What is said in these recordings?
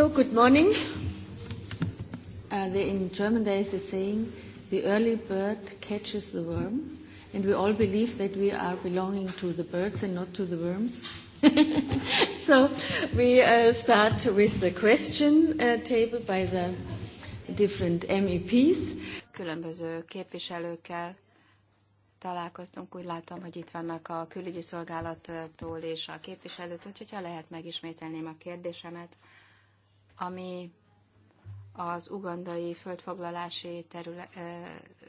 So, good morning. Uh, the, in German there is a saying, the early bird catches the worm, and we all believe that we are belonging to the birds and not to the worms. so we uh, start with the question uh, table by the different MEPs. Különböző képviselőkkel találkoztunk, úgy látom, hogy itt vannak a külügyi szolgálattól és a képviselőtől, úgyhogy ha lehet, megismételném a kérdésemet ami az ugandai földfoglalási, terüle,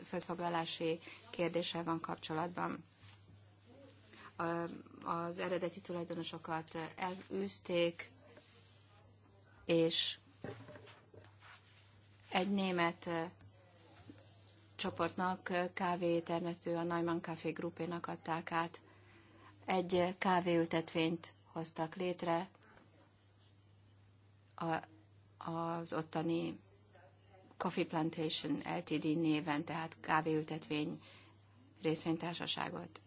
földfoglalási kérdéssel van kapcsolatban. Az eredeti tulajdonosokat elűzték, és egy német csoportnak kávé termesztő a Neumann Café Grupénak adták át. Egy kávéültetvényt hoztak létre, a az ottani Coffee Plantation LTD néven, tehát kávéültetvény részvénytársaságot.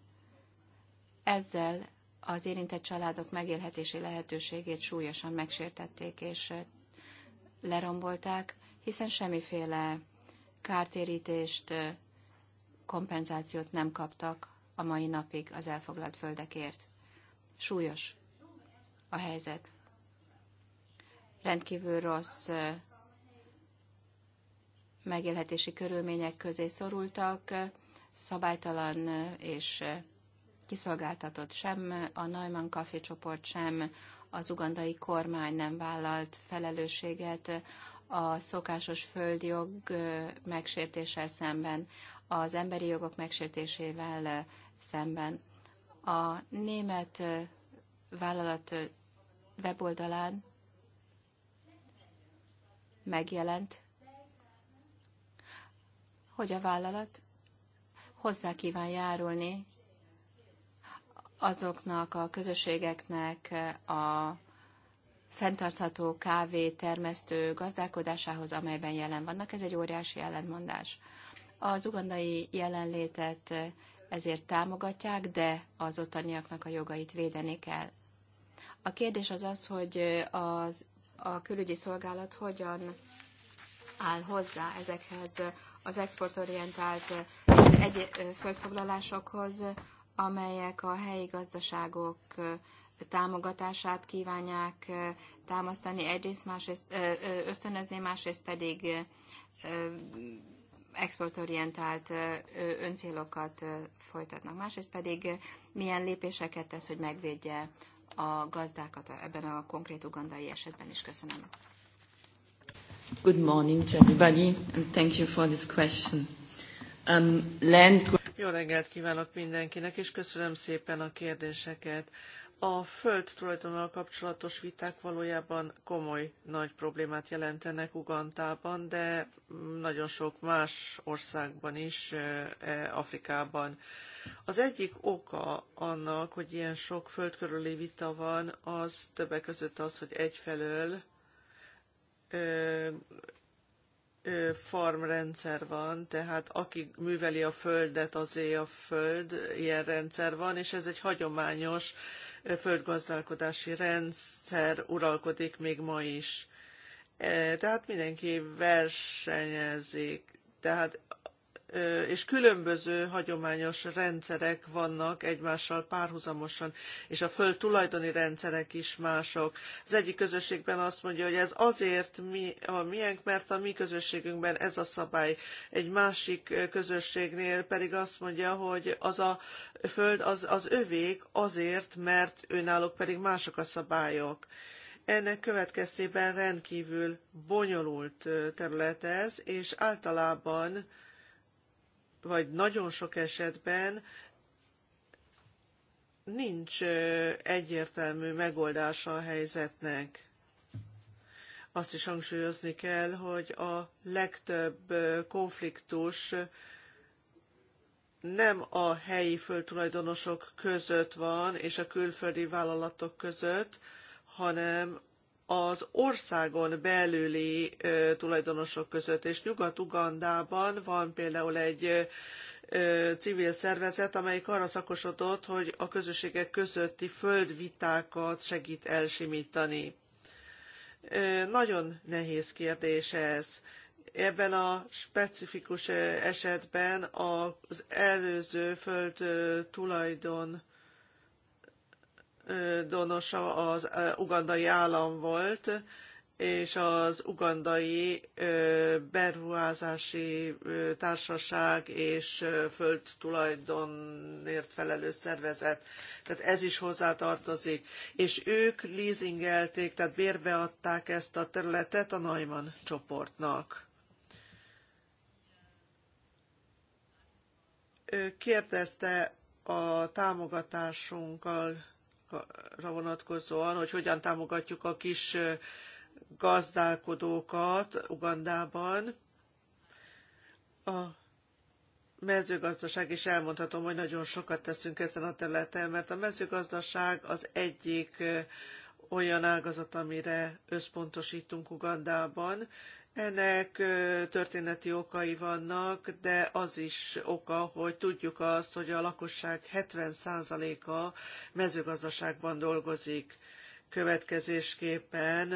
Ezzel az érintett családok megélhetési lehetőségét súlyosan megsértették és lerombolták, hiszen semmiféle kártérítést, kompenzációt nem kaptak a mai napig az elfoglalt földekért. Súlyos a helyzet rendkívül rossz megélhetési körülmények közé szorultak, szabálytalan és kiszolgáltatott sem a Neumann Café csoport, sem az ugandai kormány nem vállalt felelősséget a szokásos földjog megsértéssel szemben, az emberi jogok megsértésével szemben. A német vállalat weboldalán megjelent, hogy a vállalat hozzá kíván járulni azoknak a közösségeknek a fenntartható kávé termesztő gazdálkodásához, amelyben jelen vannak. Ez egy óriási ellentmondás. Az ugandai jelenlétet ezért támogatják, de az ottaniaknak a jogait védeni kell. A kérdés az az, hogy az a külügyi szolgálat hogyan áll hozzá ezekhez az exportorientált egy földfoglalásokhoz, amelyek a helyi gazdaságok támogatását kívánják támasztani, egyrészt másrészt ösztönözni, másrészt pedig exportorientált öncélokat folytatnak. Másrészt pedig milyen lépéseket tesz, hogy megvédje a gazdákat ebben a konkrét ugandai esetben is. Köszönöm. Good morning to everybody, and thank you for this question. Um, land... Jó reggelt kívánok mindenkinek, és köszönöm szépen a kérdéseket a föld tulajdonnal kapcsolatos viták valójában komoly nagy problémát jelentenek Ugandában, de nagyon sok más országban is, e, Afrikában. Az egyik oka annak, hogy ilyen sok föld körüli vita van, az többek között az, hogy egyfelől farmrendszer van, tehát aki műveli a földet, azé a föld, ilyen rendszer van, és ez egy hagyományos földgazdálkodási rendszer uralkodik még ma is. Tehát mindenki versenyezik. Tehát és különböző hagyományos rendszerek vannak egymással párhuzamosan, és a föld tulajdoni rendszerek is mások. Az egyik közösségben azt mondja, hogy ez azért mi, a miénk, mert a mi közösségünkben ez a szabály. Egy másik közösségnél pedig azt mondja, hogy az a föld az, az övék azért, mert önállók pedig mások a szabályok. Ennek következtében rendkívül bonyolult terület ez, és általában vagy nagyon sok esetben nincs egyértelmű megoldása a helyzetnek. Azt is hangsúlyozni kell, hogy a legtöbb konfliktus nem a helyi földtulajdonosok között van és a külföldi vállalatok között, hanem az országon belüli tulajdonosok között, és Nyugat-Ugandában van például egy civil szervezet, amelyik arra szakosodott, hogy a közösségek közötti földvitákat segít elsimítani. Nagyon nehéz kérdés ez. Ebben a specifikus esetben az előző föld tulajdon donosa az ugandai állam volt, és az ugandai beruházási társaság és földtulajdonért felelős szervezet. Tehát ez is hozzátartozik. És ők leasingelték, tehát bérbeadták ezt a területet a naiman csoportnak. Ő kérdezte a támogatásunkkal vonatkozóan, hogy hogyan támogatjuk a kis gazdálkodókat Ugandában. A mezőgazdaság is elmondhatom, hogy nagyon sokat teszünk ezen a területen, mert a mezőgazdaság az egyik olyan ágazat, amire összpontosítunk Ugandában, ennek történeti okai vannak, de az is oka, hogy tudjuk azt, hogy a lakosság 70%-a mezőgazdaságban dolgozik. Következésképpen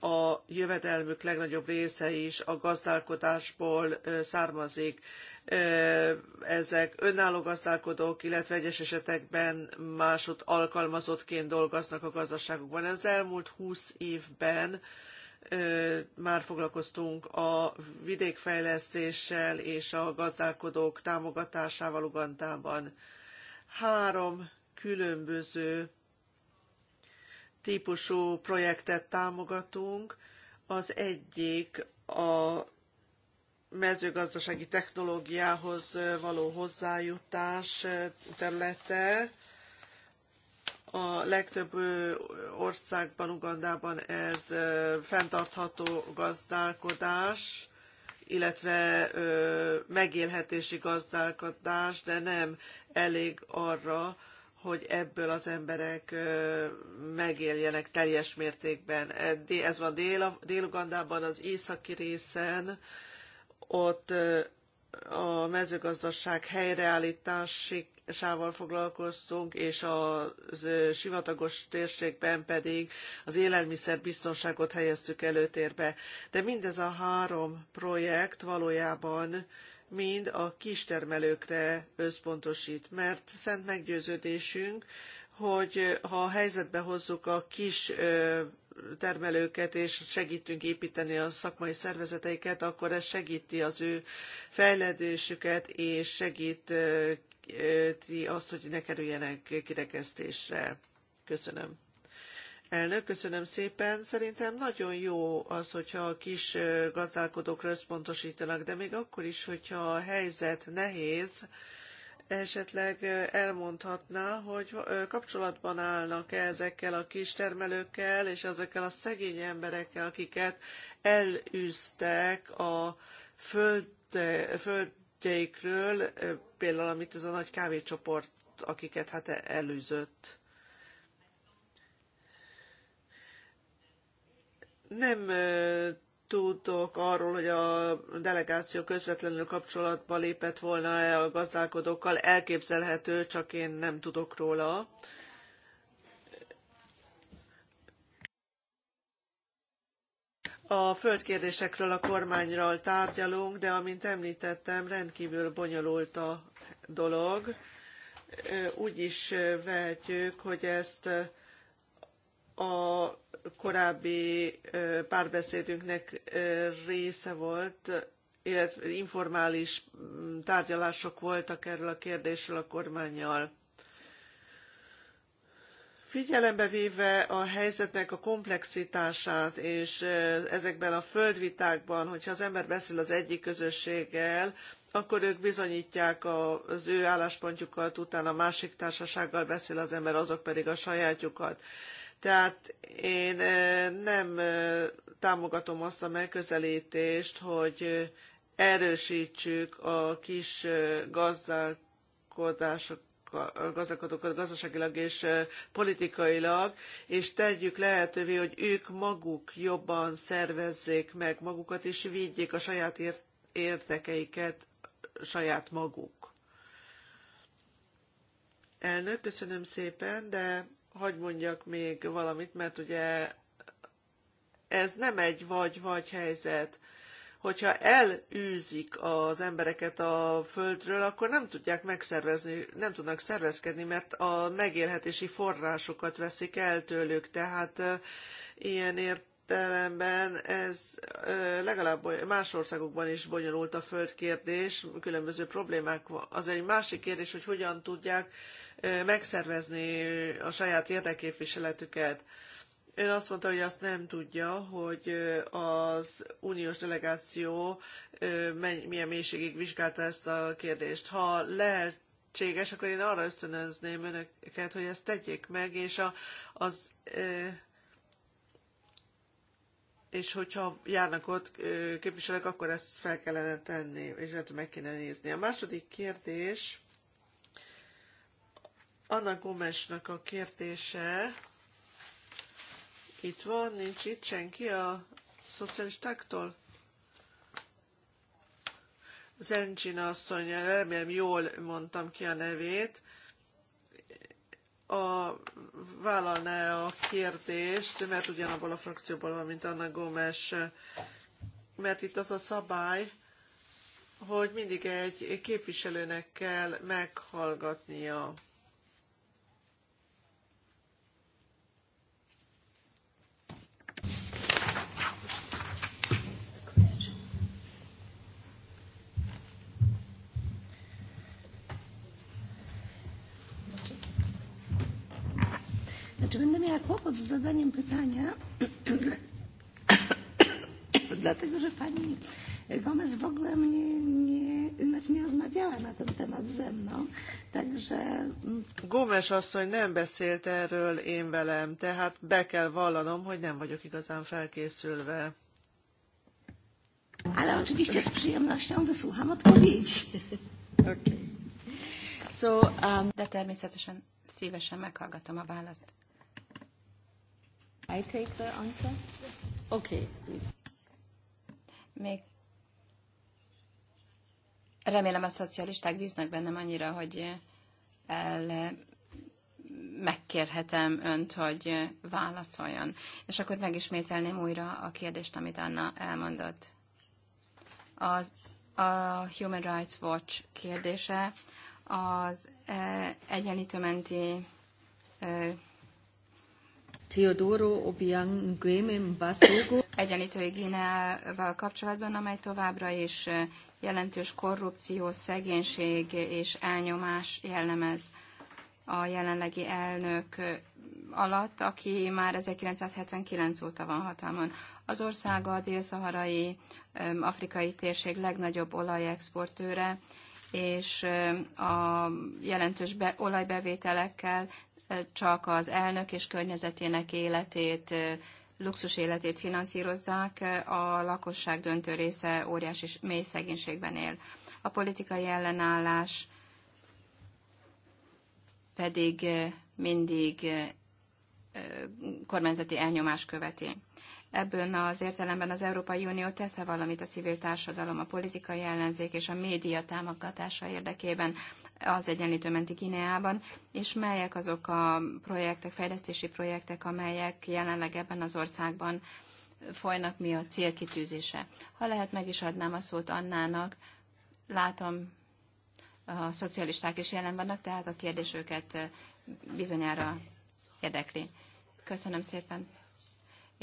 a jövedelmük legnagyobb része is a gazdálkodásból származik. Ezek önálló gazdálkodók, illetve egyes esetekben másod alkalmazottként dolgoznak a gazdaságokban. Az elmúlt 20 évben már foglalkoztunk a vidékfejlesztéssel és a gazdálkodók támogatásával Ugandában. Három különböző típusú projektet támogatunk. Az egyik a mezőgazdasági technológiához való hozzájutás területe, a legtöbb országban, Ugandában ez fenntartható gazdálkodás, illetve megélhetési gazdálkodás, de nem elég arra, hogy ebből az emberek megéljenek teljes mértékben. E, ez van Dél-Ugandában, az északi részen, ott a mezőgazdaság helyreállítási sával foglalkoztunk, és a sivatagos térségben pedig az élelmiszerbiztonságot helyeztük előtérbe. De mindez a három projekt valójában mind a kistermelőkre összpontosít, mert szent meggyőződésünk, hogy ha a helyzetbe hozzuk a kis termelőket, és segítünk építeni a szakmai szervezeteiket, akkor ez segíti az ő fejlődésüket, és segít azt, hogy ne kerüljenek kirekesztésre. Köszönöm. Elnök, köszönöm szépen. Szerintem nagyon jó az, hogyha a kis gazdálkodók összpontosítanak, de még akkor is, hogyha a helyzet nehéz, esetleg elmondhatná, hogy kapcsolatban állnak -e ezekkel a kis termelőkkel és ezekkel a szegény emberekkel, akiket elűztek a föld, földjeikről, például, amit ez a nagy kávécsoport, akiket hát e- előzött. Nem tudok arról, hogy a delegáció közvetlenül kapcsolatba lépett volna-e a gazdálkodókkal, elképzelhető, csak én nem tudok róla. A földkérdésekről a kormányral tárgyalunk, de amint említettem, rendkívül bonyolult a dolog. Úgy is vehetjük, hogy ezt a korábbi párbeszédünknek része volt, illetve informális mm, tárgyalások voltak erről a kérdésről a kormányjal. Figyelembe véve a helyzetnek a komplexitását, és ezekben a földvitákban, hogyha az ember beszél az egyik közösséggel, akkor ők bizonyítják az ő álláspontjukat, utána másik társasággal beszél az ember, azok pedig a sajátjukat. Tehát én eh, nem eh, támogatom azt a megközelítést, hogy eh, erősítsük a kis gazdálkodások gazdaságilag és politikailag, és tegyük lehetővé, hogy ők maguk jobban szervezzék meg magukat, és vigyék a saját érdekeiket saját maguk. Elnök, köszönöm szépen, de hagyd mondjak még valamit, mert ugye ez nem egy vagy-vagy helyzet. Hogyha elűzik az embereket a földről, akkor nem tudják megszervezni, nem tudnak szervezkedni, mert a megélhetési forrásokat veszik el tőlük. Tehát ilyen értelemben ez legalább más országokban is bonyolult a földkérdés, különböző problémák Az egy másik kérdés, hogy hogyan tudják megszervezni a saját érdekképviseletüket. Ön azt mondta, hogy azt nem tudja, hogy az uniós delegáció milyen mélységig vizsgálta ezt a kérdést. Ha lehetséges, akkor én arra ösztönözném önöket, hogy ezt tegyék meg, és a, az és hogyha járnak ott képviselők, akkor ezt fel kellene tenni, és lehet, hogy meg kéne nézni. A második kérdés, Anna Gomesnak a kérdése, itt van, nincs itt senki a szocialistáktól? Zencsina asszony, remélem jól mondtam ki a nevét, a, vállalná a kérdést, mert ugyanabból a frakcióból van, mint Anna Gomes, mert itt az a szabály, hogy mindig egy képviselőnek kell meghallgatnia. miała kłopot z zadaniem pytania, dlatego że pani Gomez w ogóle mnie nie, znaczy nie rozmawiała na ten temat ze mną, także... Mm, Gomez asszony nem beszélt erről én velem, tehát be kell vallanom, hogy nem vagyok igazán felkészülve. Ale oczywiście z przyjemnością wysłucham odpowiedzi. Okay. So, um, de természetesen szívesen meghallgatom a választ. I take the answer? Okay, Még remélem a szocialisták bíznak bennem annyira, hogy el megkérhetem önt, hogy válaszoljon. És akkor megismételném újra a kérdést, amit Anna elmondott. Az, a Human Rights Watch kérdése az eh, egyenlítőmenti eh, Teodoro Obiang Ngueme Mbasogo. Egyenlítői Gíneával kapcsolatban, amely továbbra is jelentős korrupció, szegénység és elnyomás jellemez a jelenlegi elnök alatt, aki már 1979 óta van hatalmon. Az ország a dél-szaharai afrikai térség legnagyobb olajexportőre, és a jelentős be, olajbevételekkel csak az elnök és környezetének életét, luxus életét finanszírozzák, a lakosság döntő része óriási mély szegénységben él. A politikai ellenállás pedig mindig kormányzati elnyomás követi. Ebben az értelemben az Európai Unió tesz -e valamit a civil társadalom, a politikai ellenzék és a média támogatása érdekében az egyenlítőmenti kineában. és melyek azok a projektek, fejlesztési projektek, amelyek jelenleg ebben az országban folynak, mi a célkitűzése. Ha lehet, meg is adnám a szót Annának. Látom, a szocialisták is jelen vannak, tehát a kérdés őket bizonyára érdekli. Köszönöm szépen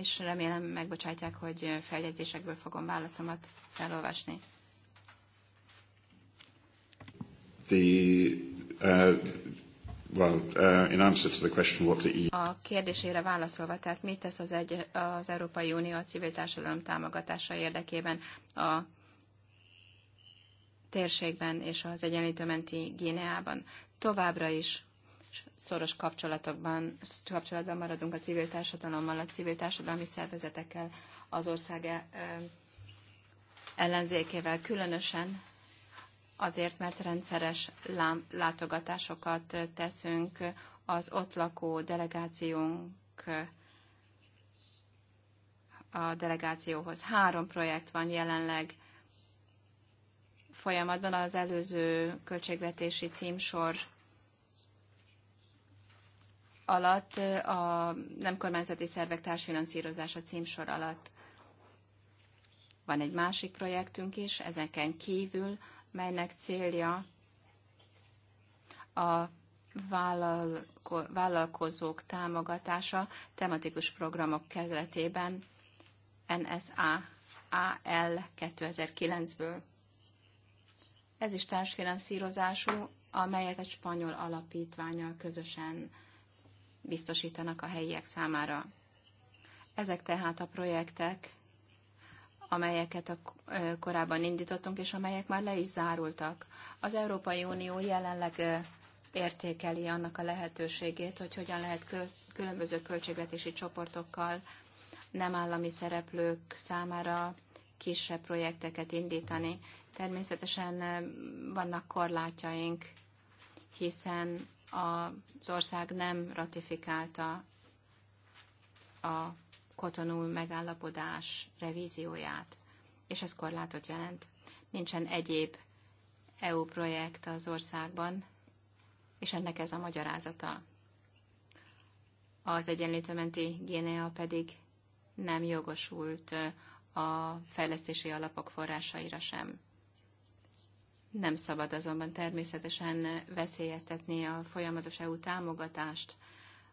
és remélem megbocsátják, hogy feljegyzésekből fogom válaszomat felolvasni. The, uh, well, uh, in answer to the question what the EU... A kérdésére válaszolva, tehát mit tesz az, egy, az Európai Unió a civil társadalom támogatása érdekében a térségben és az egyenlítőmenti Gíneában? Továbbra is szoros kapcsolatokban, kapcsolatban maradunk a civil társadalommal, a civil társadalmi szervezetekkel, az ország eh, ellenzékével, különösen azért, mert rendszeres látogatásokat eh, teszünk az ott lakó delegációnk eh, a delegációhoz. Három projekt van jelenleg folyamatban az előző költségvetési címsor alatt, a nem kormányzati szervek társfinanszírozása címsor alatt. Van egy másik projektünk is, ezeken kívül, melynek célja a vállalkozók támogatása tematikus programok keretében NSA AL 2009-ből. Ez is társfinanszírozású, amelyet egy spanyol alapítványal közösen biztosítanak a helyiek számára. Ezek tehát a projektek, amelyeket a korábban indítottunk, és amelyek már le is zárultak. Az Európai Unió jelenleg értékeli annak a lehetőségét, hogy hogyan lehet különböző költségvetési csoportokkal nem állami szereplők számára kisebb projekteket indítani. Természetesen vannak korlátjaink, hiszen az ország nem ratifikálta a kotonú megállapodás revízióját, és ez korlátot jelent. Nincsen egyéb EU projekt az országban, és ennek ez a magyarázata. Az egyenlítőmenti Génea pedig nem jogosult a fejlesztési alapok forrásaira sem. Nem szabad azonban természetesen veszélyeztetni a folyamatos EU támogatást,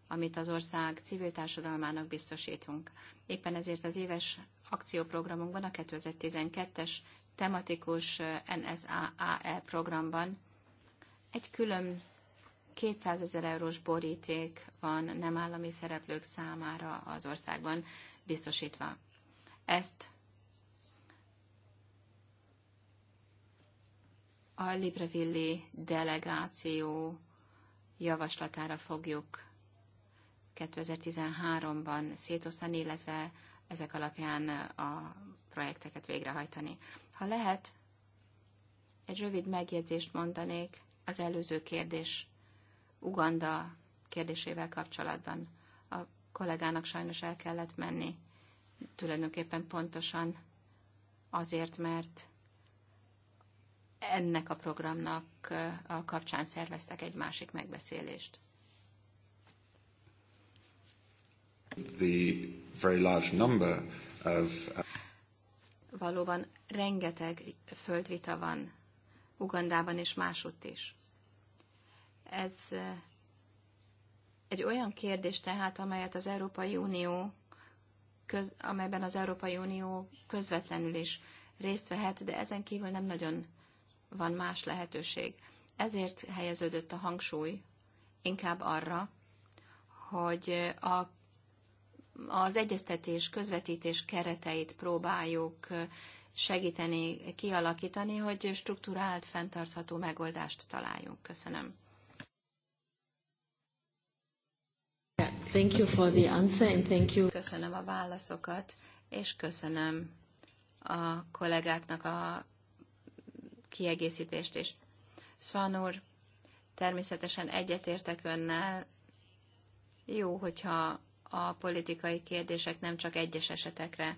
amit az ország civil társadalmának biztosítunk. Éppen ezért az éves akcióprogramunkban, a 2012-es tematikus NSAAE programban egy külön 200 ezer eurós boríték van nem állami szereplők számára az országban biztosítva. Ezt a Libreville delegáció javaslatára fogjuk 2013-ban szétosztani, illetve ezek alapján a projekteket végrehajtani. Ha lehet, egy rövid megjegyzést mondanék az előző kérdés Uganda kérdésével kapcsolatban. A kollégának sajnos el kellett menni, tulajdonképpen pontosan azért, mert ennek a programnak a kapcsán szerveztek egy másik megbeszélést. The very large number of... Uh, Valóban rengeteg földvita van Ugandában és másutt is. Ez egy olyan kérdés tehát, amelyet az Európai Unió, köz, amelyben az Európai Unió közvetlenül is részt vehet, de ezen kívül nem nagyon van más lehetőség. Ezért helyeződött a hangsúly inkább arra, hogy a, az egyeztetés, közvetítés kereteit próbáljuk segíteni, kialakítani, hogy strukturált, fenntartható megoldást találjunk. Köszönöm. Thank you for the answer and thank you. Köszönöm a válaszokat, és köszönöm a kollégáknak a kiegészítést is. Szván úr, természetesen egyetértek önnel. Jó, hogyha a politikai kérdések nem csak egyes esetekre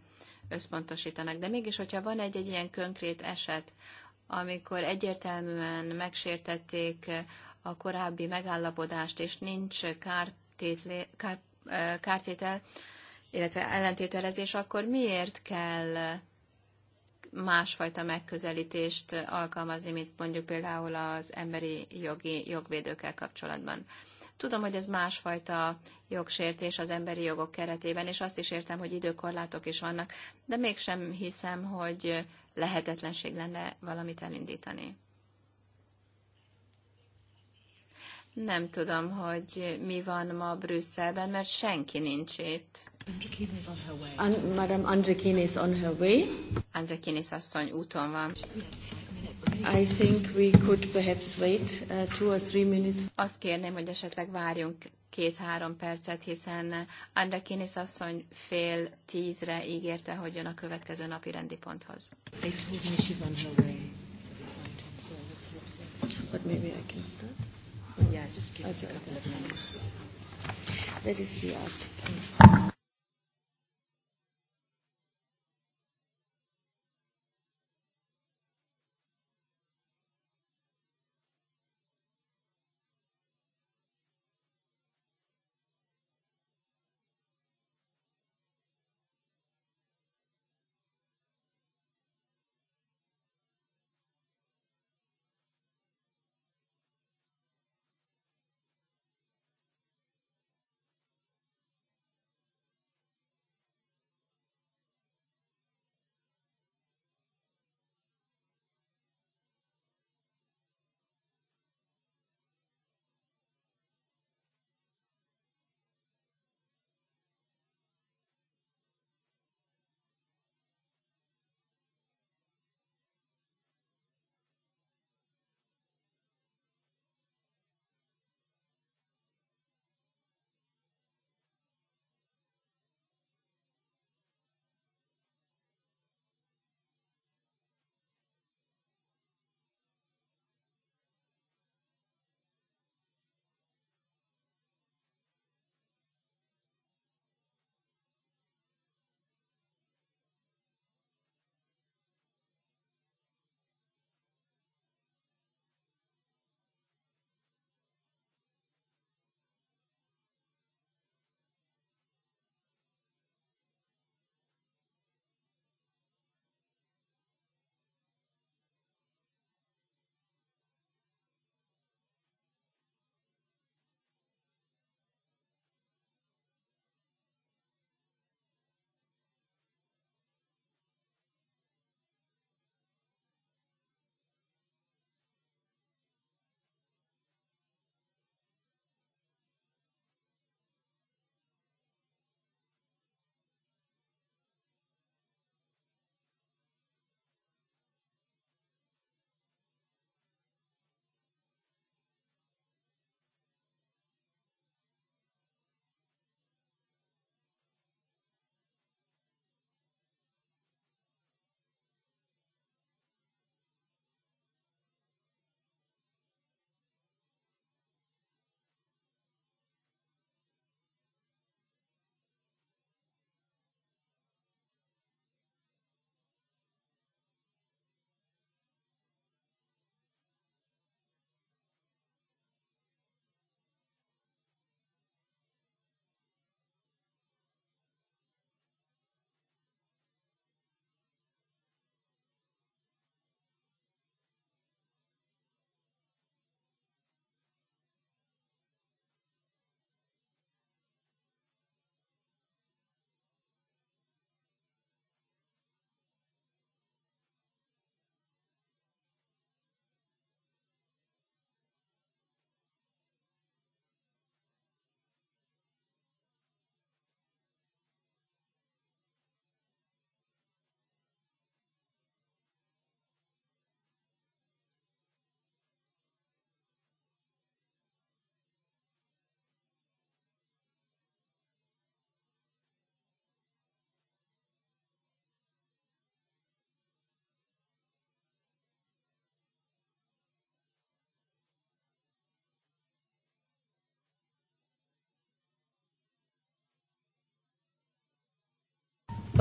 összpontosítanak, de mégis, hogyha van egy-egy ilyen konkrét eset, amikor egyértelműen megsértették a korábbi megállapodást, és nincs kártétlé, kár, kártétel, illetve ellentételezés, akkor miért kell másfajta megközelítést alkalmazni, mint mondjuk például az emberi jogi jogvédőkkel kapcsolatban. Tudom, hogy ez másfajta jogsértés az emberi jogok keretében, és azt is értem, hogy időkorlátok is vannak, de mégsem hiszem, hogy lehetetlenség lenne valamit elindítani. Nem tudom, hogy mi van ma Brüsszelben, mert senki nincs itt. Madame Andrekin is on her way. is asszony úton van. I think we could perhaps wait uh, two or three minutes. Azt kérném, hogy esetleg várjunk két-három percet, hiszen Andrekinis asszony fél tízre ígérte, hogy jön a következő napi rendi ponthoz. They told me she's on her way. But maybe I can start. Yeah, just give it a couple of minutes. That is the article.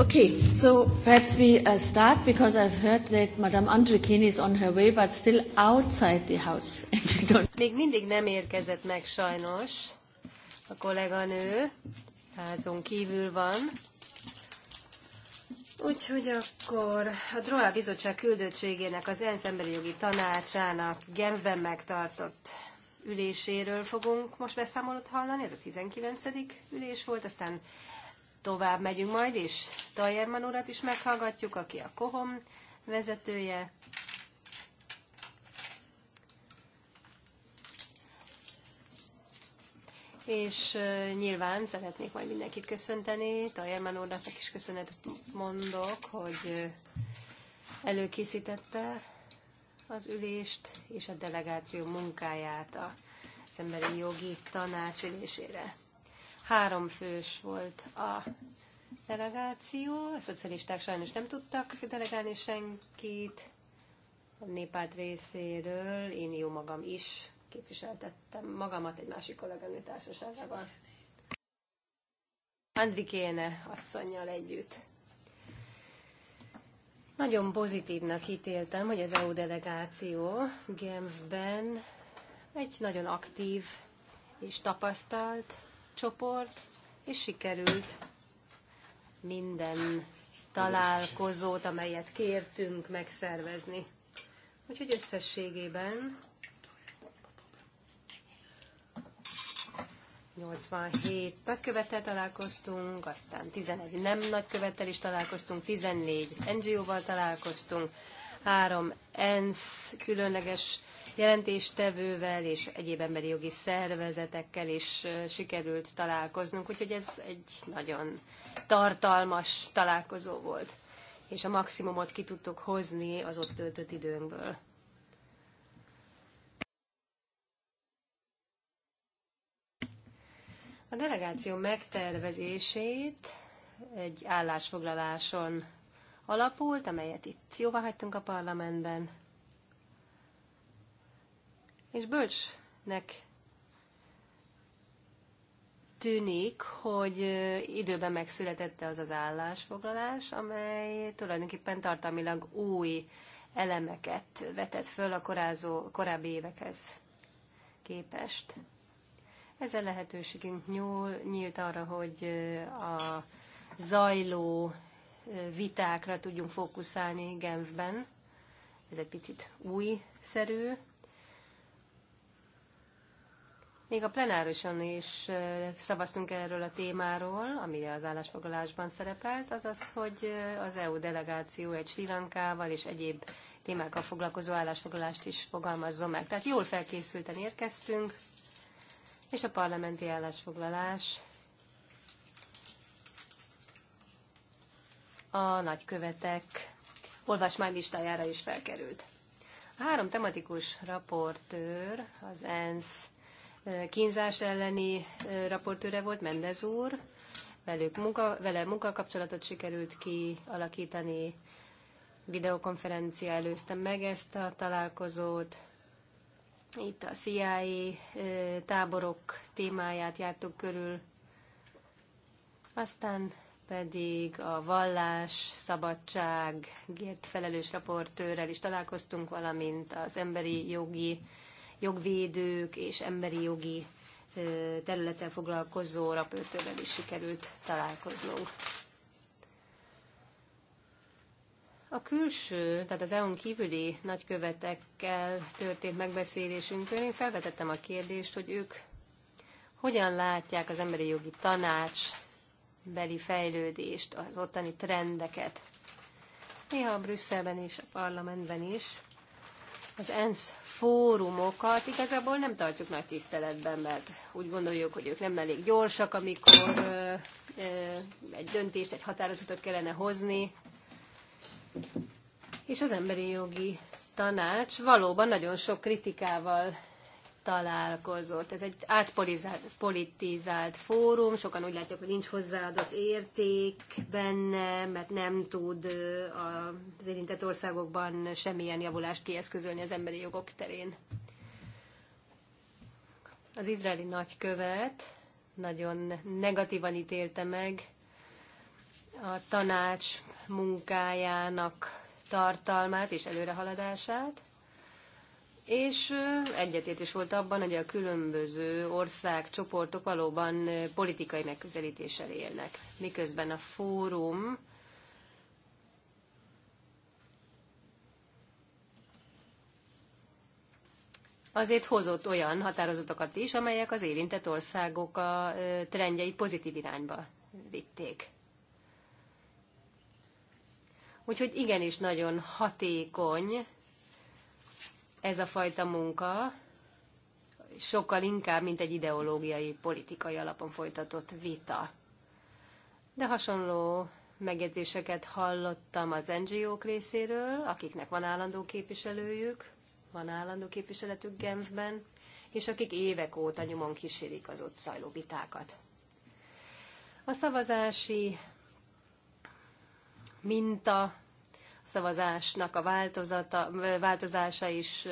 Okay, so perhaps we uh, start because I've heard that Madame Andrikini is on her way, but still outside the house. Még mindig nem érkezett meg sajnos a kolléganő, házon kívül van. Úgyhogy akkor a Droá Bizottság küldöttségének az ENSZ emberi jogi tanácsának Genfben megtartott üléséről fogunk most beszámolót hallani. Ez a 19. ülés volt, aztán Tovább megyünk majd, és Tajerman urat is meghallgatjuk, aki a Kohom vezetője. és nyilván szeretnék majd mindenkit köszönteni. Tajerman úrnak is köszönetet mondok, hogy előkészítette az ülést és a delegáció munkáját a emberi jogi tanács ülésére. Három fős volt a delegáció, a szocialisták sajnos nem tudtak delegálni senkit, a népárt részéről, én jó magam is képviseltettem magamat egy másik kolléganő társaságában. Andrikéne asszonynal együtt. Nagyon pozitívnak ítéltem, hogy az EU delegáció Genfben egy nagyon aktív és tapasztalt csoport, és sikerült minden találkozót, amelyet kértünk megszervezni. Úgyhogy összességében 87 nagykövettel találkoztunk, aztán 11 nem nagykövettel is találkoztunk, 14 NGO-val találkoztunk, 3 ENSZ különleges jelentéstevővel és egyéb emberi jogi szervezetekkel is sikerült találkoznunk, úgyhogy ez egy nagyon tartalmas találkozó volt, és a maximumot ki tudtuk hozni az ott töltött időnkből. A delegáció megtervezését egy állásfoglaláson alapult, amelyet itt jóvá hagytunk a parlamentben. És bölcsnek tűnik, hogy időben megszületette az az állásfoglalás, amely tulajdonképpen tartalmilag új elemeket vetett föl a korázó, korábbi évekhez képest. Ezzel lehetőségünk nyúl, nyílt arra, hogy a zajló vitákra tudjunk fókuszálni Genfben. Ez egy picit újszerű, még a plenárison is szavaztunk erről a témáról, ami az állásfoglalásban szerepelt, azaz, hogy az EU delegáció egy Sri Lankával és egyéb témákkal foglalkozó állásfoglalást is fogalmazzon meg. Tehát jól felkészülten érkeztünk, és a parlamenti állásfoglalás a nagykövetek olvasmánylistájára is felkerült. A három tematikus raportőr, az ENSZ kínzás elleni raportőre volt, Mendez úr, velük munka, vele munkakapcsolatot sikerült kialakítani, videokonferencia előzte meg ezt a találkozót, itt a CIA táborok témáját jártuk körül, aztán pedig a vallás, szabadság, felelős raportőrrel is találkoztunk, valamint az emberi jogi jogvédők és emberi jogi területen foglalkozó rapőrtővel is sikerült találkoznunk. A külső, tehát az EU-n kívüli nagykövetekkel történt megbeszélésünkön én felvetettem a kérdést, hogy ők hogyan látják az emberi jogi tanács beli fejlődést, az ottani trendeket. Néha a Brüsszelben és a parlamentben is az ENSZ fórumokat igazából nem tartjuk nagy tiszteletben, mert úgy gondoljuk, hogy ők nem elég gyorsak, amikor ö, ö, egy döntést, egy határozatot kellene hozni. És az emberi jogi tanács valóban nagyon sok kritikával találkozott. Ez egy átpolitizált fórum, sokan úgy látják, hogy nincs hozzáadott érték benne, mert nem tud az érintett országokban semmilyen javulást kieszközölni az emberi jogok terén. Az izraeli nagykövet nagyon negatívan ítélte meg a tanács munkájának tartalmát és előrehaladását és egyetértés is volt abban, hogy a különböző országcsoportok valóban politikai megközelítéssel élnek, miközben a fórum azért hozott olyan határozatokat is, amelyek az érintett országok a trendjeit pozitív irányba vitték. Úgyhogy igenis nagyon hatékony ez a fajta munka sokkal inkább, mint egy ideológiai, politikai alapon folytatott vita. De hasonló megjegyzéseket hallottam az NGO-k részéről, akiknek van állandó képviselőjük, van állandó képviseletük Genfben, és akik évek óta nyomon kísérik az ott zajló vitákat. A szavazási minta szavazásnak a változata, változása is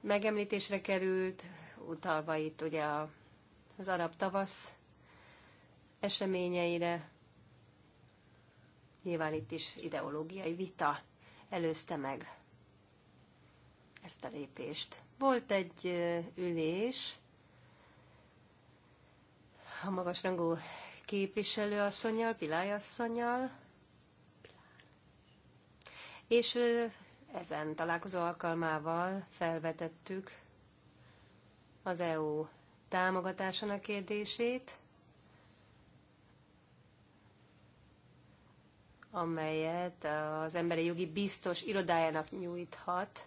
megemlítésre került, utalva itt ugye az arab tavasz eseményeire. Nyilván itt is ideológiai vita előzte meg ezt a lépést. Volt egy ülés, a magasrangú képviselőasszonyjal, Pilály asszonyjal, és ezen találkozó alkalmával felvetettük az EU támogatásának kérdését, amelyet az emberi jogi biztos irodájának nyújthat.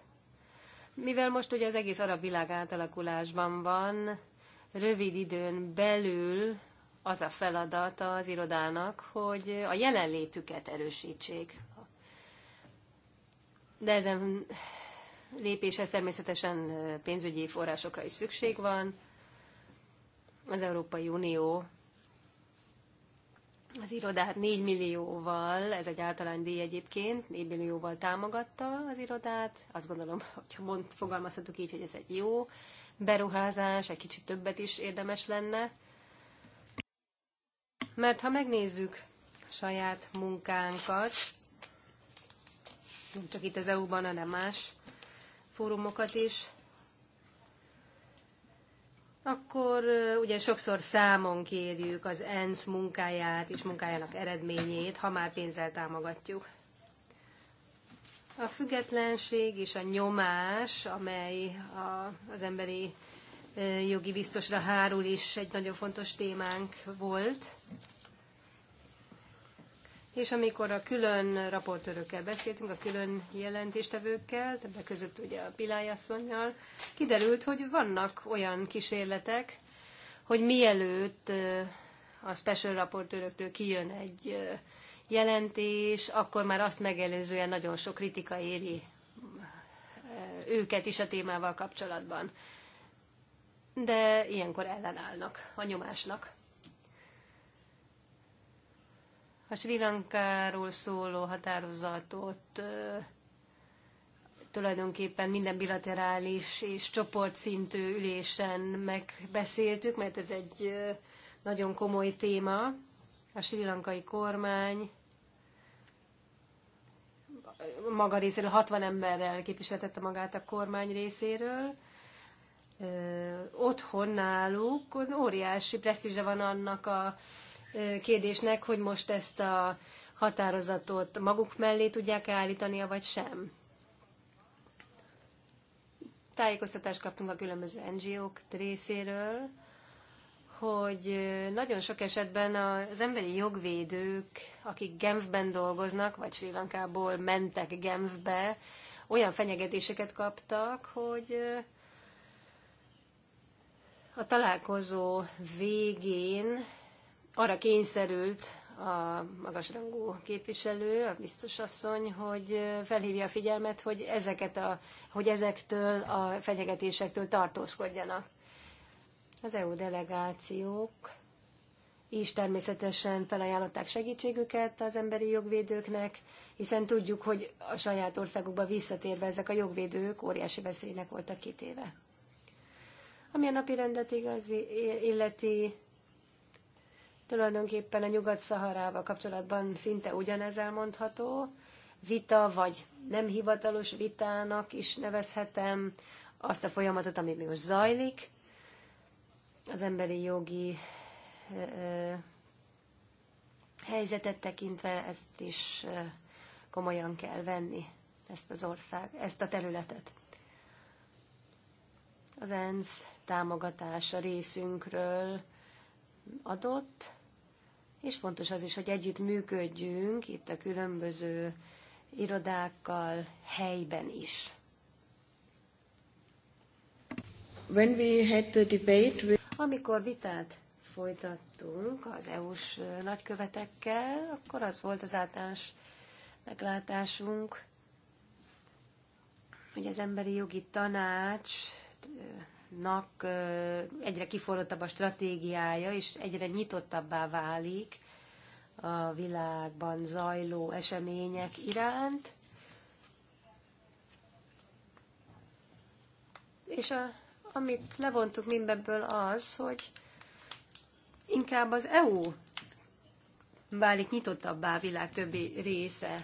Mivel most ugye az egész arab világ átalakulásban van, rövid időn belül az a feladat az irodának, hogy a jelenlétüket erősítsék de ezen lépéshez természetesen pénzügyi forrásokra is szükség van. Az Európai Unió az irodát 4 millióval, ez egy díj egyébként, 4 millióval támogatta az irodát. Azt gondolom, hogyha mond, fogalmazhatok így, hogy ez egy jó beruházás, egy kicsit többet is érdemes lenne. Mert ha megnézzük saját munkánkat, nem csak itt az EU-ban, hanem más fórumokat is, akkor ugye sokszor számon kérjük az ENSZ munkáját és munkájának eredményét, ha már pénzzel támogatjuk. A függetlenség és a nyomás, amely a, az emberi jogi biztosra hárul is egy nagyon fontos témánk volt és amikor a külön raportőrökkel beszéltünk, a külön jelentéstevőkkel, többek között ugye a Pilájasszonynal, kiderült, hogy vannak olyan kísérletek, hogy mielőtt a special raportőröktől kijön egy jelentés, akkor már azt megelőzően nagyon sok kritika éri őket is a témával kapcsolatban. De ilyenkor ellenállnak a nyomásnak. a Sri Lankáról szóló határozatot tulajdonképpen minden bilaterális és csoportszintű ülésen megbeszéltük, mert ez egy nagyon komoly téma. A sri lankai kormány maga részéről 60 emberrel képviseltette magát a kormány részéről. Otthon náluk óriási presztízse van annak a kérdésnek, hogy most ezt a határozatot maguk mellé tudják-e állítania, vagy sem. Tájékoztatást kaptunk a különböző NGO-k részéről, hogy nagyon sok esetben az emberi jogvédők, akik Genfben dolgoznak, vagy Sri Lankából mentek Genfbe, olyan fenyegetéseket kaptak, hogy a találkozó végén arra kényszerült a magasrangú képviselő, a biztos asszony, hogy felhívja a figyelmet, hogy, ezeket a, hogy ezektől a fenyegetésektől tartózkodjanak. Az EU delegációk is természetesen felajánlották segítségüket az emberi jogvédőknek, hiszen tudjuk, hogy a saját országukba visszatérve ezek a jogvédők óriási veszélynek voltak kitéve. Ami a napi rendet igazi, illeti, Tulajdonképpen a Nyugat-Szaharával kapcsolatban szinte ugyanez elmondható. Vita, vagy nem hivatalos vitának is nevezhetem azt a folyamatot, ami most zajlik. Az emberi jogi helyzetet tekintve ezt is komolyan kell venni, ezt az ország, ezt a területet. Az ENSZ támogatása részünkről adott, és fontos az is, hogy együtt működjünk itt a különböző irodákkal helyben is. When we had the debate, we... Amikor vitát folytattunk az EU-s nagykövetekkel, akkor az volt az általános meglátásunk, hogy az emberi jogi tanács Nak egyre kiforrottabb a stratégiája, és egyre nyitottabbá válik a világban zajló események iránt. És a, amit levontuk mindebből az, hogy inkább az EU válik nyitottabbá a világ többi része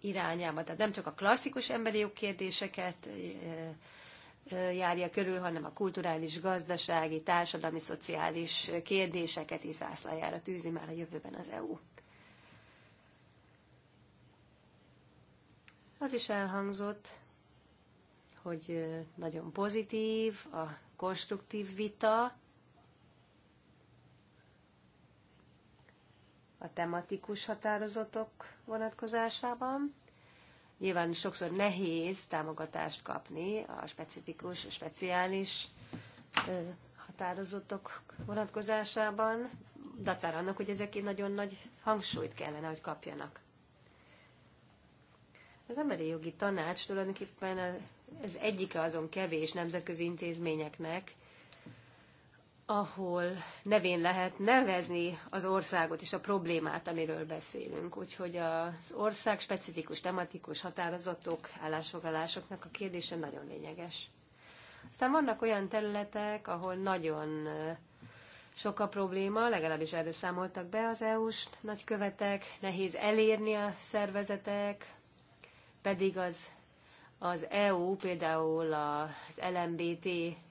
irányába. Tehát nem csak a klasszikus emberi jogkérdéseket kérdéseket járja körül, hanem a kulturális, gazdasági, társadalmi, szociális kérdéseket is zászlajára tűzi már a jövőben az EU. Az is elhangzott, hogy nagyon pozitív a konstruktív vita, a tematikus határozatok vonatkozásában. Nyilván sokszor nehéz támogatást kapni a specifikus, speciális határozottok vonatkozásában, dacár annak, hogy ezek nagyon nagy hangsúlyt kellene, hogy kapjanak. Az emberi jogi tanács tulajdonképpen az egyike azon kevés nemzetközi intézményeknek, ahol nevén lehet nevezni az országot és a problémát, amiről beszélünk. Úgyhogy az ország specifikus, tematikus határozatok, állásfoglalásoknak a kérdése nagyon lényeges. Aztán vannak olyan területek, ahol nagyon sok a probléma, legalábbis erről számoltak be az EU-s nagykövetek, nehéz elérni a szervezetek, pedig az, az EU például az LMBT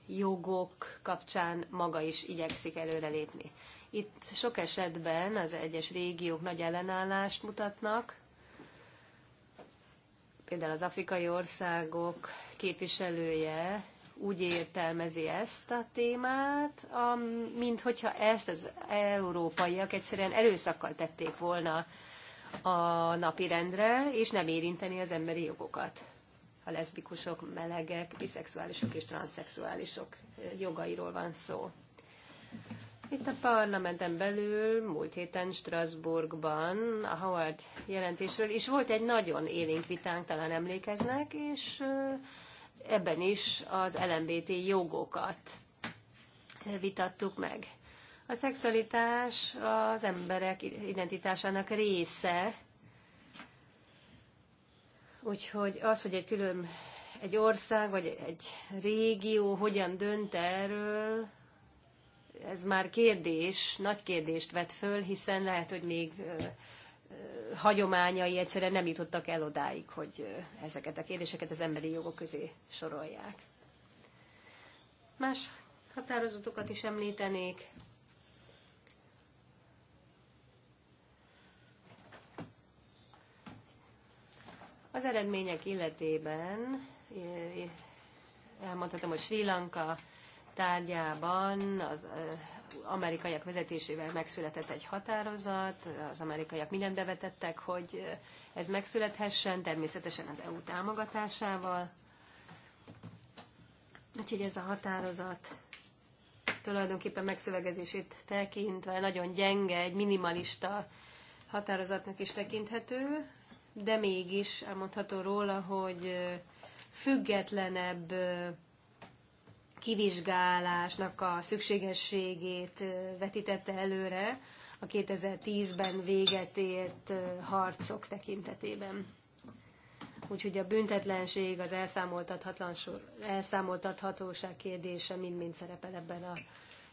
jogok kapcsán maga is igyekszik előrelépni. Itt sok esetben az egyes régiók nagy ellenállást mutatnak, például az afrikai országok képviselője úgy értelmezi ezt a témát, mint hogyha ezt az európaiak egyszerűen erőszakkal tették volna a napirendre, és nem érinteni az emberi jogokat a leszbikusok, melegek, biszexuálisok és transzexuálisok jogairól van szó. Itt a parlamenten belül múlt héten Strasbourgban a Howard jelentésről is volt egy nagyon élénk vitánk, talán emlékeznek, és ebben is az LMBT jogokat vitattuk meg. A szexualitás az emberek identitásának része, Úgyhogy az, hogy egy külön egy ország vagy egy régió hogyan dönt erről, ez már kérdés, nagy kérdést vet föl, hiszen lehet, hogy még hagyományai egyszerűen nem jutottak el odáig, hogy ezeket a kérdéseket az emberi jogok közé sorolják. Más határozatokat is említenék, Az eredmények illetében eh, elmondhatom, hogy Sri Lanka tárgyában az eh, amerikaiak vezetésével megszületett egy határozat, az amerikaiak mindent bevetettek, hogy eh, ez megszülethessen, természetesen az EU támogatásával. Úgyhogy ez a határozat tulajdonképpen megszövegezését tekintve nagyon gyenge, egy minimalista határozatnak is tekinthető, de mégis elmondható róla, hogy függetlenebb kivizsgálásnak a szükségességét vetítette előre a 2010-ben véget ért harcok tekintetében. Úgyhogy a büntetlenség, az elszámoltathatóság kérdése mind-mind szerepel ebben a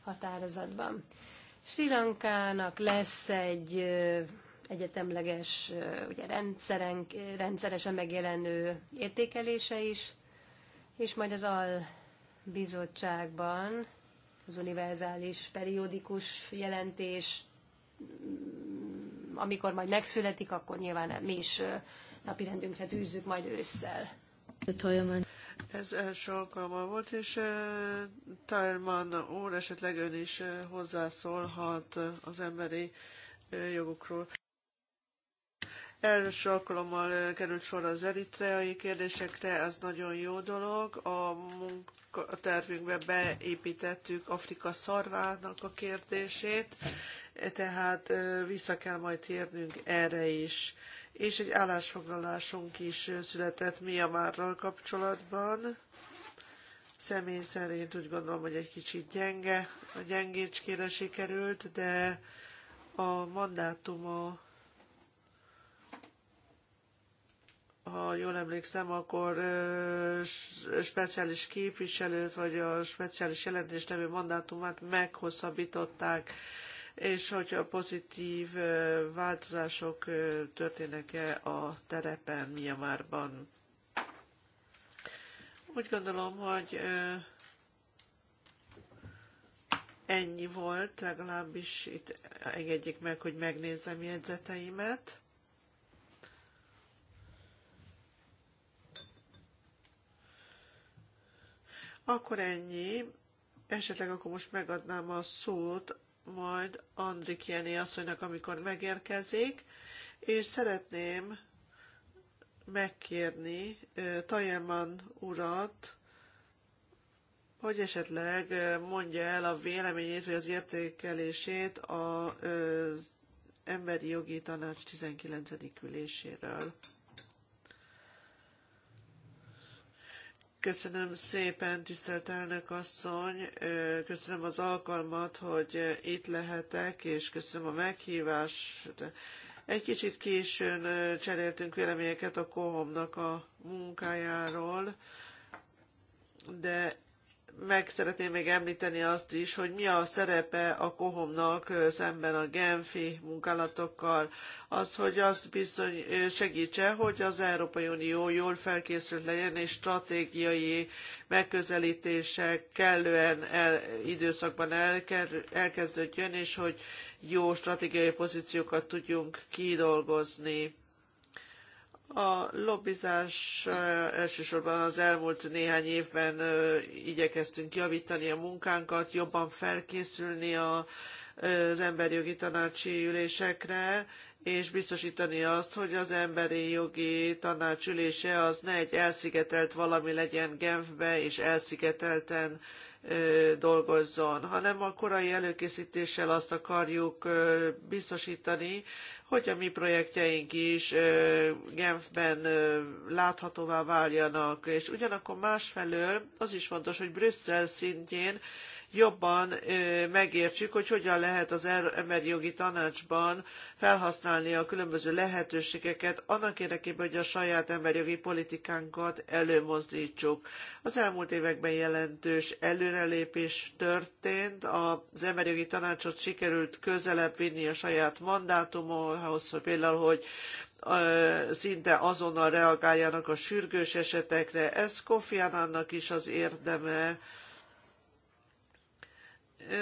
határozatban. Sri Lankának lesz egy egyetemleges, ugye rendszeren, rendszeresen megjelenő értékelése is, és majd az AL bizottságban az univerzális periódikus jelentés, mm, amikor majd megszületik, akkor nyilván mi is napirendünkre tűzzük majd ősszel. Ez első alkalma volt, és Talman úr esetleg ön is hozzászólhat az emberi jogokról. Első alkalommal került sor az eritreai kérdésekre, ez nagyon jó dolog. A munkatervünkbe beépítettük Afrika szarvának a kérdését, tehát vissza kell majd térnünk erre is. És egy állásfoglalásunk is született Miamárral kapcsolatban. Személy szerint úgy gondolom, hogy egy kicsit gyenge, a gyengécskére sikerült, de a mandátuma ha jól emlékszem, akkor speciális képviselőt vagy a speciális jelentéstevő mandátumát meghosszabbították, és hogyha pozitív változások történnek-e a terepen Miamárban. Úgy gondolom, hogy ennyi volt, legalábbis itt engedjék meg, hogy megnézzem jegyzeteimet. Akkor ennyi. Esetleg akkor most megadnám a szót majd Andrik Jenny asszonynak, amikor megérkezik, és szeretném megkérni Tajeman urat, hogy esetleg mondja el a véleményét vagy az értékelését az emberi jogi tanács 19. üléséről. Köszönöm szépen, tisztelt elnök asszony, köszönöm az alkalmat, hogy itt lehetek, és köszönöm a meghívást. Egy kicsit későn cseréltünk véleményeket a kohomnak a munkájáról, de meg szeretném még említeni azt is, hogy mi a szerepe a kohomnak szemben a genfi munkálatokkal. Az, hogy azt bizony segítse, hogy az Európai Unió jól felkészült legyen, és stratégiai megközelítések kellően el, időszakban elkezdődjön, és hogy jó stratégiai pozíciókat tudjunk kidolgozni a lobbizás elsősorban az elmúlt néhány évben igyekeztünk javítani a munkánkat, jobban felkészülni a, az jogi tanácsi ülésekre, és biztosítani azt, hogy az emberi jogi tanács ülése az ne egy elszigetelt valami legyen Genfbe, és elszigetelten dolgozzon, hanem a korai előkészítéssel azt akarjuk biztosítani, hogy a mi projektjeink is Genfben láthatóvá váljanak. És ugyanakkor másfelől az is fontos, hogy Brüsszel szintjén jobban megértsük, hogy hogyan lehet az er-, emberi jogi tanácsban felhasználni a különböző lehetőségeket annak érdekében, hogy a saját emberi jogi politikánkat előmozdítsuk. Az elmúlt években jelentős előrelépés történt, az emberi jogi tanácsot sikerült közelebb vinni a saját mandátumhoz, hogy például, hogy szinte azonnal reagáljanak a sürgős esetekre. Ez Kofi Annannak is az érdeme,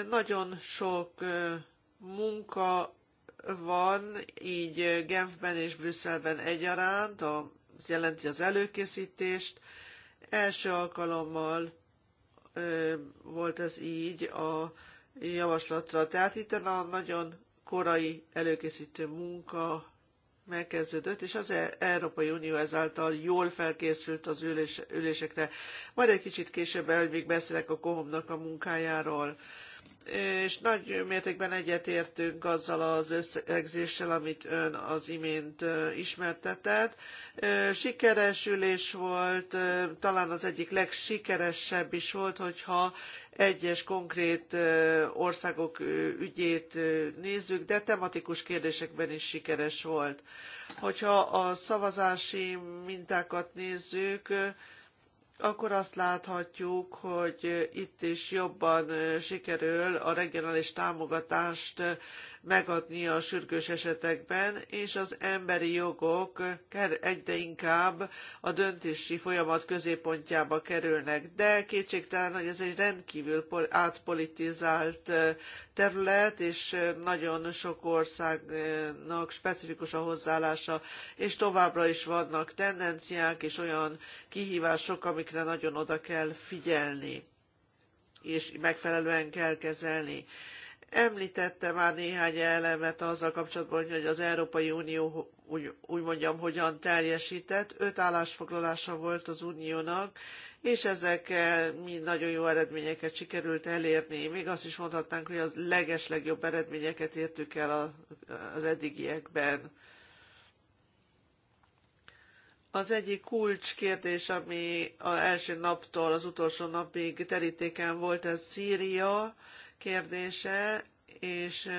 nagyon sok munka van, így Genfben és Brüsszelben egyaránt, a, jelenti az előkészítést. Első alkalommal volt ez így a javaslatra. Tehát itt a nagyon korai előkészítő munka megkezdődött, és az e- Európai Unió ezáltal jól felkészült az ülés, ülésekre. Majd egy kicsit később, hogy még beszélek a kohomnak a munkájáról és nagy mértékben egyetértünk azzal az összegzéssel, amit ön az imént ismertetett. Sikeres ülés volt, talán az egyik legsikeresebb is volt, hogyha egyes konkrét országok ügyét nézzük, de tematikus kérdésekben is sikeres volt. Hogyha a szavazási mintákat nézzük, akkor azt láthatjuk, hogy itt is jobban sikerül a regionális támogatást megadni a sürgős esetekben, és az emberi jogok egyre inkább a döntési folyamat középpontjába kerülnek. De kétségtelen, hogy ez egy rendkívül átpolitizált terület, és nagyon sok országnak specifikus a hozzáállása, és továbbra is vannak tendenciák és olyan kihívások, amikre nagyon oda kell figyelni és megfelelően kell kezelni. Említette már néhány elemet azzal kapcsolatban, hogy az Európai Unió úgy, úgy mondjam, hogyan teljesített. Öt állásfoglalása volt az uniónak, és ezekkel mind nagyon jó eredményeket sikerült elérni. Még azt is mondhatnánk, hogy az legeslegjobb eredményeket értük el az eddigiekben. Az egyik kulcskérdés, ami az első naptól az utolsó napig terítéken volt, ez Szíria, kérdése, és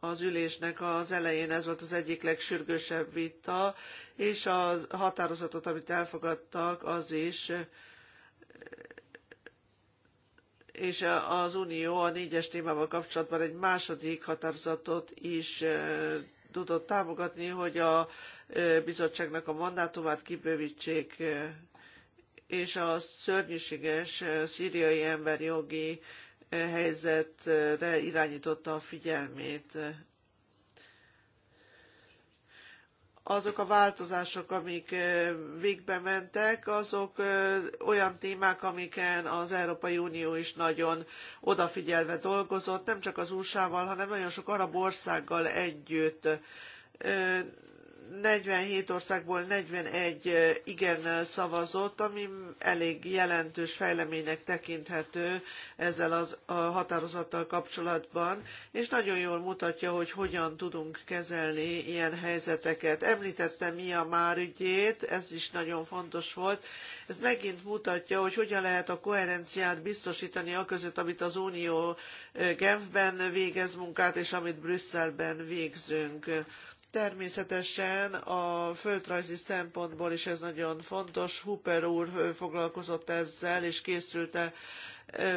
az ülésnek az elején ez volt az egyik legsürgősebb vita, és a határozatot, amit elfogadtak, az is és az Unió a négyes témával kapcsolatban egy második határozatot is tudott támogatni, hogy a bizottságnak a mandátumát kibővítsék, és a szörnyűséges szíriai emberjogi helyzetre irányította a figyelmét. azok a változások, amik végbe mentek, azok olyan témák, amiken az Európai Unió is nagyon odafigyelve dolgozott, nem csak az USA-val, hanem nagyon sok arab országgal együtt 47 országból 41 igen szavazott, ami elég jelentős fejleménynek tekinthető ezzel az a határozattal kapcsolatban, és nagyon jól mutatja, hogy hogyan tudunk kezelni ilyen helyzeteket. Említettem a Már ügyét, ez is nagyon fontos volt. Ez megint mutatja, hogy hogyan lehet a koherenciát biztosítani a között, amit az Unió Genfben végez munkát, és amit Brüsszelben végzünk Természetesen a földrajzi szempontból is ez nagyon fontos. Hooper úr foglalkozott ezzel, és készülte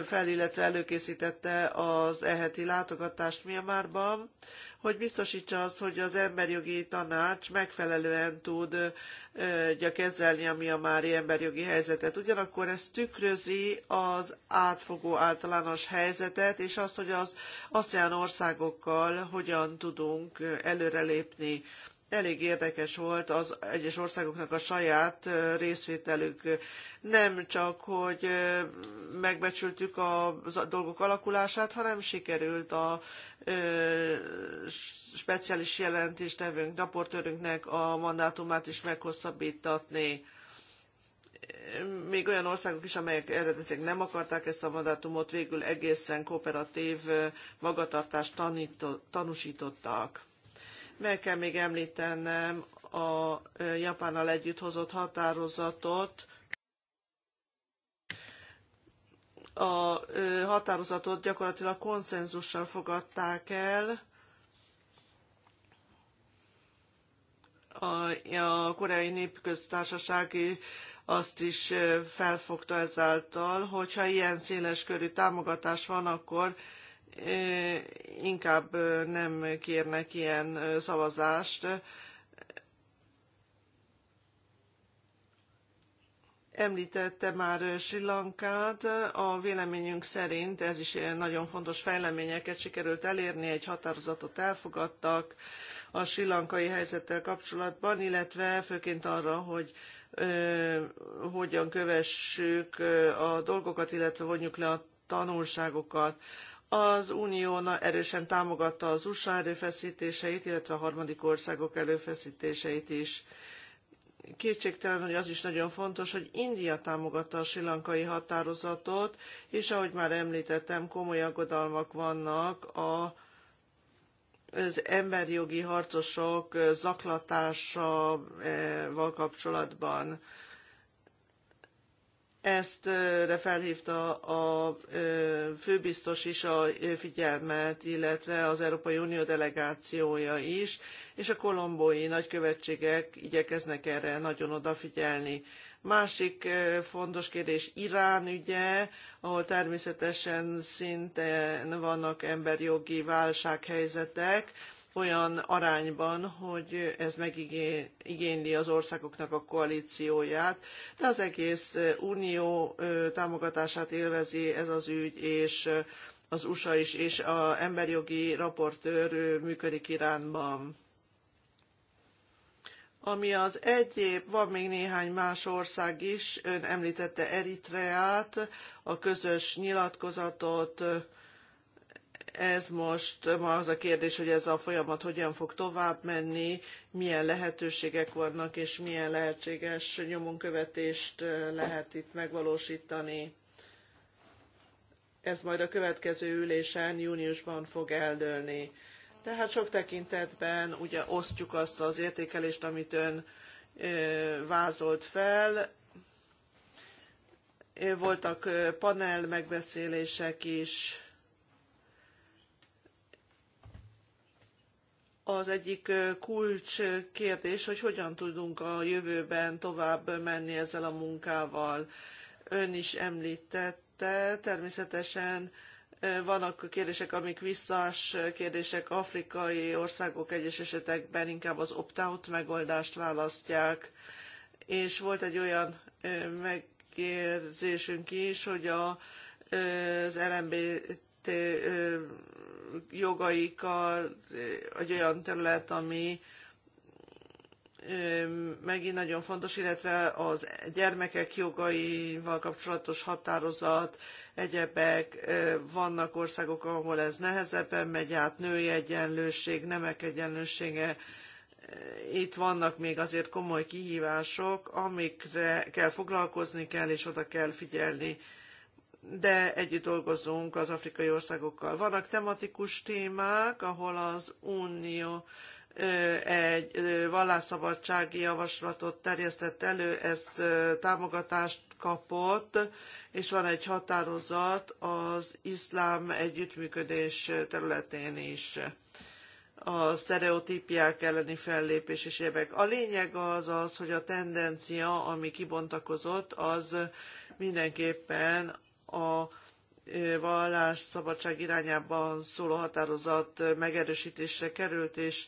fel, illetve előkészítette az eheti látogatást Myanmarban hogy biztosítsa azt, hogy az emberjogi tanács megfelelően tudja kezelni a miamári emberjogi helyzetet. Ugyanakkor ez tükrözi az átfogó általános helyzetet, és azt, hogy az ASEAN országokkal hogyan tudunk előrelépni elég érdekes volt az egyes országoknak a saját részvételük. Nem csak, hogy megbecsültük a dolgok alakulását, hanem sikerült a speciális jelentéstevőnk, raportőrünknek a mandátumát is meghosszabbítatni még olyan országok is, amelyek eredetileg nem akarták ezt a mandátumot, végül egészen kooperatív magatartást tanító, tanúsítottak. Meg kell még említenem a Japánnal együtt hozott határozatot, a határozatot gyakorlatilag konszenzussal fogadták el, a, a koreai népköztársaság azt is felfogta ezáltal, hogyha ilyen széles körű támogatás van, akkor inkább nem kérnek ilyen szavazást. Említette már Sri Lankát, a véleményünk szerint ez is nagyon fontos fejleményeket sikerült elérni, egy határozatot elfogadtak a sri lankai helyzettel kapcsolatban, illetve főként arra, hogy hogyan kövessük a dolgokat, illetve vonjuk le a tanulságokat. Az Unió erősen támogatta az USA erőfeszítéseit, illetve a harmadik országok erőfeszítéseit is. Kétségtelen, hogy az is nagyon fontos, hogy India támogatta a silankai határozatot, és ahogy már említettem, komoly aggodalmak vannak a az emberi jogi harcosok zaklatásával eh, kapcsolatban. Ezt de felhívta a főbiztos is a figyelmet, illetve az Európai Unió delegációja is, és a kolombói nagykövetségek igyekeznek erre nagyon odafigyelni. Másik fontos kérdés Irán ügye, ahol természetesen szinten vannak emberjogi válsághelyzetek, olyan arányban, hogy ez megigényli az országoknak a koalícióját, de az egész unió támogatását élvezi ez az ügy, és az USA is, és az emberjogi raportőr működik Iránban. Ami az egyéb, van még néhány más ország is, ön említette Eritreát, a közös nyilatkozatot, ez most ma az a kérdés, hogy ez a folyamat hogyan fog tovább menni, milyen lehetőségek vannak, és milyen lehetséges nyomonkövetést lehet itt megvalósítani. Ez majd a következő ülésen júniusban fog eldőlni. Tehát sok tekintetben ugye osztjuk azt az értékelést, amit ön vázolt fel. Voltak panel megbeszélések is, az egyik kulcs kérdés, hogy hogyan tudunk a jövőben tovább menni ezzel a munkával. Ön is említette, természetesen vannak kérdések, amik visszás kérdések, afrikai országok egyes esetekben inkább az opt-out megoldást választják, és volt egy olyan megérzésünk is, hogy a, az LMBT jogaikkal, egy olyan terület, ami megint nagyon fontos, illetve az gyermekek jogaival kapcsolatos határozat, egyebek, vannak országok, ahol ez nehezebben megy át, női egyenlőség, nemek egyenlősége, itt vannak még azért komoly kihívások, amikre kell foglalkozni kell, és oda kell figyelni de együtt dolgozunk az afrikai országokkal. Vannak tematikus témák, ahol az Unió egy vallásszabadsági javaslatot terjesztett elő, ez támogatást kapott, és van egy határozat az iszlám együttműködés területén is a sztereotípiák elleni fellépés és évek. A lényeg az az, hogy a tendencia, ami kibontakozott, az mindenképpen a szabadság irányában szóló határozat megerősítésre került, és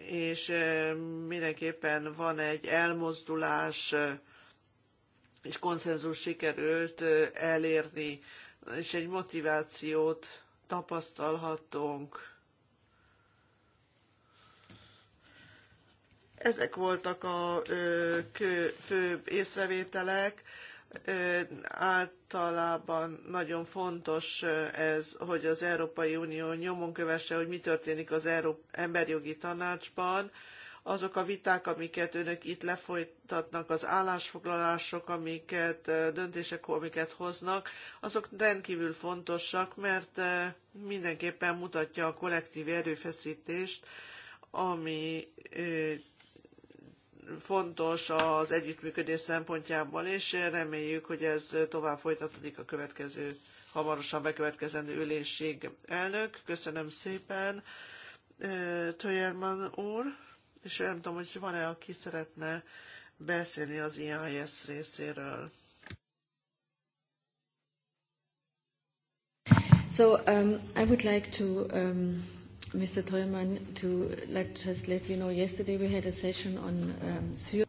és mindenképpen van egy elmozdulás, és konszenzus sikerült elérni, és egy motivációt tapasztalhattunk. Ezek voltak a fő észrevételek általában nagyon fontos ez, hogy az Európai Unió nyomon kövesse, hogy mi történik az Európa emberjogi tanácsban, azok a viták, amiket önök itt lefolytatnak, az állásfoglalások, amiket, döntések, amiket hoznak, azok rendkívül fontosak, mert mindenképpen mutatja a kollektív erőfeszítést, ami fontos az együttműködés szempontjából, és reméljük, hogy ez tovább folytatódik a következő, hamarosan bekövetkezendő ülésig. Elnök, köszönöm szépen, Töjerman úr, és nem tudom, hogy van-e, aki szeretne beszélni az IIS részéről. So um, I would like to um, Mr. Teumann, to let, just let you know, yesterday we had a session on um, Syria.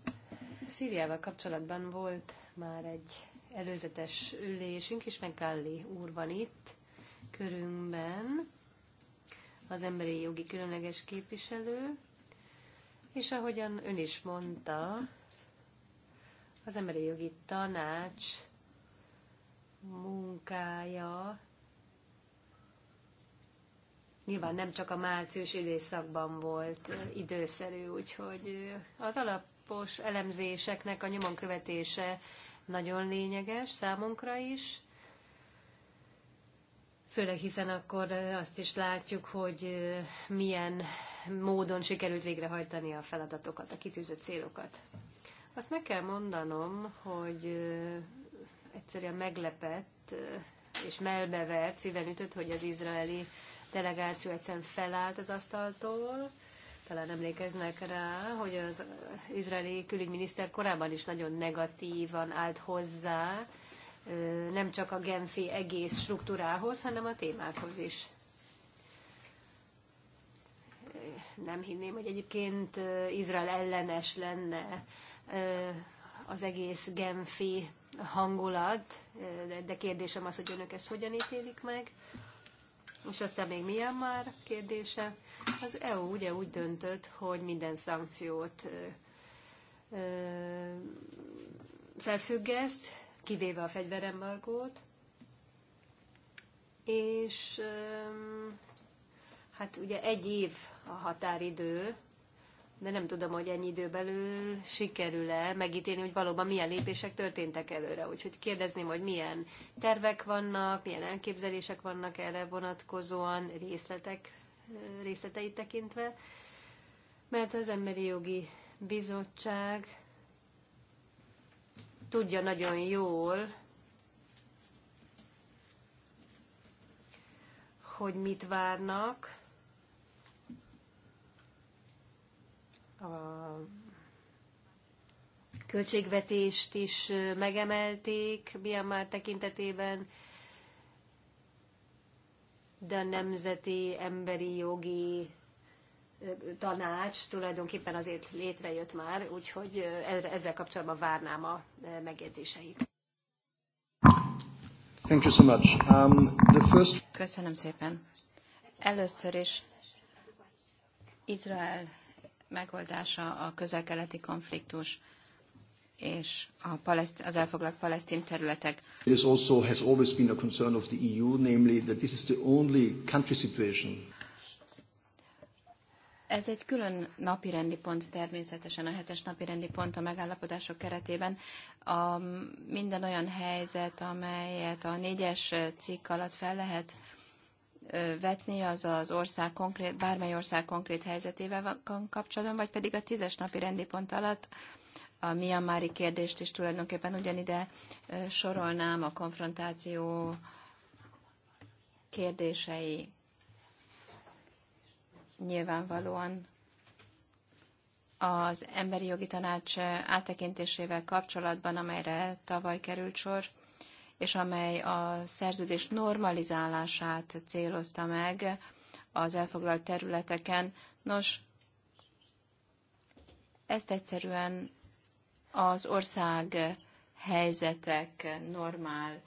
Szíriával kapcsolatban volt már egy előzetes ülésünk, és meg Galli úr van itt körünkben, az emberi jogi különleges képviselő, és ahogyan ön is mondta, az emberi jogi tanács munkája Nyilván nem csak a március időszakban volt időszerű, úgyhogy az alapos elemzéseknek a nyomon követése nagyon lényeges számunkra is. Főleg hiszen akkor azt is látjuk, hogy milyen módon sikerült végrehajtani a feladatokat, a kitűzött célokat. Azt meg kell mondanom, hogy egyszerűen meglepett és melbevert, szíven ütött, hogy az izraeli delegáció egyszerűen felállt az asztaltól. Talán emlékeznek rá, hogy az izraeli külügyminiszter korábban is nagyon negatívan állt hozzá, nem csak a Genfi egész struktúrához, hanem a témákhoz is. Nem hinném, hogy egyébként Izrael ellenes lenne az egész Genfi hangulat, de kérdésem az, hogy önök ezt hogyan ítélik meg. És aztán még milyen már kérdése? Az EU ugye úgy döntött, hogy minden szankciót ö, ö, felfüggeszt, kivéve a fegyverembargót, és ö, hát ugye egy év a határidő, de nem tudom, hogy ennyi idő belül sikerül-e megítélni, hogy valóban milyen lépések történtek előre. Úgyhogy kérdezném, hogy milyen tervek vannak, milyen elképzelések vannak erre vonatkozóan, részletek, részleteit tekintve, mert az Emberi Jogi Bizottság tudja nagyon jól, hogy mit várnak, a költségvetést is megemelték Myanmar tekintetében, de a Nemzeti Emberi Jogi Tanács tulajdonképpen azért létrejött már, úgyhogy ezzel kapcsolatban várnám a megjegyzéseit. Thank you so much. Um, the first... Köszönöm szépen. Először is Izrael megoldása a közel-keleti konfliktus és a paleszt, az elfoglalt palesztin területek. This also has always been a concern of the EU, namely that this is the only country situation. Ez egy külön napi rendi pont természetesen, a hetes rendi pont a megállapodások keretében. A, minden olyan helyzet, amelyet a négyes cikk alatt fel lehet vetni, az az ország konkrét, bármely ország konkrét helyzetével van kapcsolatban, vagy pedig a tízes napi rendi pont alatt a miamári kérdést is tulajdonképpen ugyanide sorolnám a konfrontáció kérdései. Nyilvánvalóan az emberi jogi tanács áttekintésével kapcsolatban, amelyre tavaly került sor, és amely a szerződés normalizálását célozta meg az elfoglalt területeken. Nos, ezt egyszerűen az ország helyzetek normál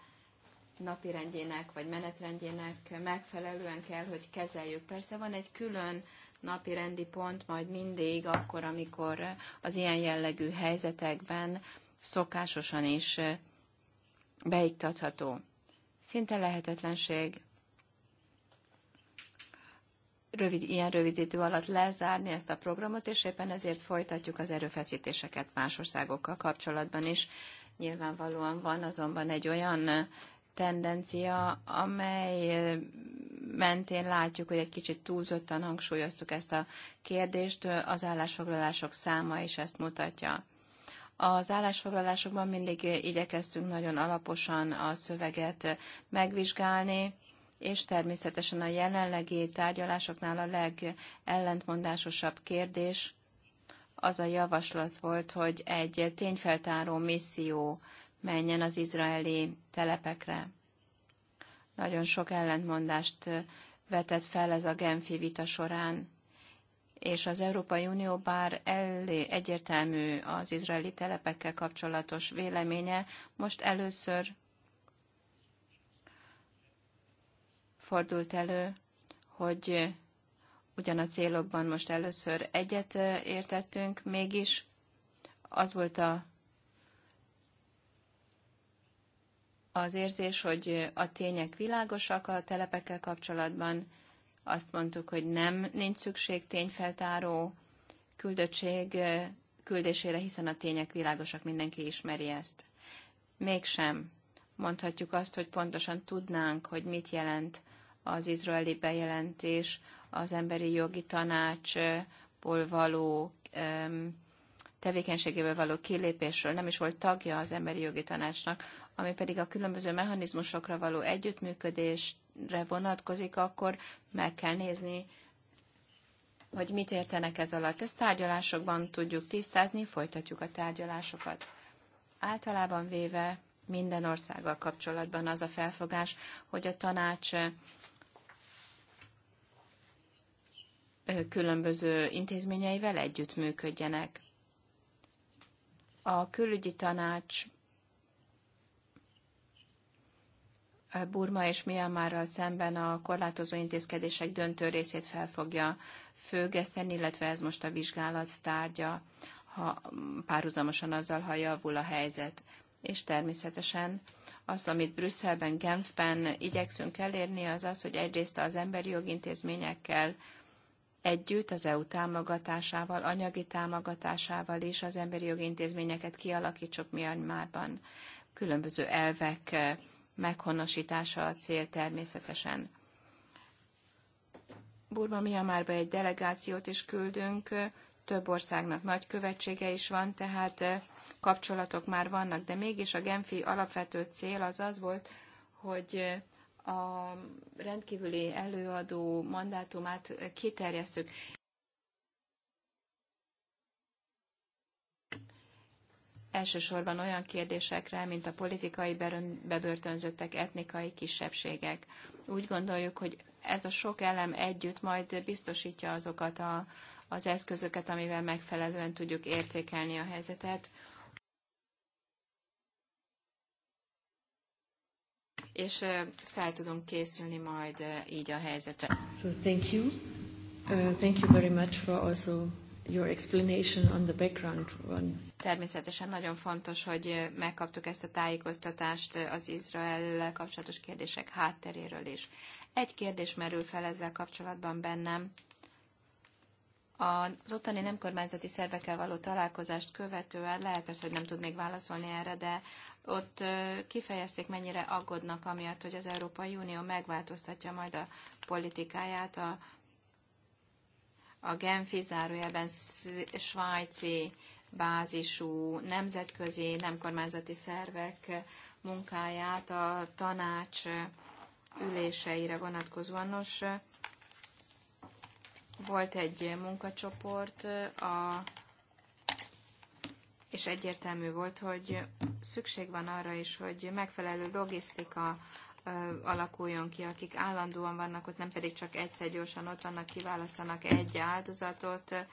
napirendjének vagy menetrendjének megfelelően kell, hogy kezeljük. Persze van egy külön napi rendi pont majd mindig akkor, amikor az ilyen jellegű helyzetekben szokásosan is beiktatható. Szinte lehetetlenség rövid, ilyen rövid idő alatt lezárni ezt a programot, és éppen ezért folytatjuk az erőfeszítéseket más országokkal kapcsolatban is. Nyilvánvalóan van azonban egy olyan tendencia, amely mentén látjuk, hogy egy kicsit túlzottan hangsúlyoztuk ezt a kérdést, az állásfoglalások száma is ezt mutatja. Az állásfoglalásokban mindig igyekeztünk nagyon alaposan a szöveget megvizsgálni, és természetesen a jelenlegi tárgyalásoknál a legellentmondásosabb kérdés az a javaslat volt, hogy egy tényfeltáró misszió menjen az izraeli telepekre. Nagyon sok ellentmondást vetett fel ez a Genfi vita során és az Európai Unió bár elé egyértelmű az izraeli telepekkel kapcsolatos véleménye, most először fordult elő, hogy ugyan a célokban most először egyet értettünk, mégis az volt a, az érzés, hogy a tények világosak a telepekkel kapcsolatban, azt mondtuk, hogy nem, nincs szükség tényfeltáró küldöttség küldésére, hiszen a tények világosak, mindenki ismeri ezt. Mégsem mondhatjuk azt, hogy pontosan tudnánk, hogy mit jelent az izraeli bejelentés, az emberi jogi tanácsból való tevékenységéből való kilépésről, nem is volt tagja az emberi jogi tanácsnak, ami pedig a különböző mechanizmusokra való együttműködést vonatkozik, akkor meg kell nézni, hogy mit értenek ez alatt. Ezt tárgyalásokban tudjuk tisztázni, folytatjuk a tárgyalásokat. Általában véve minden országgal kapcsolatban az a felfogás, hogy a tanács különböző intézményeivel együttműködjenek. A külügyi tanács Burma és Myanmarral szemben a korlátozó intézkedések döntő részét fel fogja főgeszteni, illetve ez most a vizsgálat tárgya, ha párhuzamosan azzal, ha javul a helyzet. És természetesen az, amit Brüsszelben, Genfben igyekszünk elérni, az az, hogy egyrészt az emberi jogintézményekkel együtt az EU támogatásával, anyagi támogatásával is az emberi jogintézményeket kialakítsuk mi Myanmarban. Különböző elvek meghonosítása a cél természetesen. Burma Miamárba egy delegációt is küldünk, több országnak nagy követsége is van, tehát kapcsolatok már vannak, de mégis a Genfi alapvető cél az az volt, hogy a rendkívüli előadó mandátumát kiterjesszük. elsősorban olyan kérdésekre, mint a politikai bebörtönzöttek, etnikai kisebbségek. Úgy gondoljuk, hogy ez a sok elem együtt majd biztosítja azokat a, az eszközöket, amivel megfelelően tudjuk értékelni a helyzetet. És fel tudunk készülni majd így a helyzetre. So thank you. Uh, thank you very much for also your explanation on the background one. Természetesen nagyon fontos, hogy megkaptuk ezt a tájékoztatást az Izrael kapcsolatos kérdések hátteréről is. Egy kérdés merül fel ezzel kapcsolatban bennem. Az ottani nem kormányzati szervekkel való találkozást követően, lehet persze, hogy nem tudnék válaszolni erre, de ott kifejezték, mennyire aggódnak amiatt, hogy az Európai Unió megváltoztatja majd a politikáját a, a Genfi zárójelben svájci bázisú nemzetközi, nem kormányzati szervek munkáját a tanács üléseire vonatkozóan. Nos, volt egy munkacsoport, a, és egyértelmű volt, hogy szükség van arra is, hogy megfelelő logisztika alakuljon ki, akik állandóan vannak ott, nem pedig csak egyszer gyorsan ott vannak, kiválasztanak egy áldozatot,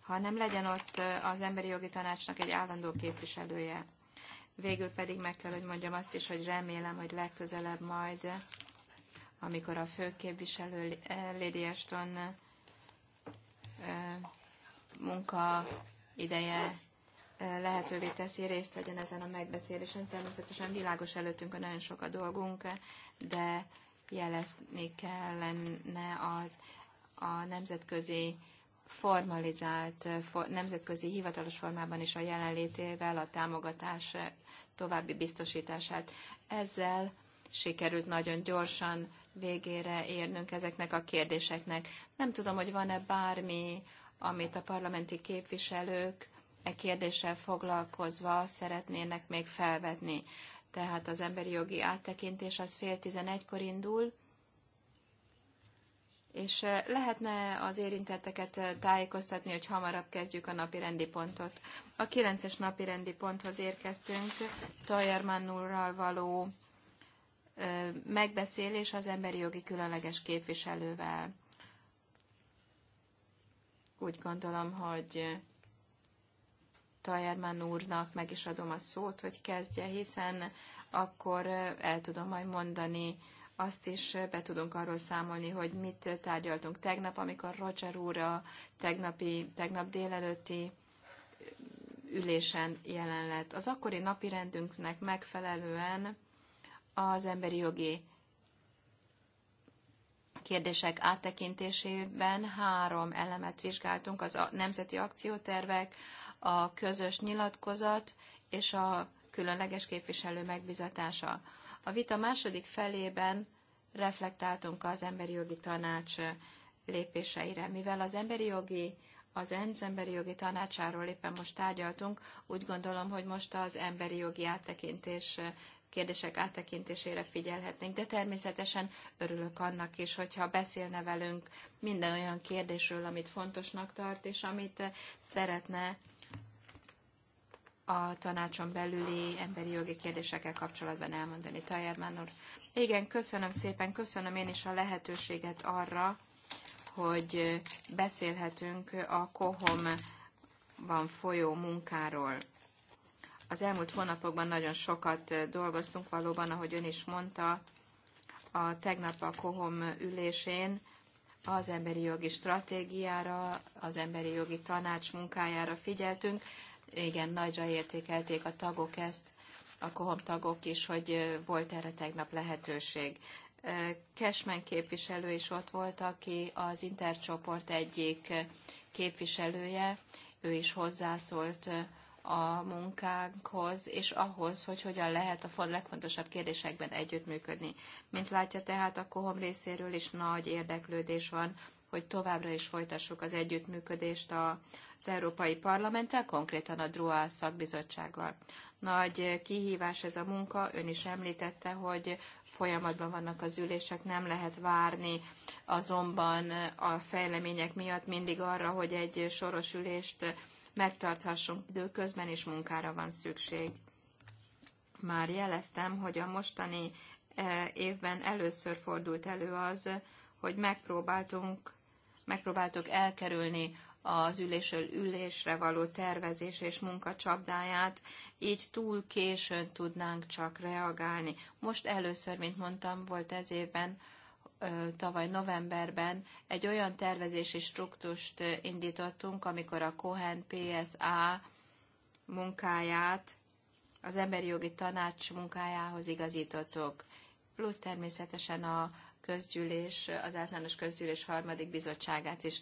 hanem legyen ott az emberi jogi tanácsnak egy állandó képviselője. Végül pedig meg kell, hogy mondjam azt is, hogy remélem, hogy legközelebb majd, amikor a főképviselő Lady Ashton munka ideje lehetővé teszi, részt vegyen ezen a megbeszélésen. Természetesen világos előttünk a nagyon sok a dolgunk, de jelezni kellene a, a nemzetközi formalizált, for, nemzetközi hivatalos formában is a jelenlétével a támogatás további biztosítását. Ezzel sikerült nagyon gyorsan végére érnünk ezeknek a kérdéseknek. Nem tudom, hogy van-e bármi, amit a parlamenti képviselők e kérdéssel foglalkozva szeretnének még felvetni. Tehát az emberi jogi áttekintés az fél tizenegykor indul, és e, lehetne az érintetteket e, tájékoztatni, hogy hamarabb kezdjük a napi rendi pontot. A kilences napi rendi ponthoz érkeztünk, Toyerman úrral való e, megbeszélés az emberi jogi különleges képviselővel. Úgy gondolom, hogy Tajerman úrnak meg is adom a szót, hogy kezdje, hiszen akkor el tudom majd mondani, azt is be tudunk arról számolni, hogy mit tárgyaltunk tegnap, amikor Roger úr a tegnapi, tegnap délelőtti ülésen jelen lett. Az akkori napirendünknek megfelelően az emberi jogi kérdések áttekintésében három elemet vizsgáltunk, az a nemzeti akciótervek, a közös nyilatkozat és a különleges képviselő megbizatása. A vita második felében reflektáltunk az emberi jogi tanács lépéseire. Mivel az emberi jogi, az ENSZ emberi jogi tanácsáról éppen most tárgyaltunk, úgy gondolom, hogy most az emberi jogi áttekintés kérdések áttekintésére figyelhetnénk, de természetesen örülök annak is, hogyha beszélne velünk minden olyan kérdésről, amit fontosnak tart, és amit szeretne a tanácson belüli emberi jogi kérdésekkel kapcsolatban elmondani. Tajermán úr. Igen, köszönöm szépen, köszönöm én is a lehetőséget arra, hogy beszélhetünk a van folyó munkáról. Az elmúlt hónapokban nagyon sokat dolgoztunk valóban, ahogy ön is mondta, a tegnap a KOHOM ülésén az emberi jogi stratégiára, az emberi jogi tanács munkájára figyeltünk. Igen, nagyra értékelték a tagok ezt, a KOHOM tagok is, hogy volt erre tegnap lehetőség. Kesmen képviselő is ott volt, aki az intercsoport egyik képviselője, ő is hozzászólt a munkánkhoz, és ahhoz, hogy hogyan lehet a legfontosabb kérdésekben együttműködni. Mint látja tehát, a Kohom részéről is nagy érdeklődés van, hogy továbbra is folytassuk az együttműködést az Európai Parlamenttel, konkrétan a DRUA szakbizottsággal. Nagy kihívás ez a munka, ön is említette, hogy folyamatban vannak az ülések, nem lehet várni azonban a fejlemények miatt mindig arra, hogy egy soros ülést megtarthassunk időközben, és munkára van szükség. Már jeleztem, hogy a mostani e, évben először fordult elő az, hogy megpróbáltunk, megpróbáltuk elkerülni az ülésről ülésre való tervezés és munka csapdáját, így túl későn tudnánk csak reagálni. Most először, mint mondtam, volt ez évben tavaly novemberben egy olyan tervezési struktust indítottunk, amikor a Cohen PSA munkáját az emberi jogi tanács munkájához igazítottuk, plusz természetesen a közgyűlés, az általános közgyűlés harmadik bizottságát is.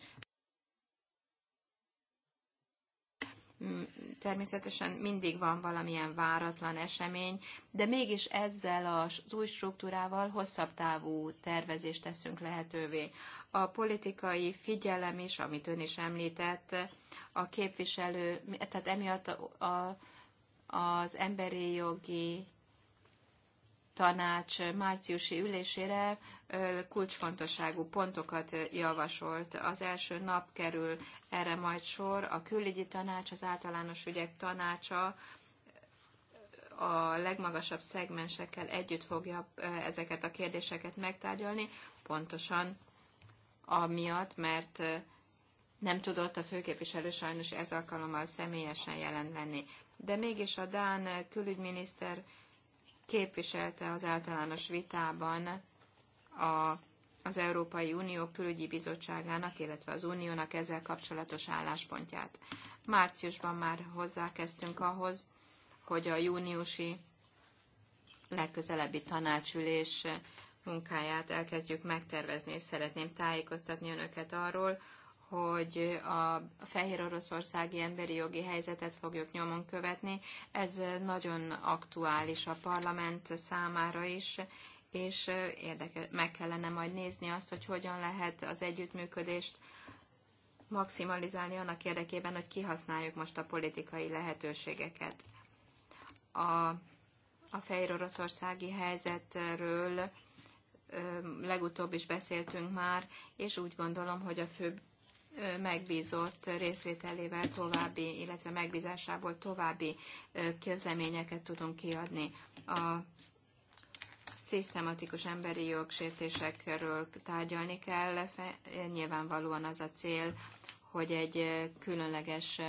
Mm, természetesen mindig van valamilyen váratlan esemény, de mégis ezzel az új struktúrával hosszabb távú tervezést teszünk lehetővé. A politikai figyelem is, amit ön is említett, a képviselő, tehát emiatt a, a, az emberi jogi tanács márciusi ülésére kulcsfontosságú pontokat javasolt. Az első nap kerül erre majd sor. A külügyi tanács, az általános ügyek tanácsa a legmagasabb szegmensekkel együtt fogja ezeket a kérdéseket megtárgyalni, pontosan amiatt, mert nem tudott a főképviselő sajnos ez alkalommal személyesen jelen lenni. De mégis a Dán külügyminiszter képviselte az általános vitában a, az Európai Unió külügyi bizottságának, illetve az uniónak ezzel kapcsolatos álláspontját. Márciusban már hozzákezdtünk ahhoz, hogy a júniusi legközelebbi tanácsülés munkáját elkezdjük megtervezni, és szeretném tájékoztatni önöket arról, hogy a fehér oroszországi emberi jogi helyzetet fogjuk nyomon követni. Ez nagyon aktuális a parlament számára is, és érdeke, meg kellene majd nézni azt, hogy hogyan lehet az együttműködést maximalizálni annak érdekében, hogy kihasználjuk most a politikai lehetőségeket. A, a fehér oroszországi helyzetről legutóbb is beszéltünk már, és úgy gondolom, hogy a főbb megbízott részvételével további, illetve megbízásából további közleményeket tudunk kiadni. A szisztematikus emberi jogsértésekről tárgyalni kell. Nyilvánvalóan az a cél, hogy egy különleges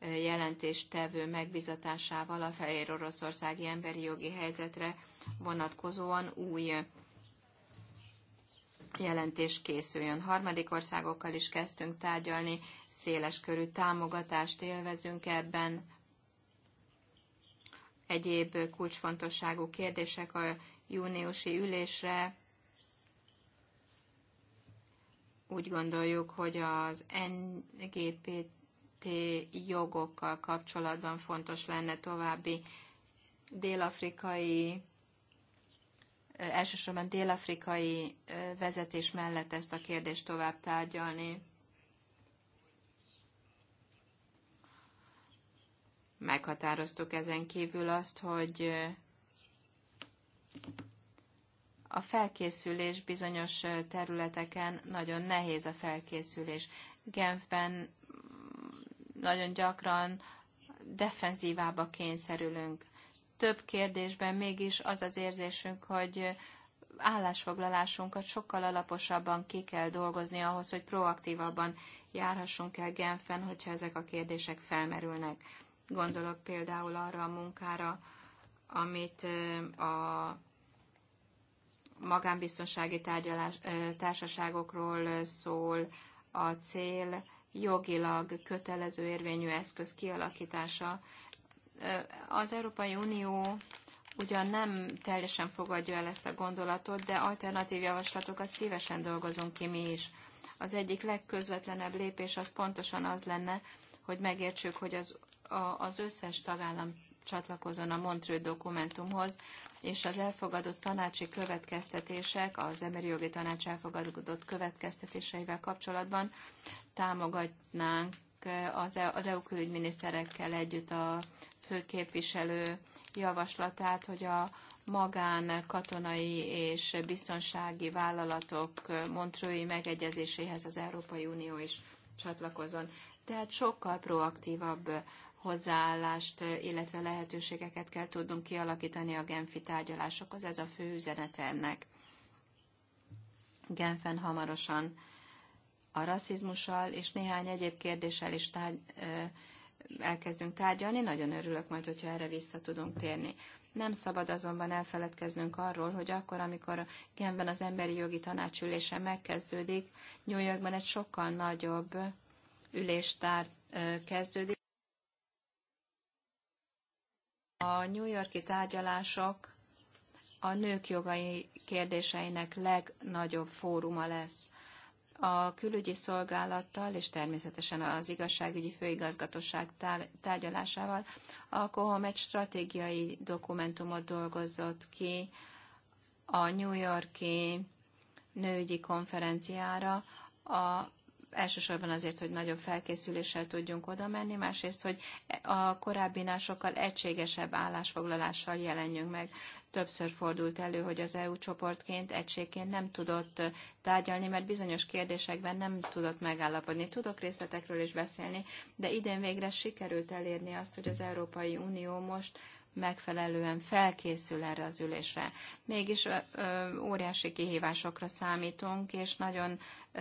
jelentéstevő megbizatásával a Fehér Oroszországi emberi jogi helyzetre vonatkozóan új jelentés készüljön. Harmadik országokkal is kezdtünk tárgyalni, széles körű támogatást élvezünk ebben. Egyéb kulcsfontosságú kérdések a júniusi ülésre. Úgy gondoljuk, hogy az NGPT jogokkal kapcsolatban fontos lenne további dél-afrikai elsősorban dél-afrikai vezetés mellett ezt a kérdést tovább tárgyalni. Meghatároztuk ezen kívül azt, hogy a felkészülés bizonyos területeken nagyon nehéz a felkészülés. Genfben nagyon gyakran defenzívába kényszerülünk több kérdésben mégis az az érzésünk, hogy állásfoglalásunkat sokkal alaposabban ki kell dolgozni ahhoz, hogy proaktívabban járhassunk el Genfen, hogyha ezek a kérdések felmerülnek. Gondolok például arra a munkára, amit a magánbiztonsági tárgyalás, társaságokról szól a cél, jogilag kötelező érvényű eszköz kialakítása. Az Európai Unió ugyan nem teljesen fogadja el ezt a gondolatot, de alternatív javaslatokat szívesen dolgozunk ki mi is. Az egyik legközvetlenebb lépés az pontosan az lenne, hogy megértsük, hogy az, a, az összes tagállam csatlakozzon a Montreux dokumentumhoz, és az elfogadott tanácsi következtetések, az emberi jogi tanács elfogadott következtetéseivel kapcsolatban támogatnánk az EU e külügyminiszterekkel együtt a főképviselő javaslatát, hogy a magán katonai és biztonsági vállalatok Montrői megegyezéséhez az Európai Unió is csatlakozon. Tehát sokkal proaktívabb hozzáállást, illetve lehetőségeket kell tudnunk kialakítani a Genfi tárgyalásokhoz. Ez a fő üzenete ennek. Genfen hamarosan a rasszizmussal és néhány egyéb kérdéssel is tárgy, elkezdünk tárgyalni, nagyon örülök majd, hogyha erre vissza tudunk térni. Nem szabad azonban elfeledkeznünk arról, hogy akkor, amikor Genben az emberi jogi tanácsülése megkezdődik, New Yorkban egy sokkal nagyobb üléstár kezdődik. A New Yorki tárgyalások a nők jogai kérdéseinek legnagyobb fóruma lesz a külügyi szolgálattal és természetesen az igazságügyi főigazgatóság tárgyalásával a COHOM egy stratégiai dokumentumot dolgozott ki a New Yorki nőügyi konferenciára, a, elsősorban azért, hogy nagyobb felkészüléssel tudjunk oda menni, másrészt, hogy a korábbinál sokkal egységesebb állásfoglalással jelenjünk meg. Többször fordult elő, hogy az EU csoportként, egységként nem tudott tárgyalni, mert bizonyos kérdésekben nem tudott megállapodni. Tudok részletekről is beszélni, de idén végre sikerült elérni azt, hogy az Európai Unió most megfelelően felkészül erre az ülésre. Mégis ö, óriási kihívásokra számítunk, és nagyon ö,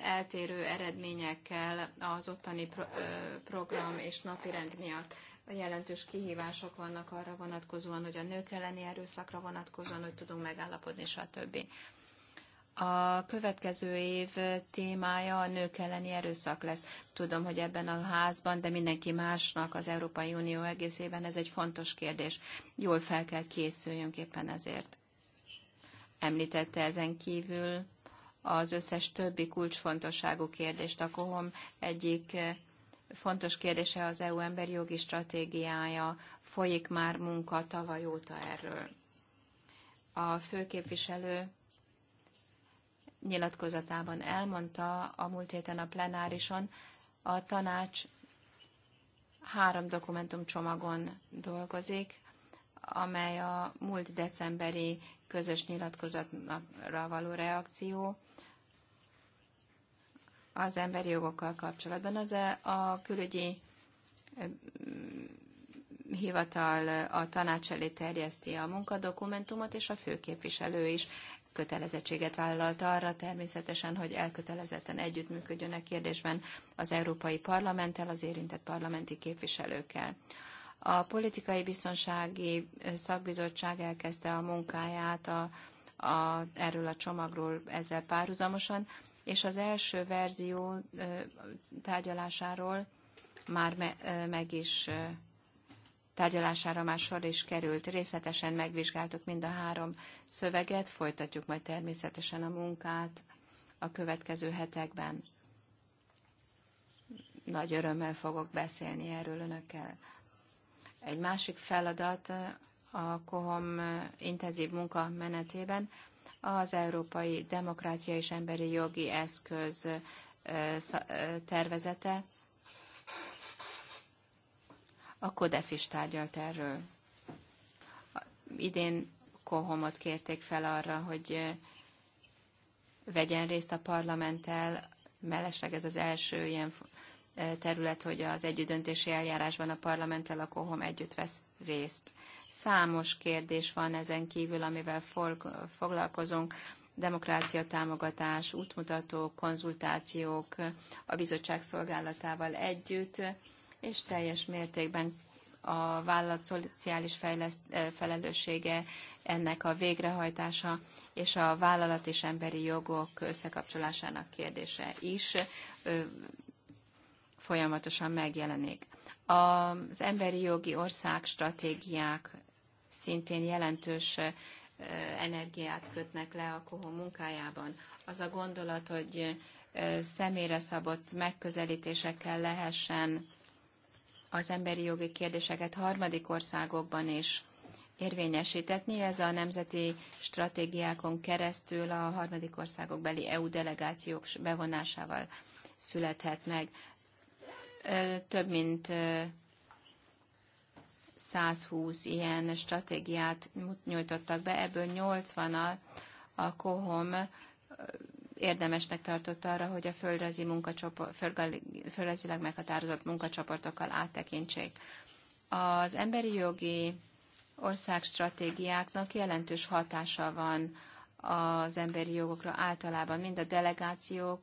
eltérő eredményekkel az ottani pro, ö, program és napirend miatt jelentős kihívások vannak arra vonatkozóan, hogy a nők elleni erőszakra vonatkozóan, hogy tudunk megállapodni, stb. A következő év témája a nők elleni erőszak lesz. Tudom, hogy ebben a házban, de mindenki másnak az Európai Unió egészében ez egy fontos kérdés. Jól fel kell készüljünk éppen ezért. Említette ezen kívül az összes többi kulcsfontosságú kérdést. A KOHOM egyik fontos kérdése az EU emberi jogi stratégiája. Folyik már munka tavaly óta erről. A főképviselő nyilatkozatában elmondta a múlt héten a plenárison, a tanács három dokumentum csomagon dolgozik, amely a múlt decemberi közös nyilatkozatra való reakció az emberi jogokkal kapcsolatban. Az e- a külügyi mm, hivatal a tanács elé terjeszti a munkadokumentumot, és a főképviselő is kötelezettséget vállalt arra természetesen, hogy elkötelezetten együttműködjön a e kérdésben az Európai Parlamenttel, az érintett parlamenti képviselőkkel. A politikai biztonsági szakbizottság elkezdte a munkáját a, a, erről a csomagról ezzel párhuzamosan, és az első verzió tárgyalásáról már me, meg is tárgyalására már sor is került. Részletesen megvizsgáltuk mind a három szöveget, folytatjuk majd természetesen a munkát a következő hetekben. Nagy örömmel fogok beszélni erről önökkel. Egy másik feladat a KOHOM intenzív munka menetében az Európai Demokrácia és Emberi Jogi Eszköz tervezete, a Kodef is tárgyalt erről. Idén Kohomot kérték fel arra, hogy vegyen részt a parlamenttel, mellesleg ez az első ilyen terület, hogy az együttdöntési eljárásban a parlamenttel a Kohom együtt vesz részt. Számos kérdés van ezen kívül, amivel foglalkozunk, demokrácia támogatás, útmutatók, konzultációk a bizottság szolgálatával együtt, és teljes mértékben a vállalat szociális fejleszt, felelőssége, ennek a végrehajtása és a vállalat és emberi jogok összekapcsolásának kérdése is folyamatosan megjelenik. Az emberi jogi ország stratégiák szintén jelentős energiát kötnek le a kohó munkájában. Az a gondolat, hogy személyre szabott megközelítésekkel lehessen az emberi jogi kérdéseket harmadik országokban is érvényesítetni. Ez a nemzeti stratégiákon keresztül a harmadik országok beli EU delegációk bevonásával születhet meg. Több mint 120 ilyen stratégiát nyújtottak be, ebből 80 a, a KOHOM érdemesnek tartott arra, hogy a földrajzi munkacsoport, földrajzilag meghatározott munkacsoportokkal áttekintsék. Az emberi jogi országstratégiáknak jelentős hatása van az emberi jogokra általában, mind a delegációk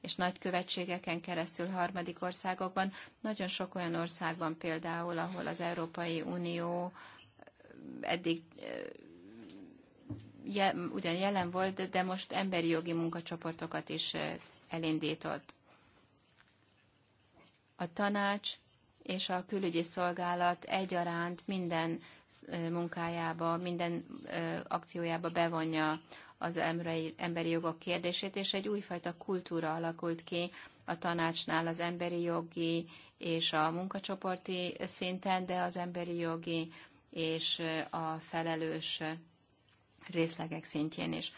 és nagykövetségeken keresztül harmadik országokban. Nagyon sok olyan országban például, ahol az Európai Unió eddig je, ugyan jelen volt, de most emberi jogi munkacsoportokat is elindított. A tanács és a külügyi szolgálat egyaránt minden munkájába, minden akciójába bevonja az emberi jogok kérdését, és egy újfajta kultúra alakult ki a tanácsnál az emberi jogi és a munkacsoporti szinten, de az emberi jogi és a felelős részlegek szintjén is.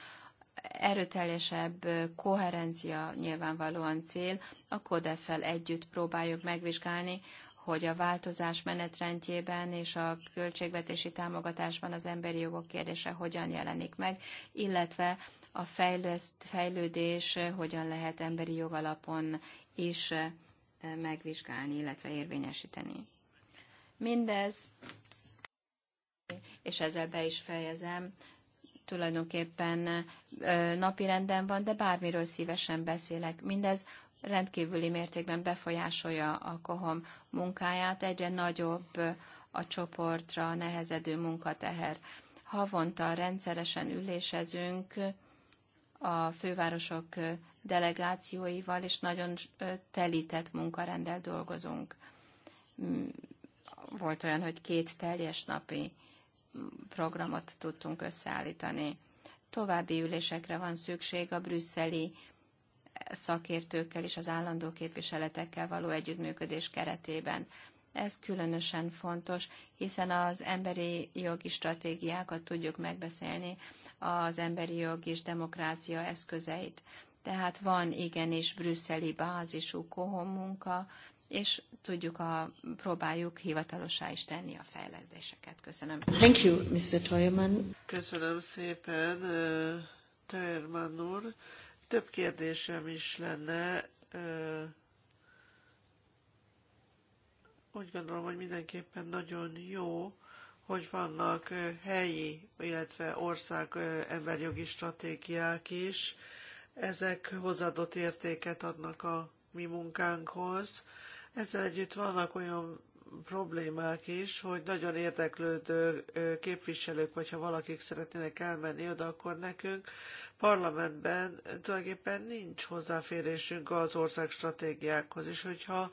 Erőteljesebb koherencia nyilvánvalóan cél, a CODEF-fel együtt próbáljuk megvizsgálni, hogy a változás menetrendjében és a költségvetési támogatásban az emberi jogok kérdése hogyan jelenik meg, illetve a fejleszt, fejlődés hogyan lehet emberi jogalapon is megvizsgálni, illetve érvényesíteni. Mindez, és ezzel be is fejezem, tulajdonképpen napirenden van, de bármiről szívesen beszélek. Mindez rendkívüli mértékben befolyásolja a kohom munkáját, egyre nagyobb a csoportra nehezedő munkateher. Havonta rendszeresen ülésezünk a fővárosok delegációival, és nagyon telített munkarendel dolgozunk. Volt olyan, hogy két teljes napi programot tudtunk összeállítani. További ülésekre van szükség a brüsszeli szakértőkkel és az állandó képviseletekkel való együttműködés keretében. Ez különösen fontos, hiszen az emberi jogi stratégiákat tudjuk megbeszélni, az emberi jog és demokrácia eszközeit. Tehát van igenis brüsszeli bázisú kohom munka, és tudjuk a, próbáljuk hivatalossá is tenni a fejlesztéseket. Köszönöm. Thank you, Mr. Toyman. Köszönöm szépen, Toyman úr. Több kérdésem is lenne. Úgy gondolom, hogy mindenképpen nagyon jó, hogy vannak helyi, illetve ország emberjogi stratégiák is. Ezek hozadott értéket adnak a mi munkánkhoz, ezzel együtt vannak olyan problémák is, hogy nagyon érdeklődő képviselők, vagy ha valakik szeretnének elmenni oda, akkor nekünk parlamentben tulajdonképpen nincs hozzáférésünk az ország stratégiákhoz, és hogyha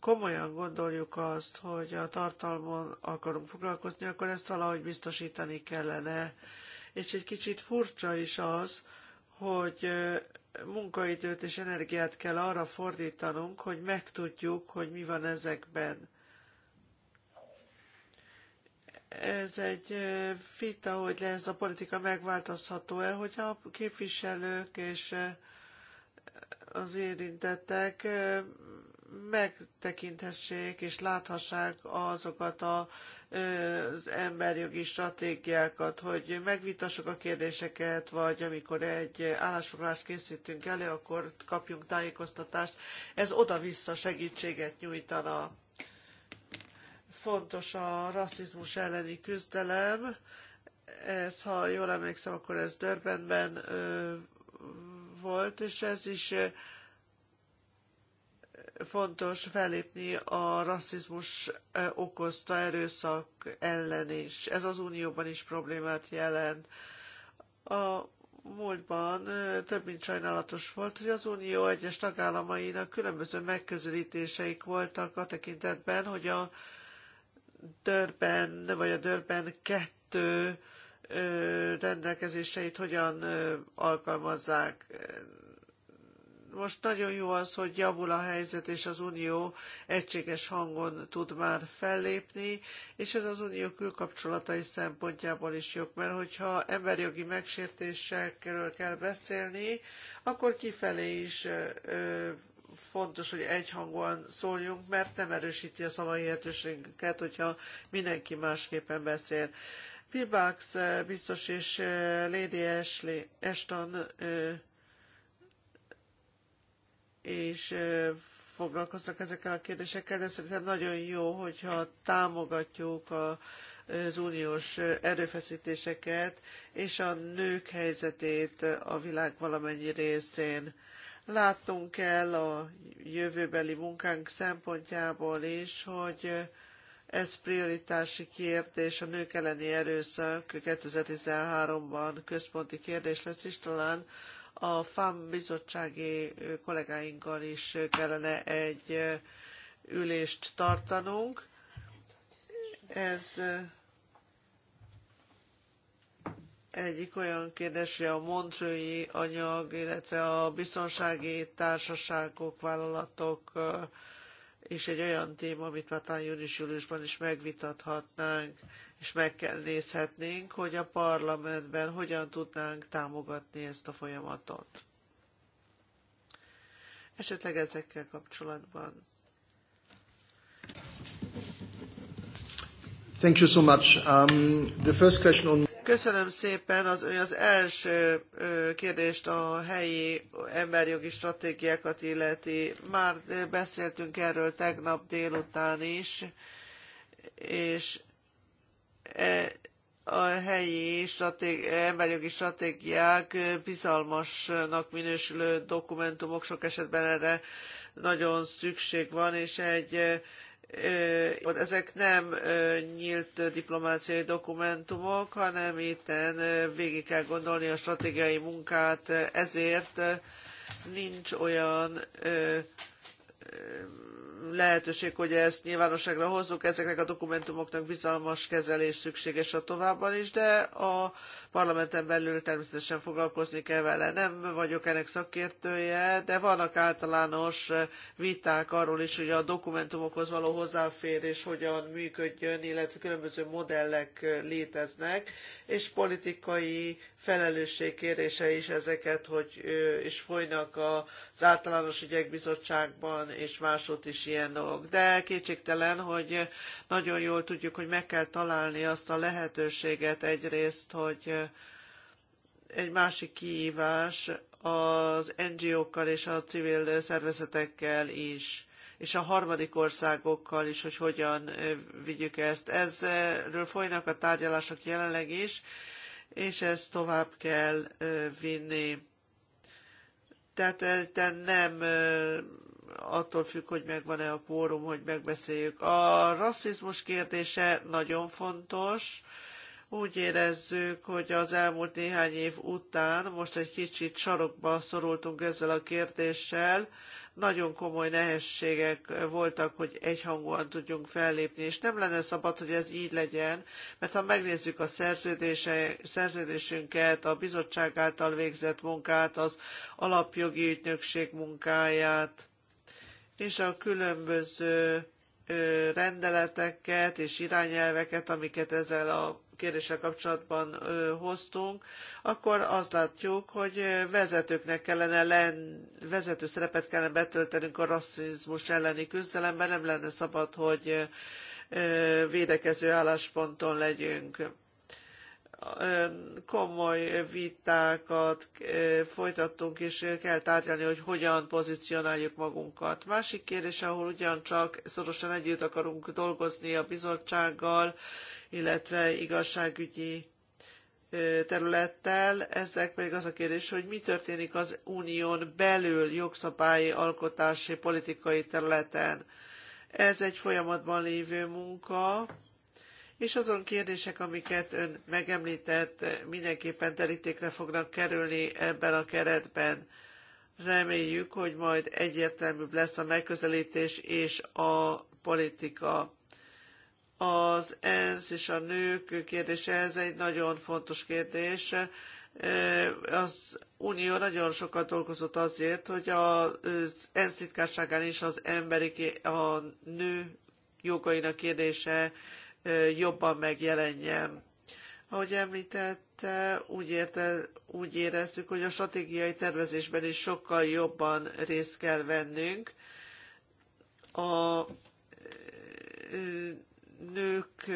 komolyan gondoljuk azt, hogy a tartalmon akarunk foglalkozni, akkor ezt valahogy biztosítani kellene. És egy kicsit furcsa is az, hogy munkaidőt és energiát kell arra fordítanunk, hogy megtudjuk, hogy mi van ezekben. Ez egy vita, hogy ez a politika megváltozható-e, hogy a képviselők és az érintettek megtekinthessék és láthassák azokat a, az emberjogi stratégiákat, hogy megvitassuk a kérdéseket, vagy amikor egy állásfoglalást készítünk elő, akkor kapjunk tájékoztatást. Ez oda-vissza segítséget nyújtana. Fontos a rasszizmus elleni küzdelem. Ez, ha jól emlékszem, akkor ez Dörbenben volt, és ez is fontos fellépni a rasszizmus okozta erőszak ellen is. Ez az Unióban is problémát jelent. A múltban több mint sajnálatos volt, hogy az Unió egyes tagállamainak különböző megközelítéseik voltak a tekintetben, hogy a Dörben, vagy a Dörben kettő rendelkezéseit hogyan alkalmazzák most nagyon jó az, hogy javul a helyzet, és az Unió egységes hangon tud már fellépni, és ez az Unió külkapcsolatai szempontjából is jó, mert hogyha emberjogi megsértésekről kell beszélni, akkor kifelé is ö, fontos, hogy egyhangúan szóljunk, mert nem erősíti a szavai szavahihetőségünket, hogyha mindenki másképpen beszél. Pilbax biztos és Lady Ashley, Ashton és foglalkoztak ezekkel a kérdésekkel, de szerintem nagyon jó, hogyha támogatjuk a, az uniós erőfeszítéseket és a nők helyzetét a világ valamennyi részén. Látnunk kell a jövőbeli munkánk szempontjából is, hogy ez prioritási kérdés, a nők elleni erőszak 2013-ban központi kérdés lesz, és talán a FAM bizottsági kollégáinkkal is kellene egy ülést tartanunk. Ez egyik olyan kérdés, hogy a montrői anyag, illetve a biztonsági társaságok, vállalatok is egy olyan téma, amit már talán június-júliusban is megvitathatnánk és meg kell nézhetnénk, hogy a parlamentben hogyan tudnánk támogatni ezt a folyamatot. Esetleg ezekkel kapcsolatban. Thank you so much. Um, the first question on... Köszönöm szépen. Az, az első kérdést a helyi emberjogi stratégiákat illeti. Már beszéltünk erről tegnap délután is, és E, a helyi stratég, emberjogi stratégiák bizalmasnak minősülő dokumentumok, sok esetben erre nagyon szükség van, és egy e, e, ezek nem nyílt diplomáciai dokumentumok, hanem itten végig kell gondolni a stratégiai munkát, ezért nincs olyan lehetőség, hogy ezt nyilvánosságra hozzuk, ezeknek a dokumentumoknak bizalmas kezelés szükséges a továbban is, de a parlamenten belül természetesen foglalkozni kell vele. Nem vagyok ennek szakértője, de vannak általános viták arról is, hogy a dokumentumokhoz való hozzáférés hogyan működjön, illetve különböző modellek léteznek, és politikai felelősségkérése is ezeket, hogy és folynak az általános ügyek bizottságban, és máshogy is ilyen dolog. De kétségtelen, hogy nagyon jól tudjuk, hogy meg kell találni azt a lehetőséget egyrészt, hogy egy másik kihívás az NGO-kkal és a civil szervezetekkel is és a harmadik országokkal is, hogy hogyan vigyük ezt. Ezről folynak a tárgyalások jelenleg is, és ezt tovább kell vinni. Tehát nem attól függ, hogy megvan-e a kórum, hogy megbeszéljük. A rasszizmus kérdése nagyon fontos. Úgy érezzük, hogy az elmúlt néhány év után most egy kicsit sarokba szorultunk ezzel a kérdéssel, nagyon komoly nehézségek voltak, hogy egyhangúan tudjunk fellépni, és nem lenne szabad, hogy ez így legyen, mert ha megnézzük a szerződésünket, a bizottság által végzett munkát, az alapjogi ügynökség munkáját, és a különböző rendeleteket és irányelveket, amiket ezzel a kérdéssel kapcsolatban hoztunk, akkor azt látjuk, hogy vezetőknek kellene len, vezető szerepet kellene betöltenünk a rasszizmus elleni küzdelemben, nem lenne szabad, hogy védekező állásponton legyünk komoly vitákat folytattunk, és kell tárgyalni, hogy hogyan pozícionáljuk magunkat. Másik kérdés, ahol ugyancsak szorosan együtt akarunk dolgozni a bizottsággal, illetve igazságügyi területtel. Ezek pedig az a kérdés, hogy mi történik az unión belül jogszabályi, alkotási, politikai területen. Ez egy folyamatban lévő munka, és azon kérdések, amiket ön megemlített, mindenképpen terítékre fognak kerülni ebben a keretben. Reméljük, hogy majd egyértelműbb lesz a megközelítés és a politika. Az ENSZ és a nők kérdése, ez egy nagyon fontos kérdés. Az Unió nagyon sokat dolgozott azért, hogy az ENSZ titkárságán is az emberi, a nő jogainak kérdése jobban megjelenjen. Ahogy említette, úgy, érte, úgy éreztük, hogy a stratégiai tervezésben is sokkal jobban részt kell vennünk. A nők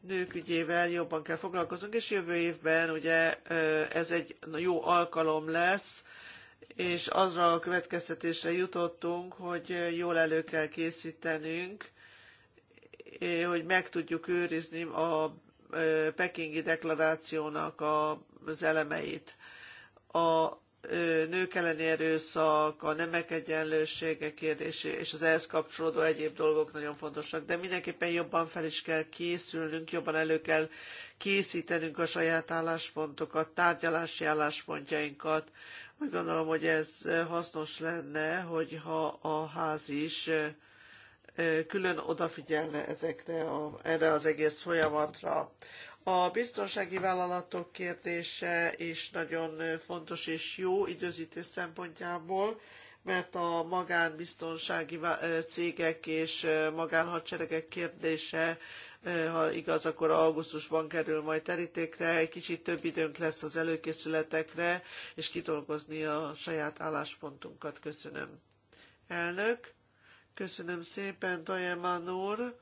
nők ügyével jobban kell foglalkoznunk, és jövő évben ugye ez egy jó alkalom lesz, és azra a következtetésre jutottunk, hogy jól elő kell készítenünk, hogy meg tudjuk őrizni a pekingi deklarációnak az elemeit. A nők elleni erőszak, a nemek egyenlősége kérdése és az ehhez kapcsolódó egyéb dolgok nagyon fontosak, de mindenképpen jobban fel is kell készülnünk, jobban elő kell készítenünk a saját álláspontokat, tárgyalási álláspontjainkat. Úgy gondolom, hogy ez hasznos lenne, hogyha a ház is külön odafigyelne ezekre a, erre az egész folyamatra. A biztonsági vállalatok kérdése is nagyon fontos és jó időzítés szempontjából, mert a magánbiztonsági cégek és magánhadseregek kérdése, ha igaz, akkor augusztusban kerül majd terítékre, egy kicsit több időnk lesz az előkészületekre, és kidolgozni a saját álláspontunkat. Köszönöm. Elnök, köszönöm szépen, Dajeman úr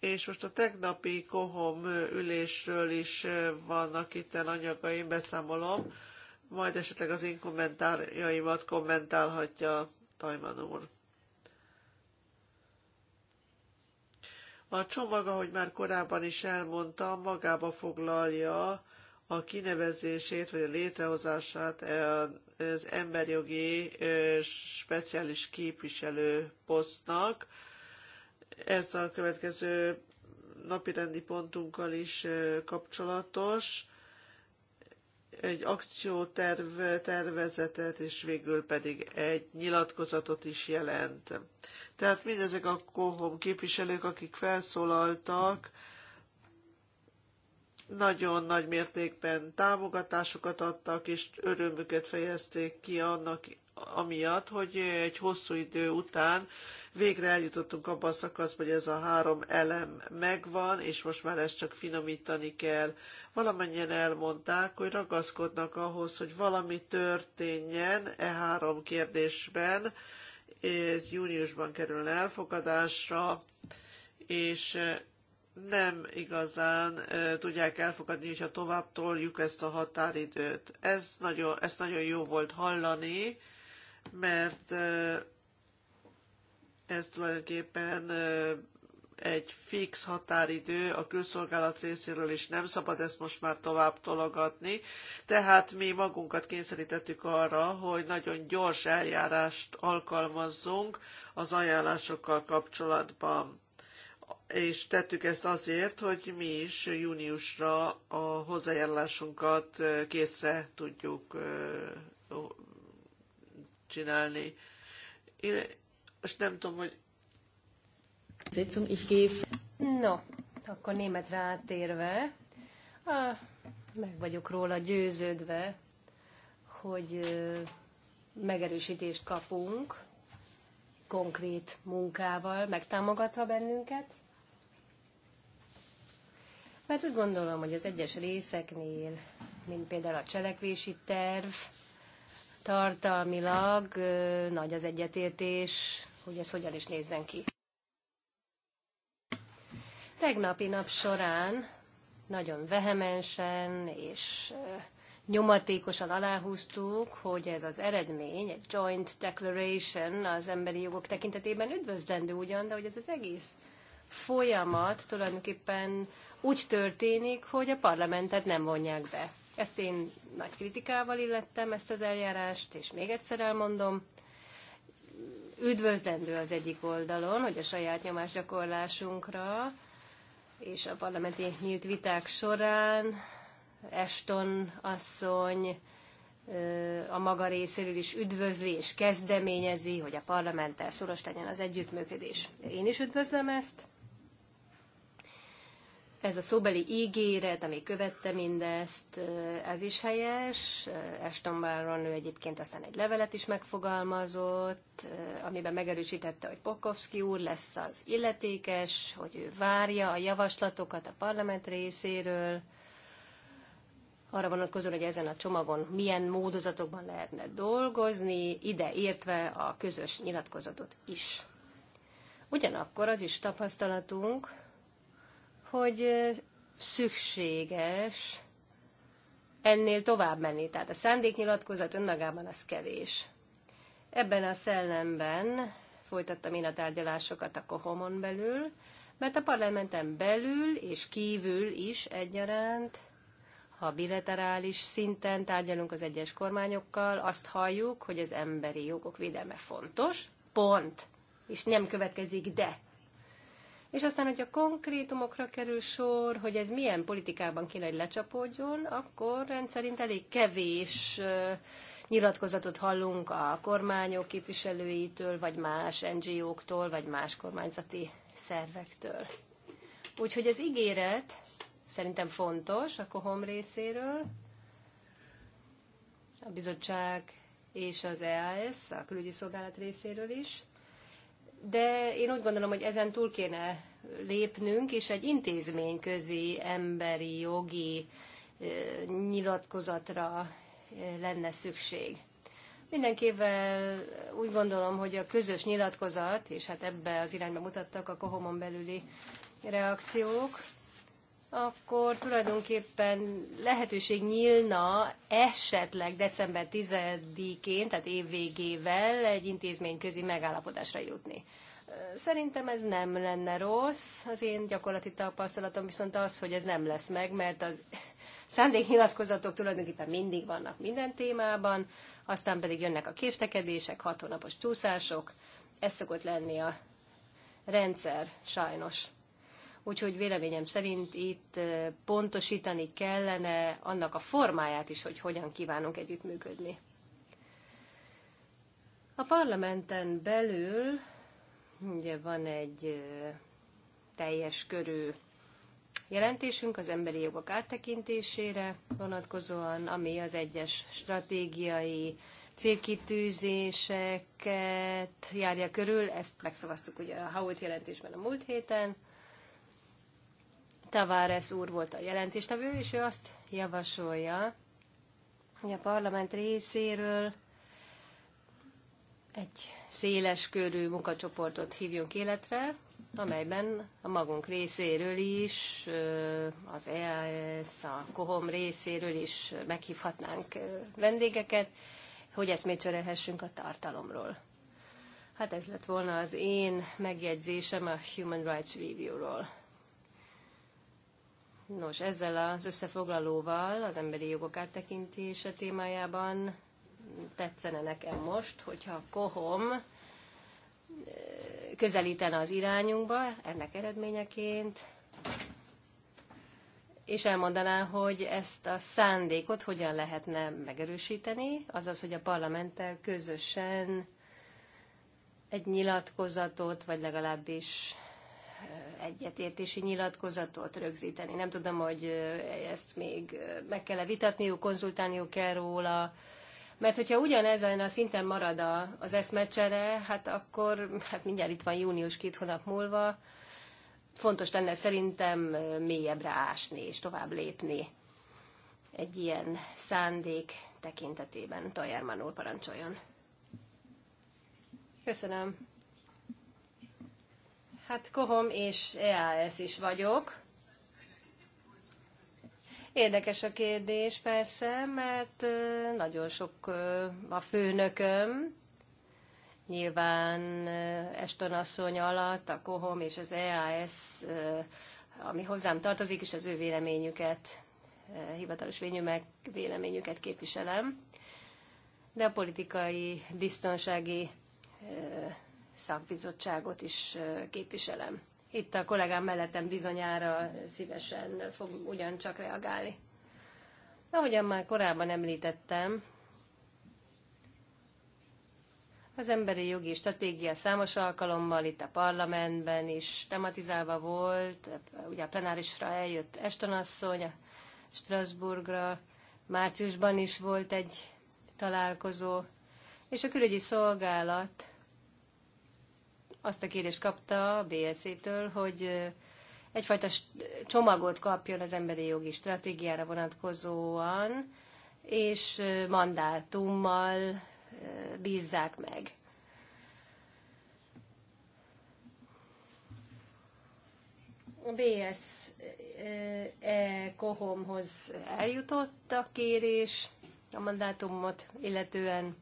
és most a tegnapi kohom ülésről is vannak itt anyagaim, beszámolom, majd esetleg az én kommentárjaimat kommentálhatja Tajman úr. A csomag, ahogy már korábban is elmondtam, magába foglalja a kinevezését vagy a létrehozását e- az emberjogi speciális képviselő posztnak, ez a következő napirendi pontunkkal is kapcsolatos, egy akcióterv tervezetet, és végül pedig egy nyilatkozatot is jelent. Tehát mindezek a kohom képviselők, akik felszólaltak, nagyon nagy mértékben támogatásokat adtak, és örömüket fejezték ki annak amiatt, hogy egy hosszú idő után végre eljutottunk abba a szakaszba, hogy ez a három elem megvan, és most már ezt csak finomítani kell. Valamennyien elmondták, hogy ragaszkodnak ahhoz, hogy valami történjen e három kérdésben, ez júniusban kerül elfogadásra, és nem igazán tudják elfogadni, hogyha tovább toljuk ezt a határidőt. Ez nagyon, ezt nagyon jó volt hallani, mert ez tulajdonképpen egy fix határidő a külszolgálat részéről is nem szabad ezt most már tovább tologatni, tehát mi magunkat kényszerítettük arra, hogy nagyon gyors eljárást alkalmazzunk az ajánlásokkal kapcsolatban. És tettük ezt azért, hogy mi is júniusra a hozzájárulásunkat készre tudjuk csinálni és nem tudom, hogy... No, akkor németre áttérve, ah, meg vagyok róla győződve, hogy megerősítést kapunk, konkrét munkával megtámogatva bennünket. Mert úgy gondolom, hogy az egyes részeknél, mint például a cselekvési terv, tartalmilag nagy az egyetértés hogy ez hogyan is nézzen ki. Tegnapi nap során nagyon vehemensen és nyomatékosan aláhúztuk, hogy ez az eredmény, egy joint declaration az emberi jogok tekintetében üdvözlendő ugyan, de hogy ez az egész folyamat tulajdonképpen úgy történik, hogy a parlamentet nem vonják be. Ezt én nagy kritikával illettem, ezt az eljárást, és még egyszer elmondom, üdvözlendő az egyik oldalon, hogy a saját nyomásgyakorlásunkra és a parlamenti nyílt viták során Eston asszony a maga részéről is üdvözli és kezdeményezi, hogy a parlamenttel szoros legyen az együttműködés. Én is üdvözlöm ezt, ez a szóbeli ígéret, ami követte mindezt, ez is helyes. Ashton Baron ő egyébként aztán egy levelet is megfogalmazott, amiben megerősítette, hogy Pokovski úr lesz az illetékes, hogy ő várja a javaslatokat a parlament részéről, arra vonatkozóan, hogy ezen a csomagon milyen módozatokban lehetne dolgozni, ide értve a közös nyilatkozatot is. Ugyanakkor az is tapasztalatunk, hogy szükséges ennél tovább menni. Tehát a szándéknyilatkozat önmagában az kevés. Ebben a szellemben folytattam én a tárgyalásokat a Kohomon belül, mert a parlamenten belül és kívül is egyaránt, ha bilaterális szinten tárgyalunk az egyes kormányokkal, azt halljuk, hogy az emberi jogok védelme fontos, pont, és nem következik de. És aztán, hogy a konkrétumokra kerül sor, hogy ez milyen politikában kéne, hogy lecsapódjon, akkor rendszerint elég kevés nyilatkozatot hallunk a kormányok képviselőitől, vagy más NGO-któl, vagy más kormányzati szervektől. Úgyhogy az ígéret szerintem fontos a kohom részéről, a bizottság és az EAS, a külügyi szolgálat részéről is de én úgy gondolom, hogy ezen túl kéne lépnünk, és egy intézményközi emberi jogi nyilatkozatra lenne szükség. Mindenképpen úgy gondolom, hogy a közös nyilatkozat, és hát ebbe az irányba mutattak a kohomon belüli reakciók, akkor tulajdonképpen lehetőség nyílna esetleg december 10-én, tehát évvégével egy intézmény közi megállapodásra jutni. Szerintem ez nem lenne rossz. Az én gyakorlati tapasztalatom viszont az, hogy ez nem lesz meg, mert az szándéknyilatkozatok tulajdonképpen mindig vannak minden témában, aztán pedig jönnek a késtekedések, hat hónapos csúszások. Ez szokott lenni a rendszer, sajnos. Úgyhogy véleményem szerint itt pontosítani kellene annak a formáját is, hogy hogyan kívánunk együttműködni. A parlamenten belül ugye van egy teljes körű jelentésünk az emberi jogok áttekintésére vonatkozóan, ami az egyes stratégiai célkitűzéseket járja körül. Ezt megszavaztuk ugye a Howard jelentésben a múlt héten. Tavares úr volt a jelentéstevő, és ő azt javasolja, hogy a parlament részéről egy széles körű munkacsoportot hívjunk életre, amelyben a magunk részéről is, az EAS, a KOHOM részéről is meghívhatnánk vendégeket, hogy eszmét cserélhessünk a tartalomról. Hát ez lett volna az én megjegyzésem a Human Rights Review-ról. Nos, ezzel az összefoglalóval az emberi jogok áttekintése témájában tetszene nekem most, hogyha kohom eh, közelítene az irányunkba ennek eredményeként, és elmondaná, hogy ezt a szándékot hogyan lehetne megerősíteni, azaz, hogy a parlamenttel közösen egy nyilatkozatot, vagy legalábbis egyetértési nyilatkozatot rögzíteni. Nem tudom, hogy ezt még meg kell -e vitatniuk, konzultálniuk kell róla, mert hogyha ugyanezen a szinten marad a, az eszmecsere, hát akkor hát mindjárt itt van június két hónap múlva, fontos lenne szerintem mélyebbre ásni és tovább lépni egy ilyen szándék tekintetében. Tajerman úr parancsoljon. Köszönöm. Hát Kohom és EAS is vagyok. Érdekes a kérdés persze, mert nagyon sok a főnököm, nyilván Eston asszony alatt a Kohom és az EAS, ami hozzám tartozik, és az ő véleményüket, hivatalos véleményüket képviselem. De a politikai, biztonsági szakbizottságot is képviselem. Itt a kollégám mellettem bizonyára szívesen fog ugyancsak reagálni. Ahogyan már korábban említettem, az emberi jogi stratégia számos alkalommal itt a parlamentben is tematizálva volt, ugye a plenárisra eljött Estonasszony, Strasbourgra, márciusban is volt egy találkozó, és a külügyi szolgálat azt a kérést kapta a BSZ-től, hogy egyfajta csomagot kapjon az emberi jogi stratégiára vonatkozóan, és mandátummal bízzák meg. A BS e, Kohomhoz eljutott a kérés, a mandátumot illetően,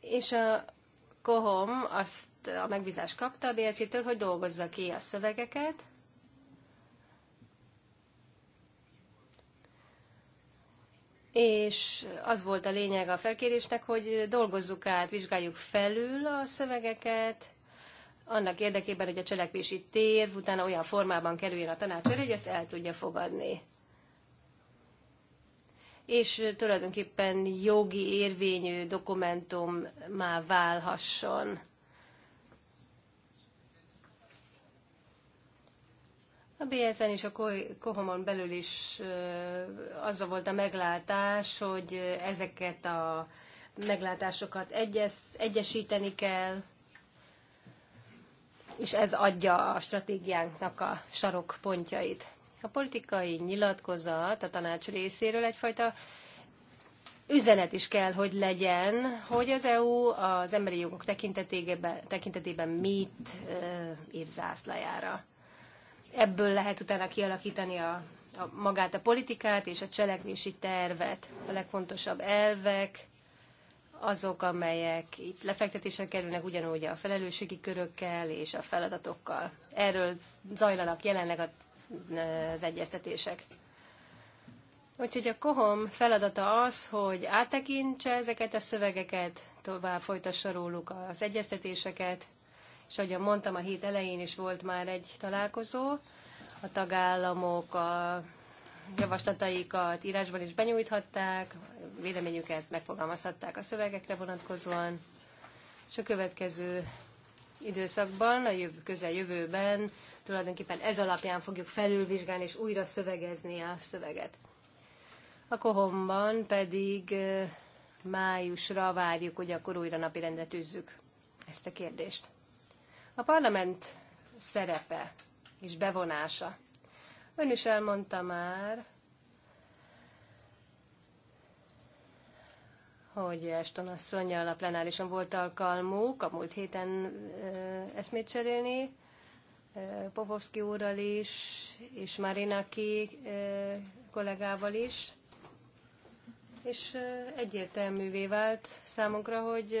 és a Kohom azt a megbízást kapta a BSZ-től, hogy dolgozza ki a szövegeket, és az volt a lényeg a felkérésnek, hogy dolgozzuk át, vizsgáljuk felül a szövegeket, annak érdekében, hogy a cselekvési tér, utána olyan formában kerüljön a tanács elé, hogy ezt el tudja fogadni és tulajdonképpen jogi érvényű dokumentum már válhasson. A BSN és a Kohomon belül is az volt a meglátás, hogy ezeket a meglátásokat egyes, egyesíteni kell, és ez adja a stratégiánknak a sarokpontjait. A politikai nyilatkozat a tanács részéről egyfajta üzenet is kell, hogy legyen, hogy az EU az emberi jogok tekintetében, tekintetében mit ír zászlajára. Ebből lehet utána kialakítani a, a, magát a politikát és a cselekvési tervet, a legfontosabb elvek, azok, amelyek itt lefektetésre kerülnek ugyanúgy a felelősségi körökkel és a feladatokkal. Erről zajlanak jelenleg a az egyeztetések. Úgyhogy a kohom feladata az, hogy áttekintse ezeket a szövegeket, tovább folytassa róluk az egyeztetéseket, és ahogy mondtam, a hét elején is volt már egy találkozó, a tagállamok a javaslataikat írásban is benyújthatták, véleményüket megfogalmazhatták a szövegekre vonatkozóan, és a következő időszakban, a jövő, közeljövőben tulajdonképpen ez alapján fogjuk felülvizsgálni és újra szövegezni a szöveget. A kohomban pedig májusra várjuk, hogy akkor újra napirendre tűzzük ezt a kérdést. A parlament szerepe és bevonása. Ön is elmondta már, hogy Eston asszonyjal a plenárison volt alkalmuk a múlt héten eszmét cserélni, Popovszki úrral is, és Marinaki kollégával is, és egyértelművé vált számunkra, hogy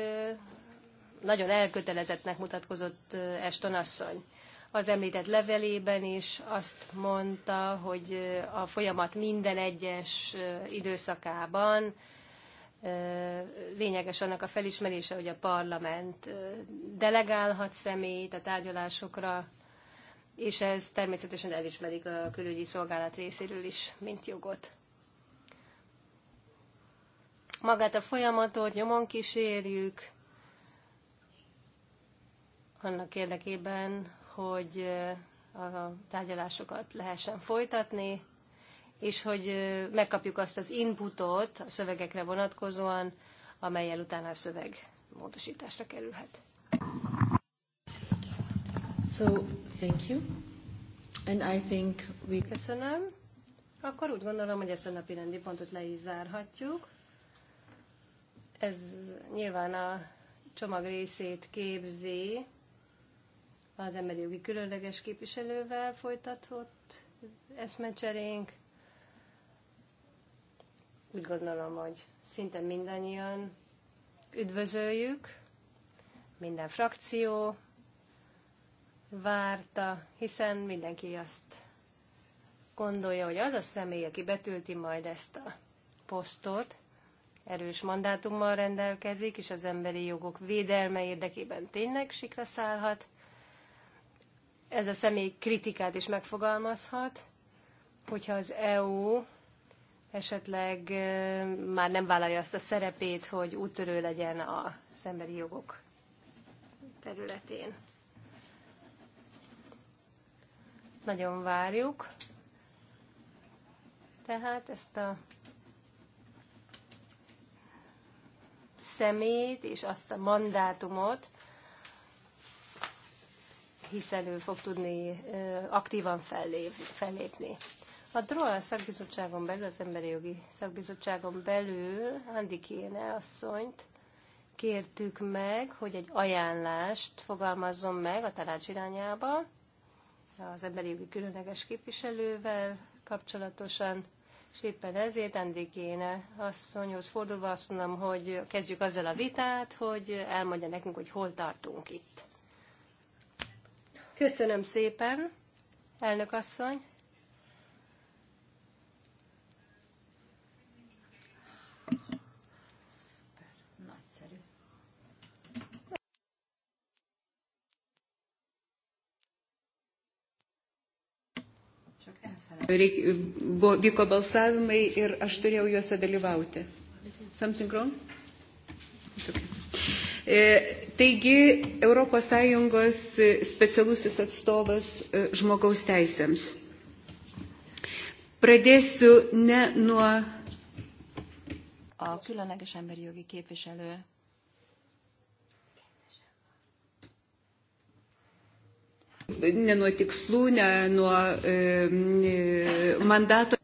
nagyon elkötelezettnek mutatkozott Eston asszony. Az említett levelében is azt mondta, hogy a folyamat minden egyes időszakában lényeges annak a felismerése, hogy a parlament delegálhat személyt a tárgyalásokra, és ez természetesen elismerik a külügyi szolgálat részéről is, mint jogot. Magát a folyamatot nyomon kísérjük, annak érdekében, hogy a tárgyalásokat lehessen folytatni, és hogy megkapjuk azt az inputot a szövegekre vonatkozóan, amelyel utána a szöveg módosításra kerülhet. So, Thank you. And I think we... Köszönöm. Akkor úgy gondolom, hogy ezt a napi rendi pontot le is zárhatjuk. Ez nyilván a csomag részét képzi az emberi jogi különleges képviselővel folytatott eszmecserénk. Úgy gondolom, hogy szinte mindannyian üdvözöljük, minden frakció, várta, hiszen mindenki azt gondolja, hogy az a személy, aki betülti majd ezt a posztot, erős mandátummal rendelkezik, és az emberi jogok védelme érdekében tényleg sikra szállhat. Ez a személy kritikát is megfogalmazhat, hogyha az EU esetleg már nem vállalja azt a szerepét, hogy úttörő legyen az emberi jogok területén. nagyon várjuk. Tehát ezt a szemét és azt a mandátumot, hiszen ő fog tudni aktívan fellép, fellépni. A DROA szakbizottságon belül, az Emberi Jogi Szakbizottságon belül Andi Kéne asszonyt kértük meg, hogy egy ajánlást fogalmazzon meg a tanács irányába, az emberi jogi különleges képviselővel kapcsolatosan, és éppen ezért Endrikéne asszonyhoz fordulva azt mondom, hogy kezdjük azzal a vitát, hogy elmondja nekünk, hogy hol tartunk itt. Köszönöm szépen, elnök asszony. Reik, buvo, vyko balsavimai ir aš turėjau juose dalyvauti. Something wrong? E, taigi, ES specialusis atstovas e, žmogaus teisėms. Pradėsiu ne nuo... A különleges emberi jogi képviselő Ne nuo tikslų, ne nuo e, e mandátum.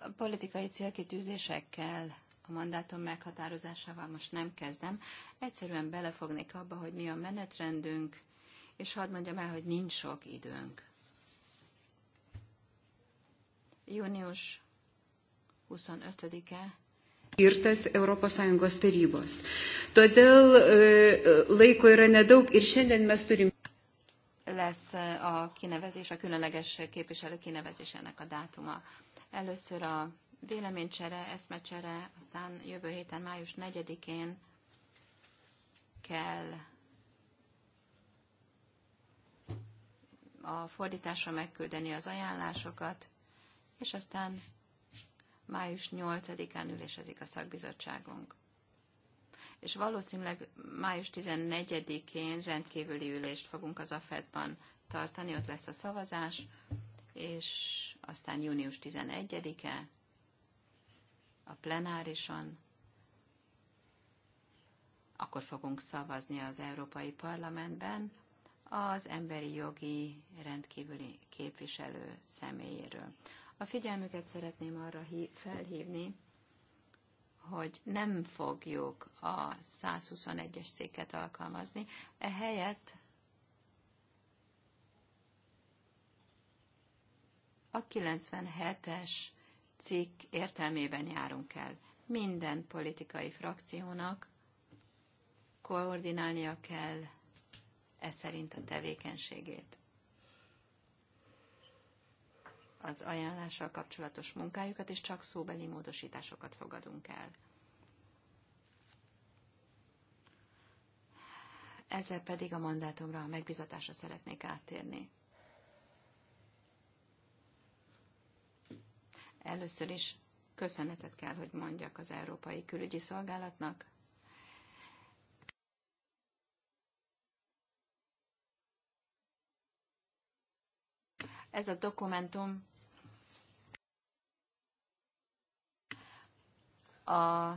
A politikai célkitűzésekkel, a mandátum meghatározásával most nem kezdem. Egyszerűen belefognék abba, hogy mi a menetrendünk, és hadd mondjam el, hogy nincs sok időnk. Június 25-e skirtas ES tarybos. Todėl e, e, laiko yra nedaug ir šiandien mes turim lesz a kinevezés, a különleges képviselő kinevezésének a dátuma. Először a véleménycsere, eszmecsere, aztán jövő héten, május 4-én kell a fordításra megküldeni az ajánlásokat, és aztán május 8-án ülésezik a szakbizottságunk és valószínűleg május 14-én rendkívüli ülést fogunk az AFED-ban tartani, ott lesz a szavazás, és aztán június 11-e a plenárison, akkor fogunk szavazni az Európai Parlamentben az emberi jogi rendkívüli képviselő személyéről. A figyelmüket szeretném arra felhívni, hogy nem fogjuk a 121-es cikket alkalmazni, ehelyett a 97-es cikk értelmében járunk el. Minden politikai frakciónak koordinálnia kell e szerint a tevékenységét az ajánlással kapcsolatos munkájukat, és csak szóbeli módosításokat fogadunk el. Ezzel pedig a mandátumra, a megbizatásra szeretnék áttérni. Először is köszönetet kell, hogy mondjak az Európai Külügyi Szolgálatnak. Ez a dokumentum a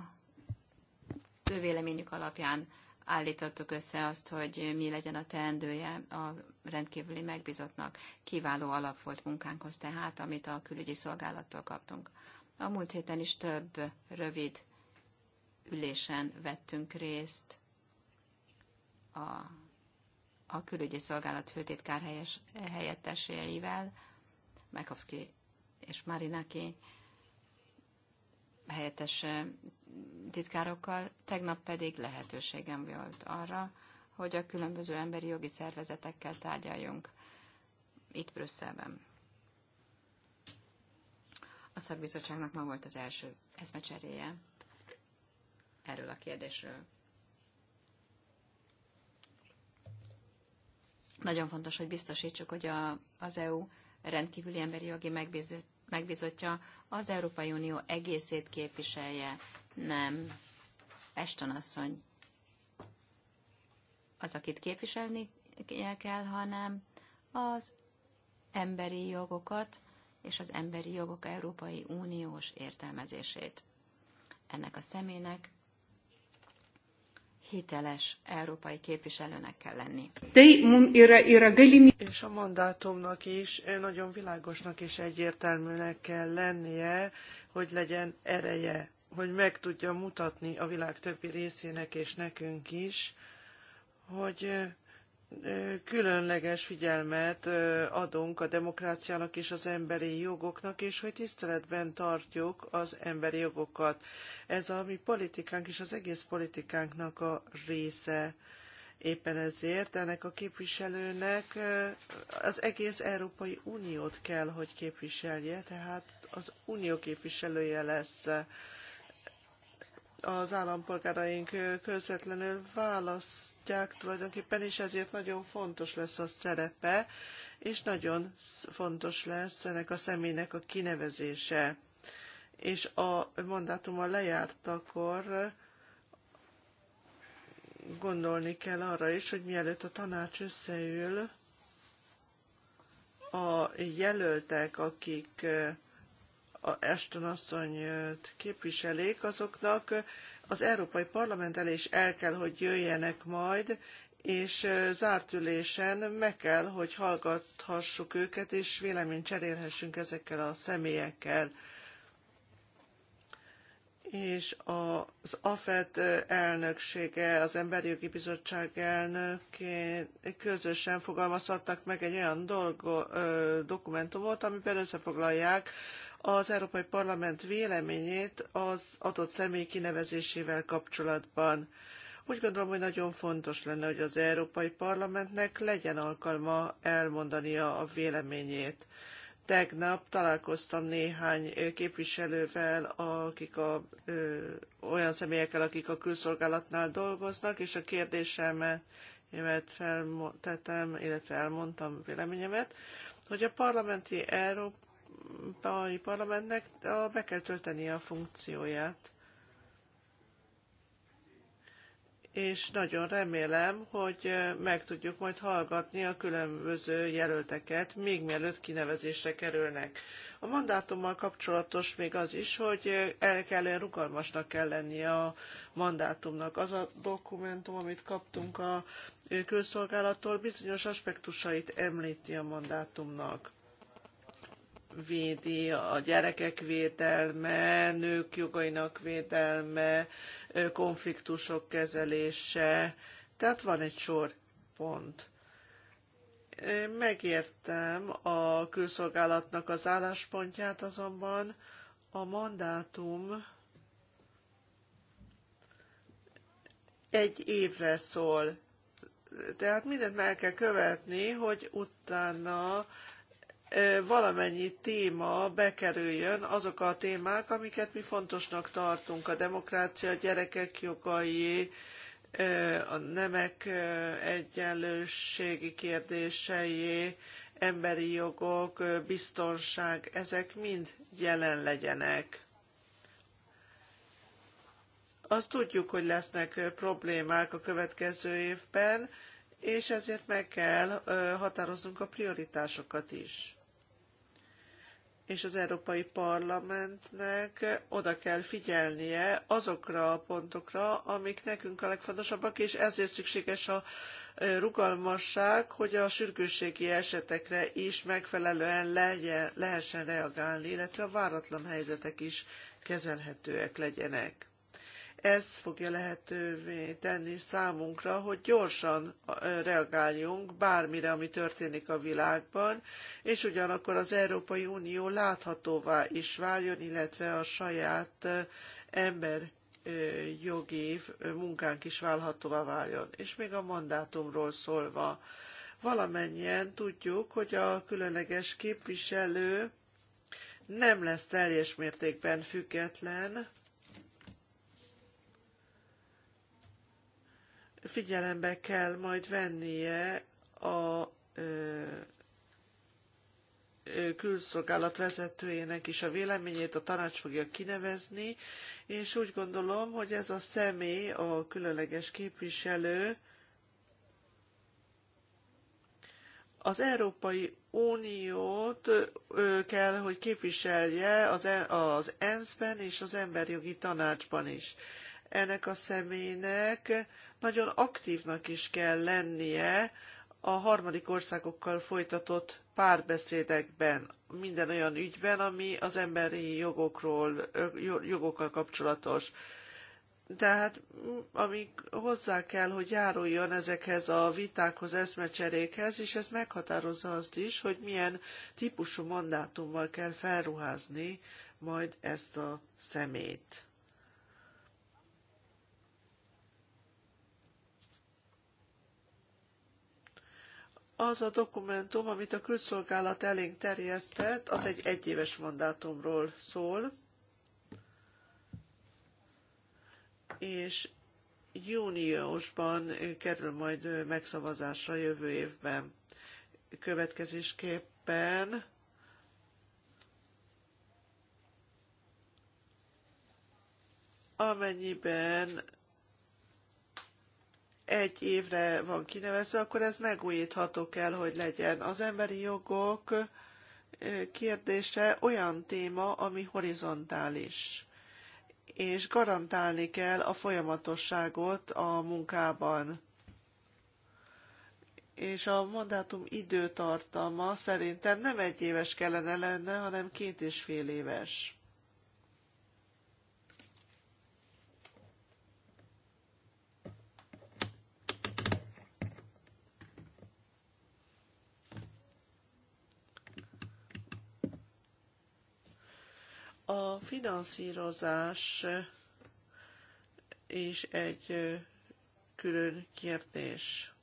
véleményük alapján állítottuk össze azt, hogy mi legyen a teendője a rendkívüli megbízottnak. Kiváló alap volt munkánkhoz tehát, amit a külügyi szolgálattól kaptunk. A múlt héten is több rövid ülésen vettünk részt a, a külügyi szolgálat főtitkár helyes, helyetteseivel, Mekovszki és Marinaki, helyettes titkárokkal, tegnap pedig lehetőségem volt arra, hogy a különböző emberi jogi szervezetekkel tárgyaljunk itt Brüsszelben. A szakbizottságnak ma volt az első eszmecseréje erről a kérdésről. Nagyon fontos, hogy biztosítsuk, hogy a, az EU rendkívüli emberi jogi megbízott megbizotja az Európai Unió egészét képviselje, nem Eston asszony az, akit képviselni kell, hanem az emberi jogokat és az emberi jogok Európai Uniós értelmezését. Ennek a személynek hiteles európai képviselőnek kell lenni. És a mandátumnak is eh, nagyon világosnak és egyértelműnek kell lennie, hogy legyen ereje, hogy meg tudja mutatni a világ többi részének és nekünk is, hogy eh, különleges figyelmet adunk a demokráciának és az emberi jogoknak, és hogy tiszteletben tartjuk az emberi jogokat. Ez a mi politikánk és az egész politikánknak a része. Éppen ezért ennek a képviselőnek az egész Európai Uniót kell, hogy képviselje, tehát az unió képviselője lesz az állampolgáraink közvetlenül választják tulajdonképpen, és ezért nagyon fontos lesz a szerepe, és nagyon fontos lesz ennek a személynek a kinevezése. És a mandátuma lejártakor gondolni kell arra is, hogy mielőtt a tanács összeül, a jelöltek, akik a Ashton asszonyt képviselik, azoknak az Európai Parlament elé is el kell, hogy jöjjenek majd, és zárt ülésen meg kell, hogy hallgathassuk őket, és véleményt cserélhessünk ezekkel a személyekkel. És az AFED elnöksége, az Emberi Jogi Bizottság elnöké közösen fogalmazhattak meg egy olyan dolgo, dokumentumot, amiben összefoglalják az Európai Parlament véleményét az adott személy kinevezésével kapcsolatban. Úgy gondolom, hogy nagyon fontos lenne, hogy az Európai Parlamentnek legyen alkalma elmondania a véleményét. Tegnap találkoztam néhány képviselővel, akik a, ö, olyan személyekkel, akik a külszolgálatnál dolgoznak, és a kérdésemet feltettem, illetve elmondtam véleményemet, hogy a parlamenti Európa Európai Parlamentnek a, be kell tölteni a funkcióját. És nagyon remélem, hogy meg tudjuk majd hallgatni a különböző jelölteket, még mielőtt kinevezésre kerülnek. A mandátummal kapcsolatos még az is, hogy el kellene rugalmasnak kell lennie a mandátumnak. Az a dokumentum, amit kaptunk a külszolgálattól, bizonyos aspektusait említi a mandátumnak védi, a gyerekek védelme, nők jogainak védelme, konfliktusok kezelése. Tehát van egy sor pont. Megértem a külszolgálatnak az álláspontját, azonban a mandátum egy évre szól. Tehát mindent meg kell követni, hogy utána valamennyi téma bekerüljön, azok a témák, amiket mi fontosnak tartunk, a demokrácia, a gyerekek jogai, a nemek egyenlőségi kérdései, emberi jogok, biztonság, ezek mind jelen legyenek. Azt tudjuk, hogy lesznek problémák a következő évben, és ezért meg kell határoznunk a prioritásokat is és az Európai Parlamentnek oda kell figyelnie azokra a pontokra, amik nekünk a legfontosabbak, és ezért szükséges a rugalmasság, hogy a sürgősségi esetekre is megfelelően legyen, lehessen reagálni, illetve a váratlan helyzetek is kezelhetőek legyenek. Ez fogja lehetővé tenni számunkra, hogy gyorsan reagáljunk bármire, ami történik a világban, és ugyanakkor az Európai Unió láthatóvá is váljon, illetve a saját ember jogi munkánk is válhatóvá váljon. És még a mandátumról szólva, valamennyien tudjuk, hogy a különleges képviselő nem lesz teljes mértékben független, figyelembe kell majd vennie a külszolgálat vezetőjének is a véleményét a tanács fogja kinevezni, és úgy gondolom, hogy ez a személy, a különleges képviselő az Európai Uniót kell, hogy képviselje az, e, az ENSZ-ben és az Emberjogi Tanácsban is. Ennek a személynek nagyon aktívnak is kell lennie a harmadik országokkal folytatott párbeszédekben, minden olyan ügyben, ami az emberi jogokról, jogokkal kapcsolatos. Tehát ami hozzá kell, hogy járuljon ezekhez a vitákhoz, eszmecserékhez, és ez meghatározza azt is, hogy milyen típusú mandátummal kell felruházni majd ezt a szemét. Az a dokumentum, amit a külszolgálat elénk terjesztett, az egy egyéves mandátumról szól, és júniusban kerül majd megszavazásra jövő évben. Következésképpen amennyiben egy évre van kinevezve, akkor ez megújítható kell, hogy legyen. Az emberi jogok kérdése olyan téma, ami horizontális, és garantálni kell a folyamatosságot a munkában. És a mandátum időtartama szerintem nem egy éves kellene lenne, hanem két és fél éves. A finanszírozás is egy külön kérdés.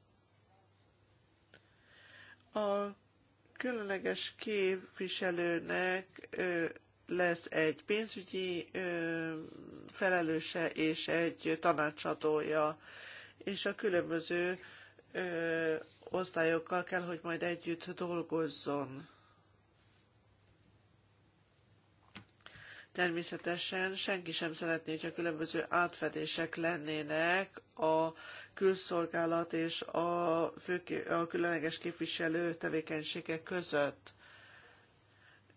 A különleges képviselőnek lesz egy pénzügyi felelőse és egy tanácsadója, és a különböző osztályokkal kell, hogy majd együtt dolgozzon. Természetesen senki sem szeretné, hogyha különböző átfedések lennének a külszolgálat és a, fő, a különleges képviselő tevékenysége között.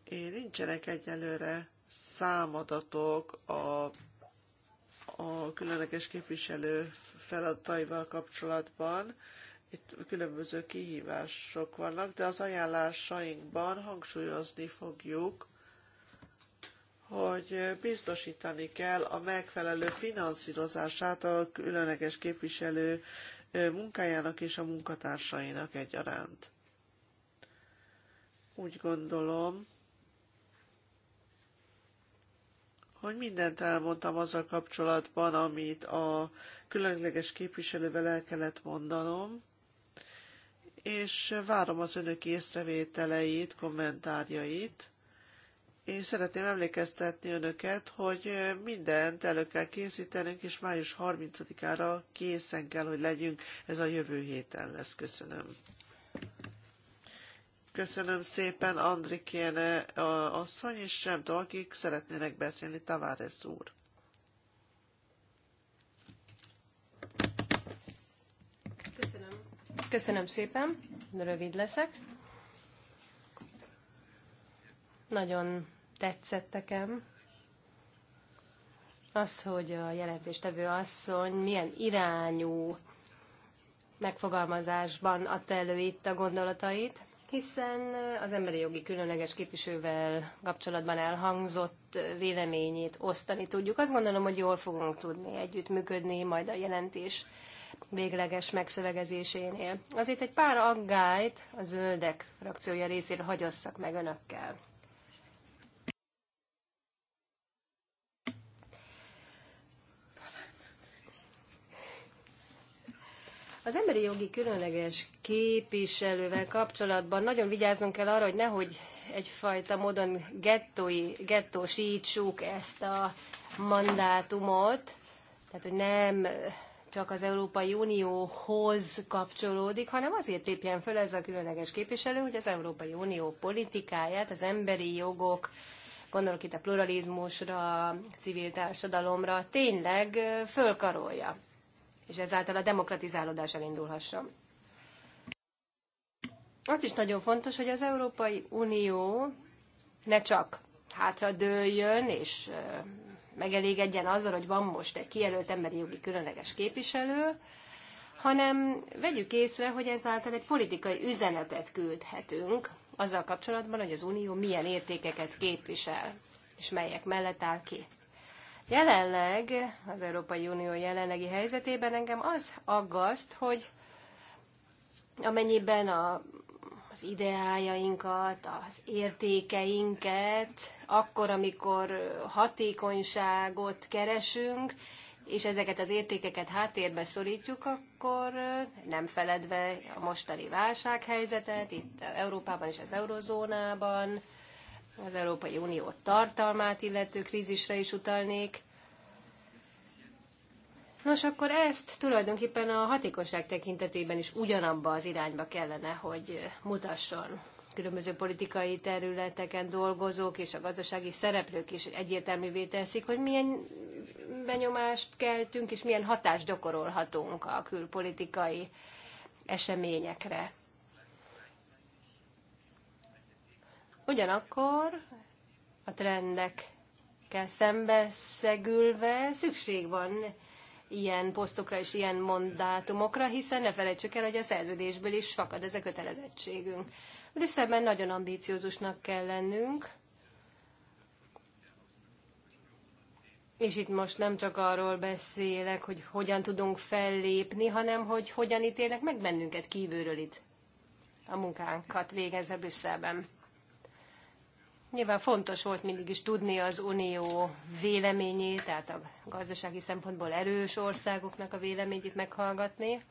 Én nincsenek egyelőre számadatok a, a különleges képviselő feladataival kapcsolatban. Itt különböző kihívások vannak, de az ajánlásainkban hangsúlyozni fogjuk hogy biztosítani kell a megfelelő finanszírozását a különleges képviselő munkájának és a munkatársainak egyaránt. Úgy gondolom, hogy mindent elmondtam azzal kapcsolatban, amit a különleges képviselővel el kellett mondanom, és várom az önök észrevételeit, kommentárjait én szeretném emlékeztetni önöket, hogy mindent elő kell készítenünk, és május 30-ára készen kell, hogy legyünk. Ez a jövő héten lesz. Köszönöm. Köszönöm szépen Andrikén asszony, és nem tudom, akik szeretnének beszélni, Tavares úr. Köszönöm. Köszönöm szépen, rövid leszek. Nagyon tetszett nekem az, hogy a jelentéstevő asszony milyen irányú megfogalmazásban adta elő itt a gondolatait, hiszen az emberi jogi különleges képviselővel kapcsolatban elhangzott véleményét osztani tudjuk. Azt gondolom, hogy jól fogunk tudni együttműködni majd a jelentés végleges megszövegezésénél. Azért egy pár aggályt a zöldek frakciója részéről hagyosszak meg önökkel. Az emberi jogi különleges képviselővel kapcsolatban nagyon vigyáznunk kell arra, hogy nehogy egyfajta módon gettói, gettósítsuk ezt a mandátumot, tehát hogy nem csak az Európai Unióhoz kapcsolódik, hanem azért lépjen föl ez a különleges képviselő, hogy az Európai Unió politikáját, az emberi jogok, gondolok itt a pluralizmusra, civil társadalomra, tényleg fölkarolja és ezáltal a demokratizálódás elindulhasson. Az is nagyon fontos, hogy az Európai Unió ne csak hátradőljön és megelégedjen azzal, hogy van most egy kijelölt emberi jogi különleges képviselő, hanem vegyük észre, hogy ezáltal egy politikai üzenetet küldhetünk azzal kapcsolatban, hogy az Unió milyen értékeket képvisel, és melyek mellett áll ki. Jelenleg az Európai Unió jelenlegi helyzetében engem az aggaszt, hogy amennyiben a, az ideájainkat, az értékeinket, akkor, amikor hatékonyságot keresünk, és ezeket az értékeket háttérbe szorítjuk, akkor nem feledve a mostani válsághelyzetet, itt Európában és az eurozónában, az Európai Unió tartalmát illető krízisre is utalnék. Nos, akkor ezt tulajdonképpen a hatékonyság tekintetében is ugyanabba az irányba kellene, hogy mutasson. Különböző politikai területeken dolgozók és a gazdasági szereplők is egyértelművé teszik, hogy milyen benyomást keltünk és milyen hatást gyakorolhatunk a külpolitikai eseményekre. Ugyanakkor a trendekkel szembeszegülve szükség van ilyen posztokra és ilyen mandátumokra, hiszen ne felejtsük el, hogy a szerződésből is fakad ez a kötelezettségünk. Brüsszelben nagyon ambíciózusnak kell lennünk, és itt most nem csak arról beszélek, hogy hogyan tudunk fellépni, hanem hogy hogyan ítélnek meg bennünket kívülről itt a munkánkat végezve Brüsszelben. Nyilván fontos volt mindig is tudni az Unió véleményét, tehát a gazdasági szempontból erős országoknak a véleményét meghallgatni.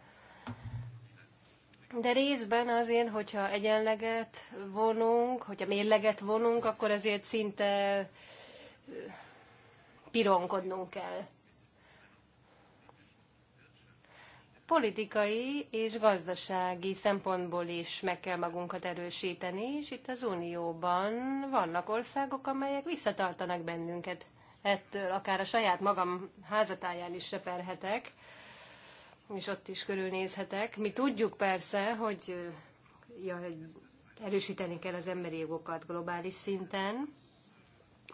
De részben azért, hogyha egyenleget vonunk, hogyha mérleget vonunk, akkor azért szinte pironkodnunk kell. politikai és gazdasági szempontból is meg kell magunkat erősíteni, és itt az Unióban vannak országok, amelyek visszatartanak bennünket ettől, akár a saját magam házatáján is seperhetek, és ott is körülnézhetek. Mi tudjuk persze, hogy ja, erősíteni kell az emberi jogokat globális szinten,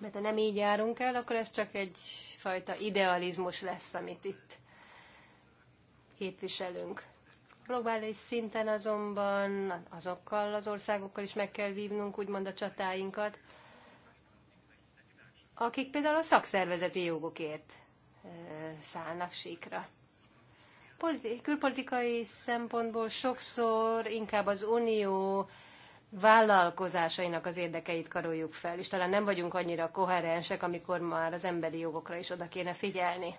mert ha nem így járunk el, akkor ez csak egyfajta idealizmus lesz, amit itt képviselünk. Globális szinten azonban azokkal az országokkal is meg kell vívnunk úgymond a csatáinkat, akik például a szakszervezeti jogokért szállnak síkra. Politi- külpolitikai szempontból sokszor inkább az unió vállalkozásainak az érdekeit karoljuk fel, és talán nem vagyunk annyira koherensek, amikor már az emberi jogokra is oda kéne figyelni.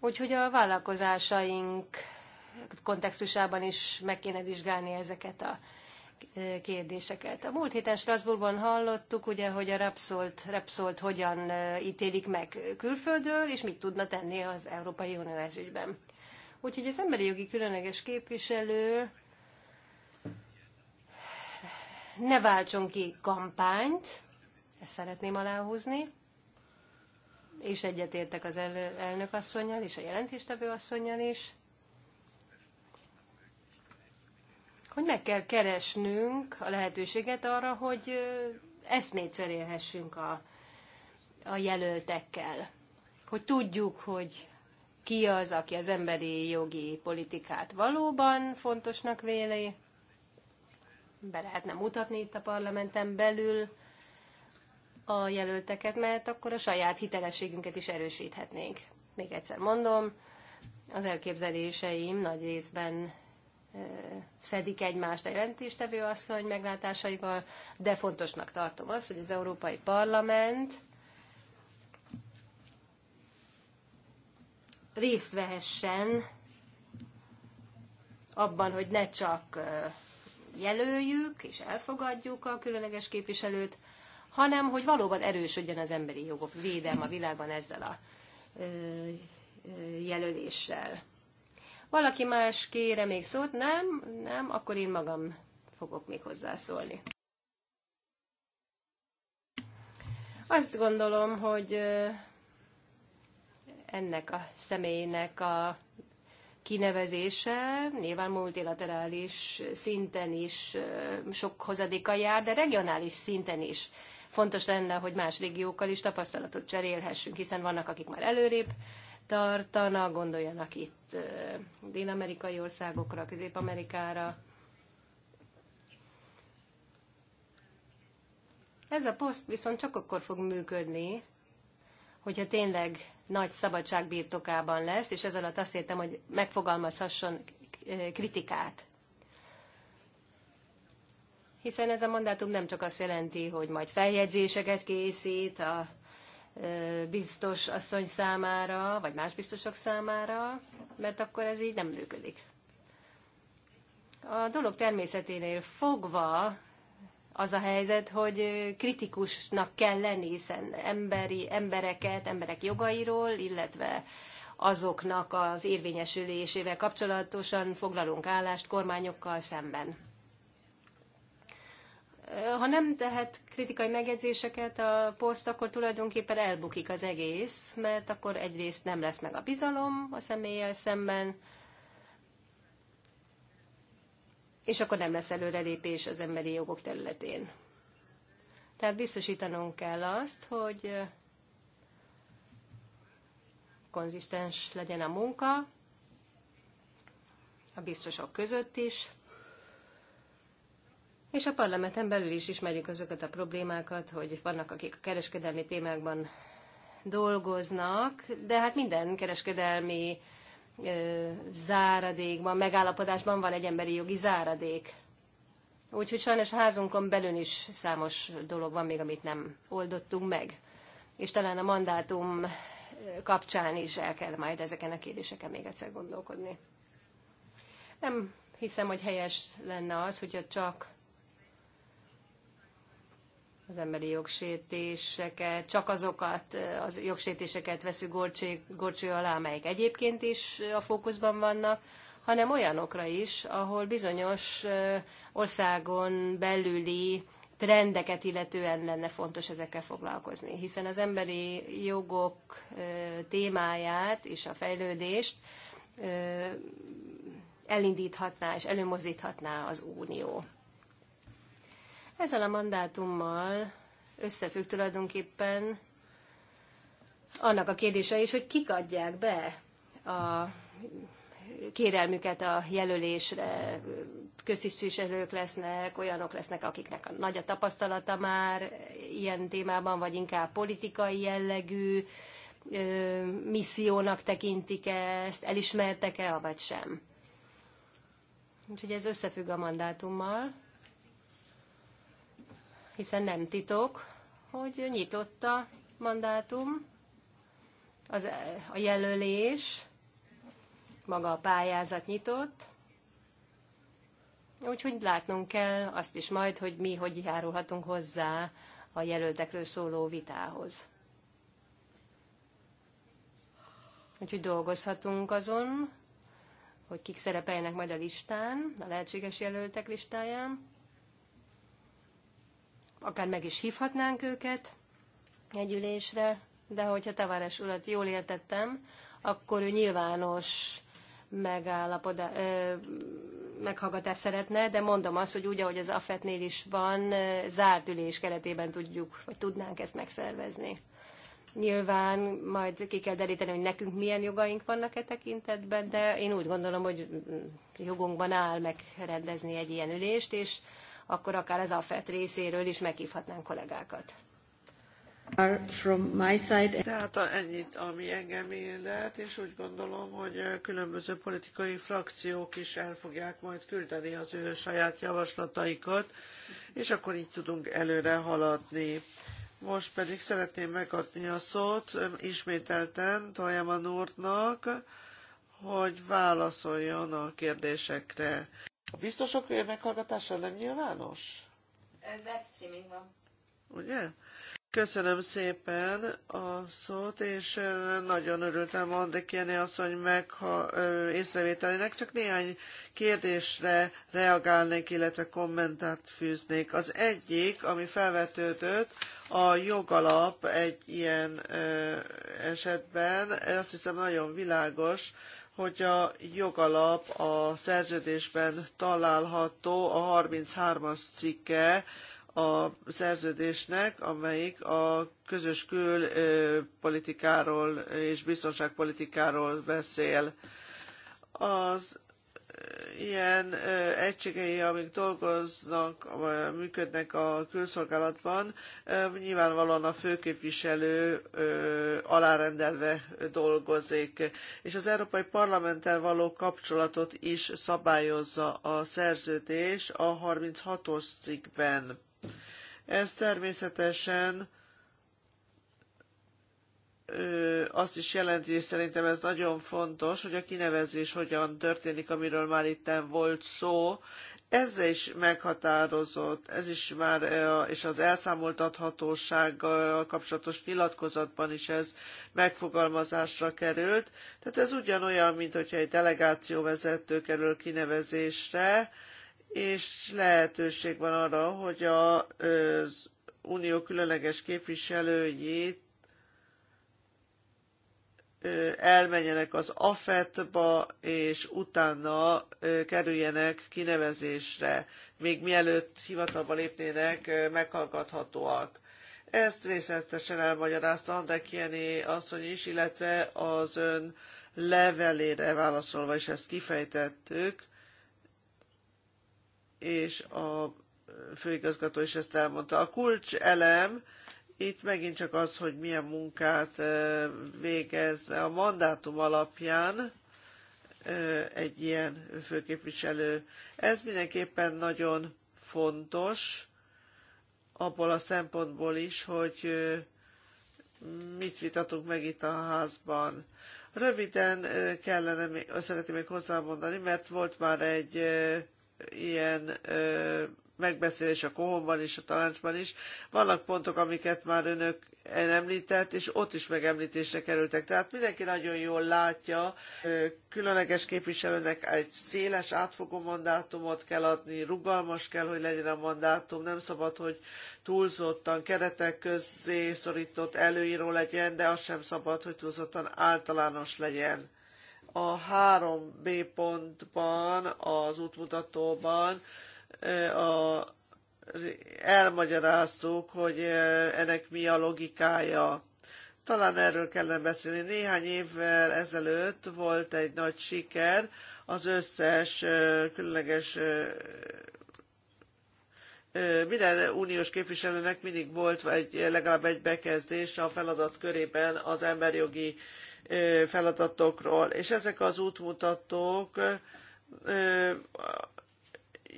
Úgyhogy a vállalkozásaink kontextusában is meg kéne vizsgálni ezeket a e, kérdéseket. A múlt héten Strasbourgban hallottuk, ugye, hogy a repszolt repszolt hogyan e, ítélik meg külföldről, és mit tudna tenni az Európai Unió ezügyben. Úgyhogy az emberi jogi különleges képviselő ne váltson ki kampányt, ezt szeretném aláhúzni, és egyetértek az el, elnök asszonynal és a jelentéstevő asszonynal is, hogy meg kell keresnünk a lehetőséget arra, hogy eszmét cserélhessünk a, a jelöltekkel. Hogy tudjuk, hogy ki az, aki az emberi jogi politikát valóban fontosnak véli. Be lehetne mutatni itt a parlamenten belül, a jelölteket, mert akkor a saját hitelességünket is erősíthetnénk. Még egyszer mondom, az elképzeléseim nagy részben fedik egymást a jelentéstevő asszony meglátásaival, de fontosnak tartom azt, hogy az Európai Parlament részt vehessen abban, hogy ne csak jelöljük és elfogadjuk a különleges képviselőt, hanem hogy valóban erősödjön az emberi jogok védelme a világban ezzel a jelöléssel. Valaki más kére még szót? Nem? Nem? Akkor én magam fogok még hozzászólni. Azt gondolom, hogy ennek a személynek a kinevezése nyilván multilaterális szinten is sok hozadéka jár, de regionális szinten is fontos lenne, hogy más régiókkal is tapasztalatot cserélhessünk, hiszen vannak, akik már előrébb tartanak, gondoljanak itt dél-amerikai országokra, közép-amerikára. Ez a poszt viszont csak akkor fog működni, hogyha tényleg nagy szabadság birtokában lesz, és ez alatt azt értem, hogy megfogalmazhasson kritikát hiszen ez a mandátum nem csak azt jelenti, hogy majd feljegyzéseket készít a biztos asszony számára, vagy más biztosok számára, mert akkor ez így nem működik. A dolog természeténél fogva az a helyzet, hogy kritikusnak kell lenni, hiszen emberi embereket, emberek jogairól, illetve azoknak az érvényesülésével kapcsolatosan foglalunk állást kormányokkal szemben ha nem tehet kritikai megjegyzéseket a poszt, akkor tulajdonképpen elbukik az egész, mert akkor egyrészt nem lesz meg a bizalom a személlyel szemben, és akkor nem lesz előrelépés az emberi jogok területén. Tehát biztosítanunk kell azt, hogy konzisztens legyen a munka, a biztosok között is, és a parlamenten belül is ismerjük azokat a problémákat, hogy vannak, akik a kereskedelmi témákban dolgoznak, de hát minden kereskedelmi ö, záradékban, megállapodásban van egy emberi jogi záradék. Úgyhogy sajnos házunkon belül is számos dolog van még, amit nem oldottunk meg. És talán a mandátum kapcsán is el kell majd ezeken a kérdéseken még egyszer gondolkodni. Nem hiszem, hogy helyes lenne az, hogyha csak az emberi jogsértéseket, csak azokat az jogsértéseket veszük gorcső, alá, amelyek egyébként is a fókuszban vannak, hanem olyanokra is, ahol bizonyos országon belüli trendeket illetően lenne fontos ezekkel foglalkozni, hiszen az emberi jogok témáját és a fejlődést elindíthatná és előmozdíthatná az Unió. Ezzel a mandátummal összefügg tulajdonképpen annak a kérdése is, hogy kik adják be a kérelmüket a jelölésre, köztisztviselők lesznek, olyanok lesznek, akiknek a nagy a tapasztalata már ilyen témában, vagy inkább politikai jellegű missziónak tekintik ezt, elismertek-e, vagy sem. Úgyhogy ez összefügg a mandátummal hiszen nem titok, hogy nyitott a mandátum, az, a jelölés, maga a pályázat nyitott, úgyhogy látnunk kell azt is majd, hogy mi hogy járulhatunk hozzá a jelöltekről szóló vitához. Úgyhogy dolgozhatunk azon, hogy kik szerepeljenek majd a listán, a lehetséges jelöltek listáján akár meg is hívhatnánk őket egy ülésre, de hogyha Tavares urat jól értettem, akkor ő nyilvános megállapodá, meghallgatást szeretne, de mondom azt, hogy úgy, ahogy az AFET-nél is van, zárt ülés keretében tudjuk, vagy tudnánk ezt megszervezni. Nyilván majd ki kell deríteni, hogy nekünk milyen jogaink vannak e tekintetben, de én úgy gondolom, hogy jogunkban áll megrendezni egy ilyen ülést, és akkor akár az AFET részéről is meghívhatnánk kollégákat. From my side. Tehát ennyit, ami engem illet, és úgy gondolom, hogy különböző politikai frakciók is el fogják majd küldeni az ő saját javaslataikat, és akkor így tudunk előre haladni. Most pedig szeretném megadni a szót ismételten Tojaman úrnak, hogy válaszoljon a kérdésekre. A biztosok meghallgatása nem nyilvános? Webstreaming van. Ugye? Köszönöm szépen a szót, és nagyon örültem Andrik Jenny asszony meg ha, ö, észrevételének. Csak néhány kérdésre reagálnék, illetve kommentát fűznék. Az egyik, ami felvetődött, a jogalap egy ilyen ö, esetben, azt hiszem nagyon világos, hogy a jogalap a szerződésben található a 33-as cikke a szerződésnek, amelyik a közös külpolitikáról és biztonságpolitikáról beszél. Az ilyen egységei, amik dolgoznak, működnek a külszolgálatban, nyilvánvalóan a főképviselő alárendelve dolgozik. És az Európai Parlamenttel való kapcsolatot is szabályozza a szerződés a 36-os cikkben. Ez természetesen azt is jelenti, és szerintem ez nagyon fontos, hogy a kinevezés hogyan történik, amiről már itt volt szó. Ez is meghatározott, ez is már, és az elszámoltathatósággal kapcsolatos nyilatkozatban is ez megfogalmazásra került. Tehát ez ugyanolyan, mint hogyha egy delegáció vezető kerül kinevezésre, és lehetőség van arra, hogy az unió különleges képviselőjét elmenjenek az AFET-ba, és utána kerüljenek kinevezésre, még mielőtt hivatalba lépnének, meghallgathatóak. Ezt részletesen elmagyarázta André Kieni asszony is, illetve az ön levelére válaszolva is ezt kifejtettük, és a főigazgató is ezt elmondta. A kulcselem itt megint csak az, hogy milyen munkát végez a mandátum alapján egy ilyen főképviselő. Ez mindenképpen nagyon fontos, abból a szempontból is, hogy mit vitatunk meg itt a házban. Röviden kellene, szeretném még hozzámondani, mert volt már egy ilyen megbeszélés a kohomban és a tanácsban is. Vannak pontok, amiket már önök említett, és ott is megemlítésre kerültek. Tehát mindenki nagyon jól látja, különleges képviselőnek egy széles átfogó mandátumot kell adni, rugalmas kell, hogy legyen a mandátum, nem szabad, hogy túlzottan keretek közé szorított előíró legyen, de az sem szabad, hogy túlzottan általános legyen. A 3B pontban, az útmutatóban a, elmagyaráztuk, hogy ennek mi a logikája. Talán erről kellene beszélni. Néhány évvel ezelőtt volt egy nagy siker, az összes különleges minden uniós képviselőnek mindig volt egy, legalább egy bekezdés a feladat körében az emberjogi feladatokról. És ezek az útmutatók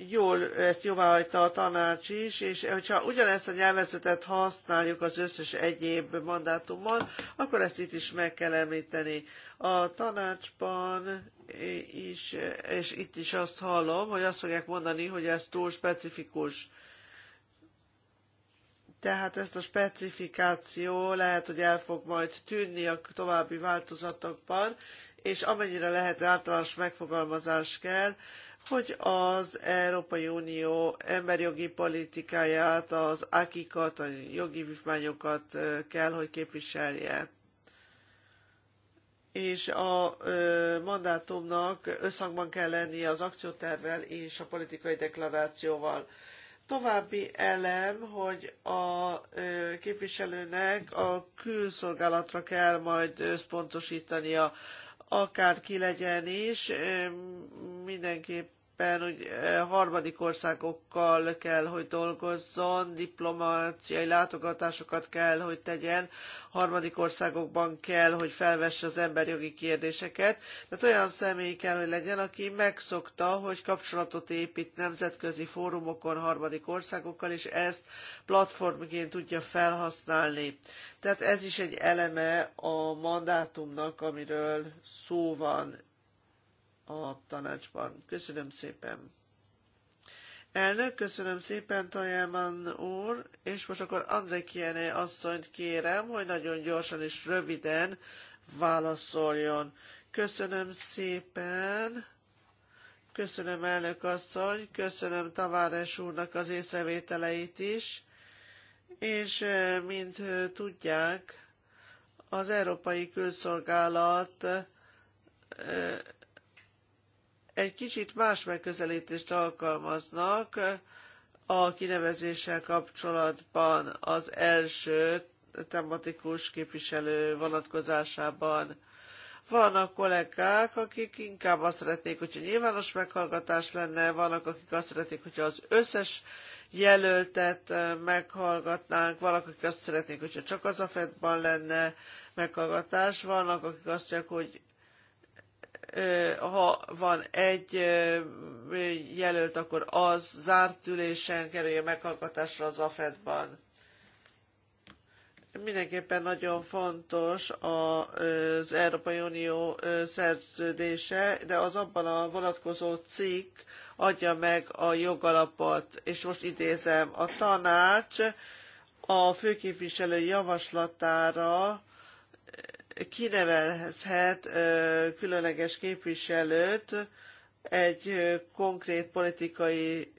jól ezt jóváhagyta a tanács is, és hogyha ugyanezt a nyelvezetet használjuk az összes egyéb mandátummal, akkor ezt itt is meg kell említeni. A tanácsban is, és itt is azt hallom, hogy azt fogják mondani, hogy ez túl specifikus. Tehát ezt a specifikáció lehet, hogy el fog majd tűnni a további változatokban, és amennyire lehet általános megfogalmazás kell, hogy az Európai Unió emberjogi politikáját, az akikat, a jogi vívmányokat kell, hogy képviselje. És a ö, mandátumnak összhangban kell lennie az akciótervvel és a politikai deklarációval további elem, hogy a képviselőnek a külszolgálatra kell majd összpontosítania akárki legyen is, mindenképp mindenképpen hogy eh, harmadik országokkal kell, hogy dolgozzon, diplomáciai látogatásokat kell, hogy tegyen, harmadik országokban kell, hogy felvesse az emberjogi kérdéseket. Tehát olyan személy kell, hogy legyen, aki megszokta, hogy kapcsolatot épít nemzetközi fórumokon harmadik országokkal, és ezt platformként tudja felhasználni. Tehát ez is egy eleme a mandátumnak, amiről szó van a tanácsban. Köszönöm szépen! Elnök, köszönöm szépen, Tajelman úr, és most akkor André Kiené asszonyt kérem, hogy nagyon gyorsan és röviden válaszoljon. Köszönöm szépen, köszönöm elnök asszony, köszönöm Taváres úrnak az észrevételeit is, és eh, mint eh, tudják, az Európai Külszolgálat eh, egy kicsit más megközelítést alkalmaznak a kinevezéssel kapcsolatban az első tematikus képviselő vonatkozásában. Vannak kollégák, akik inkább azt szeretnék, hogyha nyilvános meghallgatás lenne, vannak, akik azt szeretnék, hogyha az összes jelöltet meghallgatnánk, vannak, akik azt szeretnék, hogyha csak az a fed lenne meghallgatás, vannak, akik azt mondják, hogy ha van egy jelölt, akkor az zárt ülésen kerüljön meghallgatásra az AFED-ban. Mindenképpen nagyon fontos az Európai Unió szerződése, de az abban a vonatkozó cikk adja meg a jogalapot, és most idézem, a tanács a főképviselő javaslatára kinevezhet különleges képviselőt egy konkrét politikai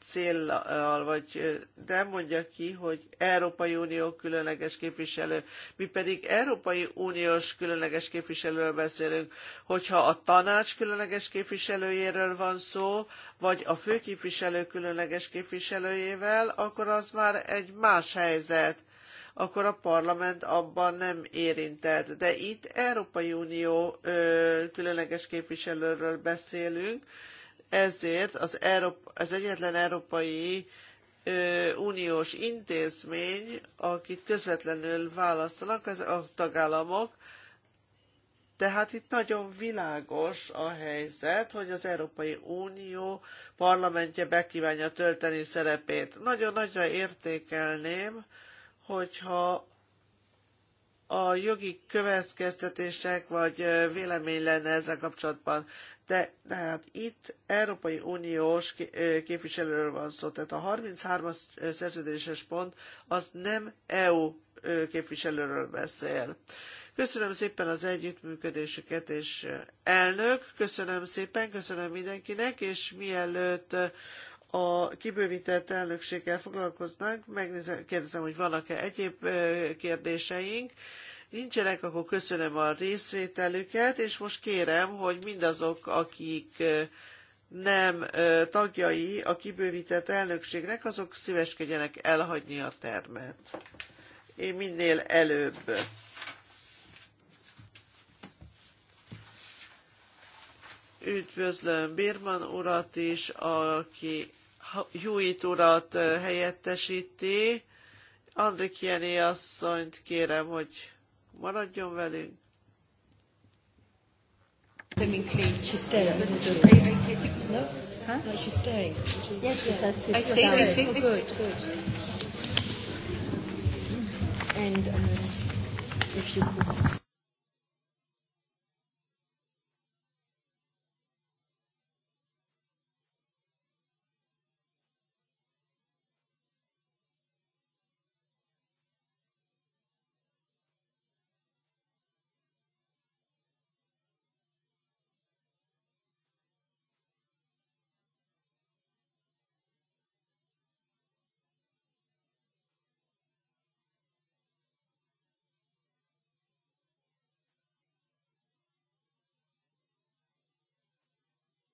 céllal, vagy nem mondja ki, hogy Európai Unió különleges képviselő. Mi pedig Európai Uniós különleges képviselőről beszélünk. Hogyha a tanács különleges képviselőjéről van szó, vagy a főképviselő különleges képviselőjével, akkor az már egy más helyzet akkor a parlament abban nem érintett. De itt Európai Unió különleges képviselőről beszélünk, ezért az, Európa, az egyetlen európai uniós intézmény, akit közvetlenül választanak, az a tagállamok, tehát itt nagyon világos a helyzet, hogy az Európai Unió parlamentje bekívánja tölteni szerepét. Nagyon nagyra értékelném, hogyha a jogi következtetések vagy vélemény lenne ezzel kapcsolatban. De, de hát itt Európai Uniós képviselőről van szó, tehát a 33-as szerződéses pont az nem EU képviselőről beszél. Köszönöm szépen az együttműködésüket, és elnök, köszönöm szépen, köszönöm mindenkinek, és mielőtt a kibővített elnökséggel foglalkoznak, megnézem, kérdezem, hogy vannak-e egyéb kérdéseink. Nincsenek, akkor köszönöm a részvételüket, és most kérem, hogy mindazok, akik nem tagjai a kibővített elnökségnek, azok szíveskedjenek elhagyni a termet. Én minél előbb. Üdvözlöm Birman urat is, aki Hewitt urat helyettesíti. Andrik Jenny asszonyt kérem, hogy maradjon velünk. And um, if you could...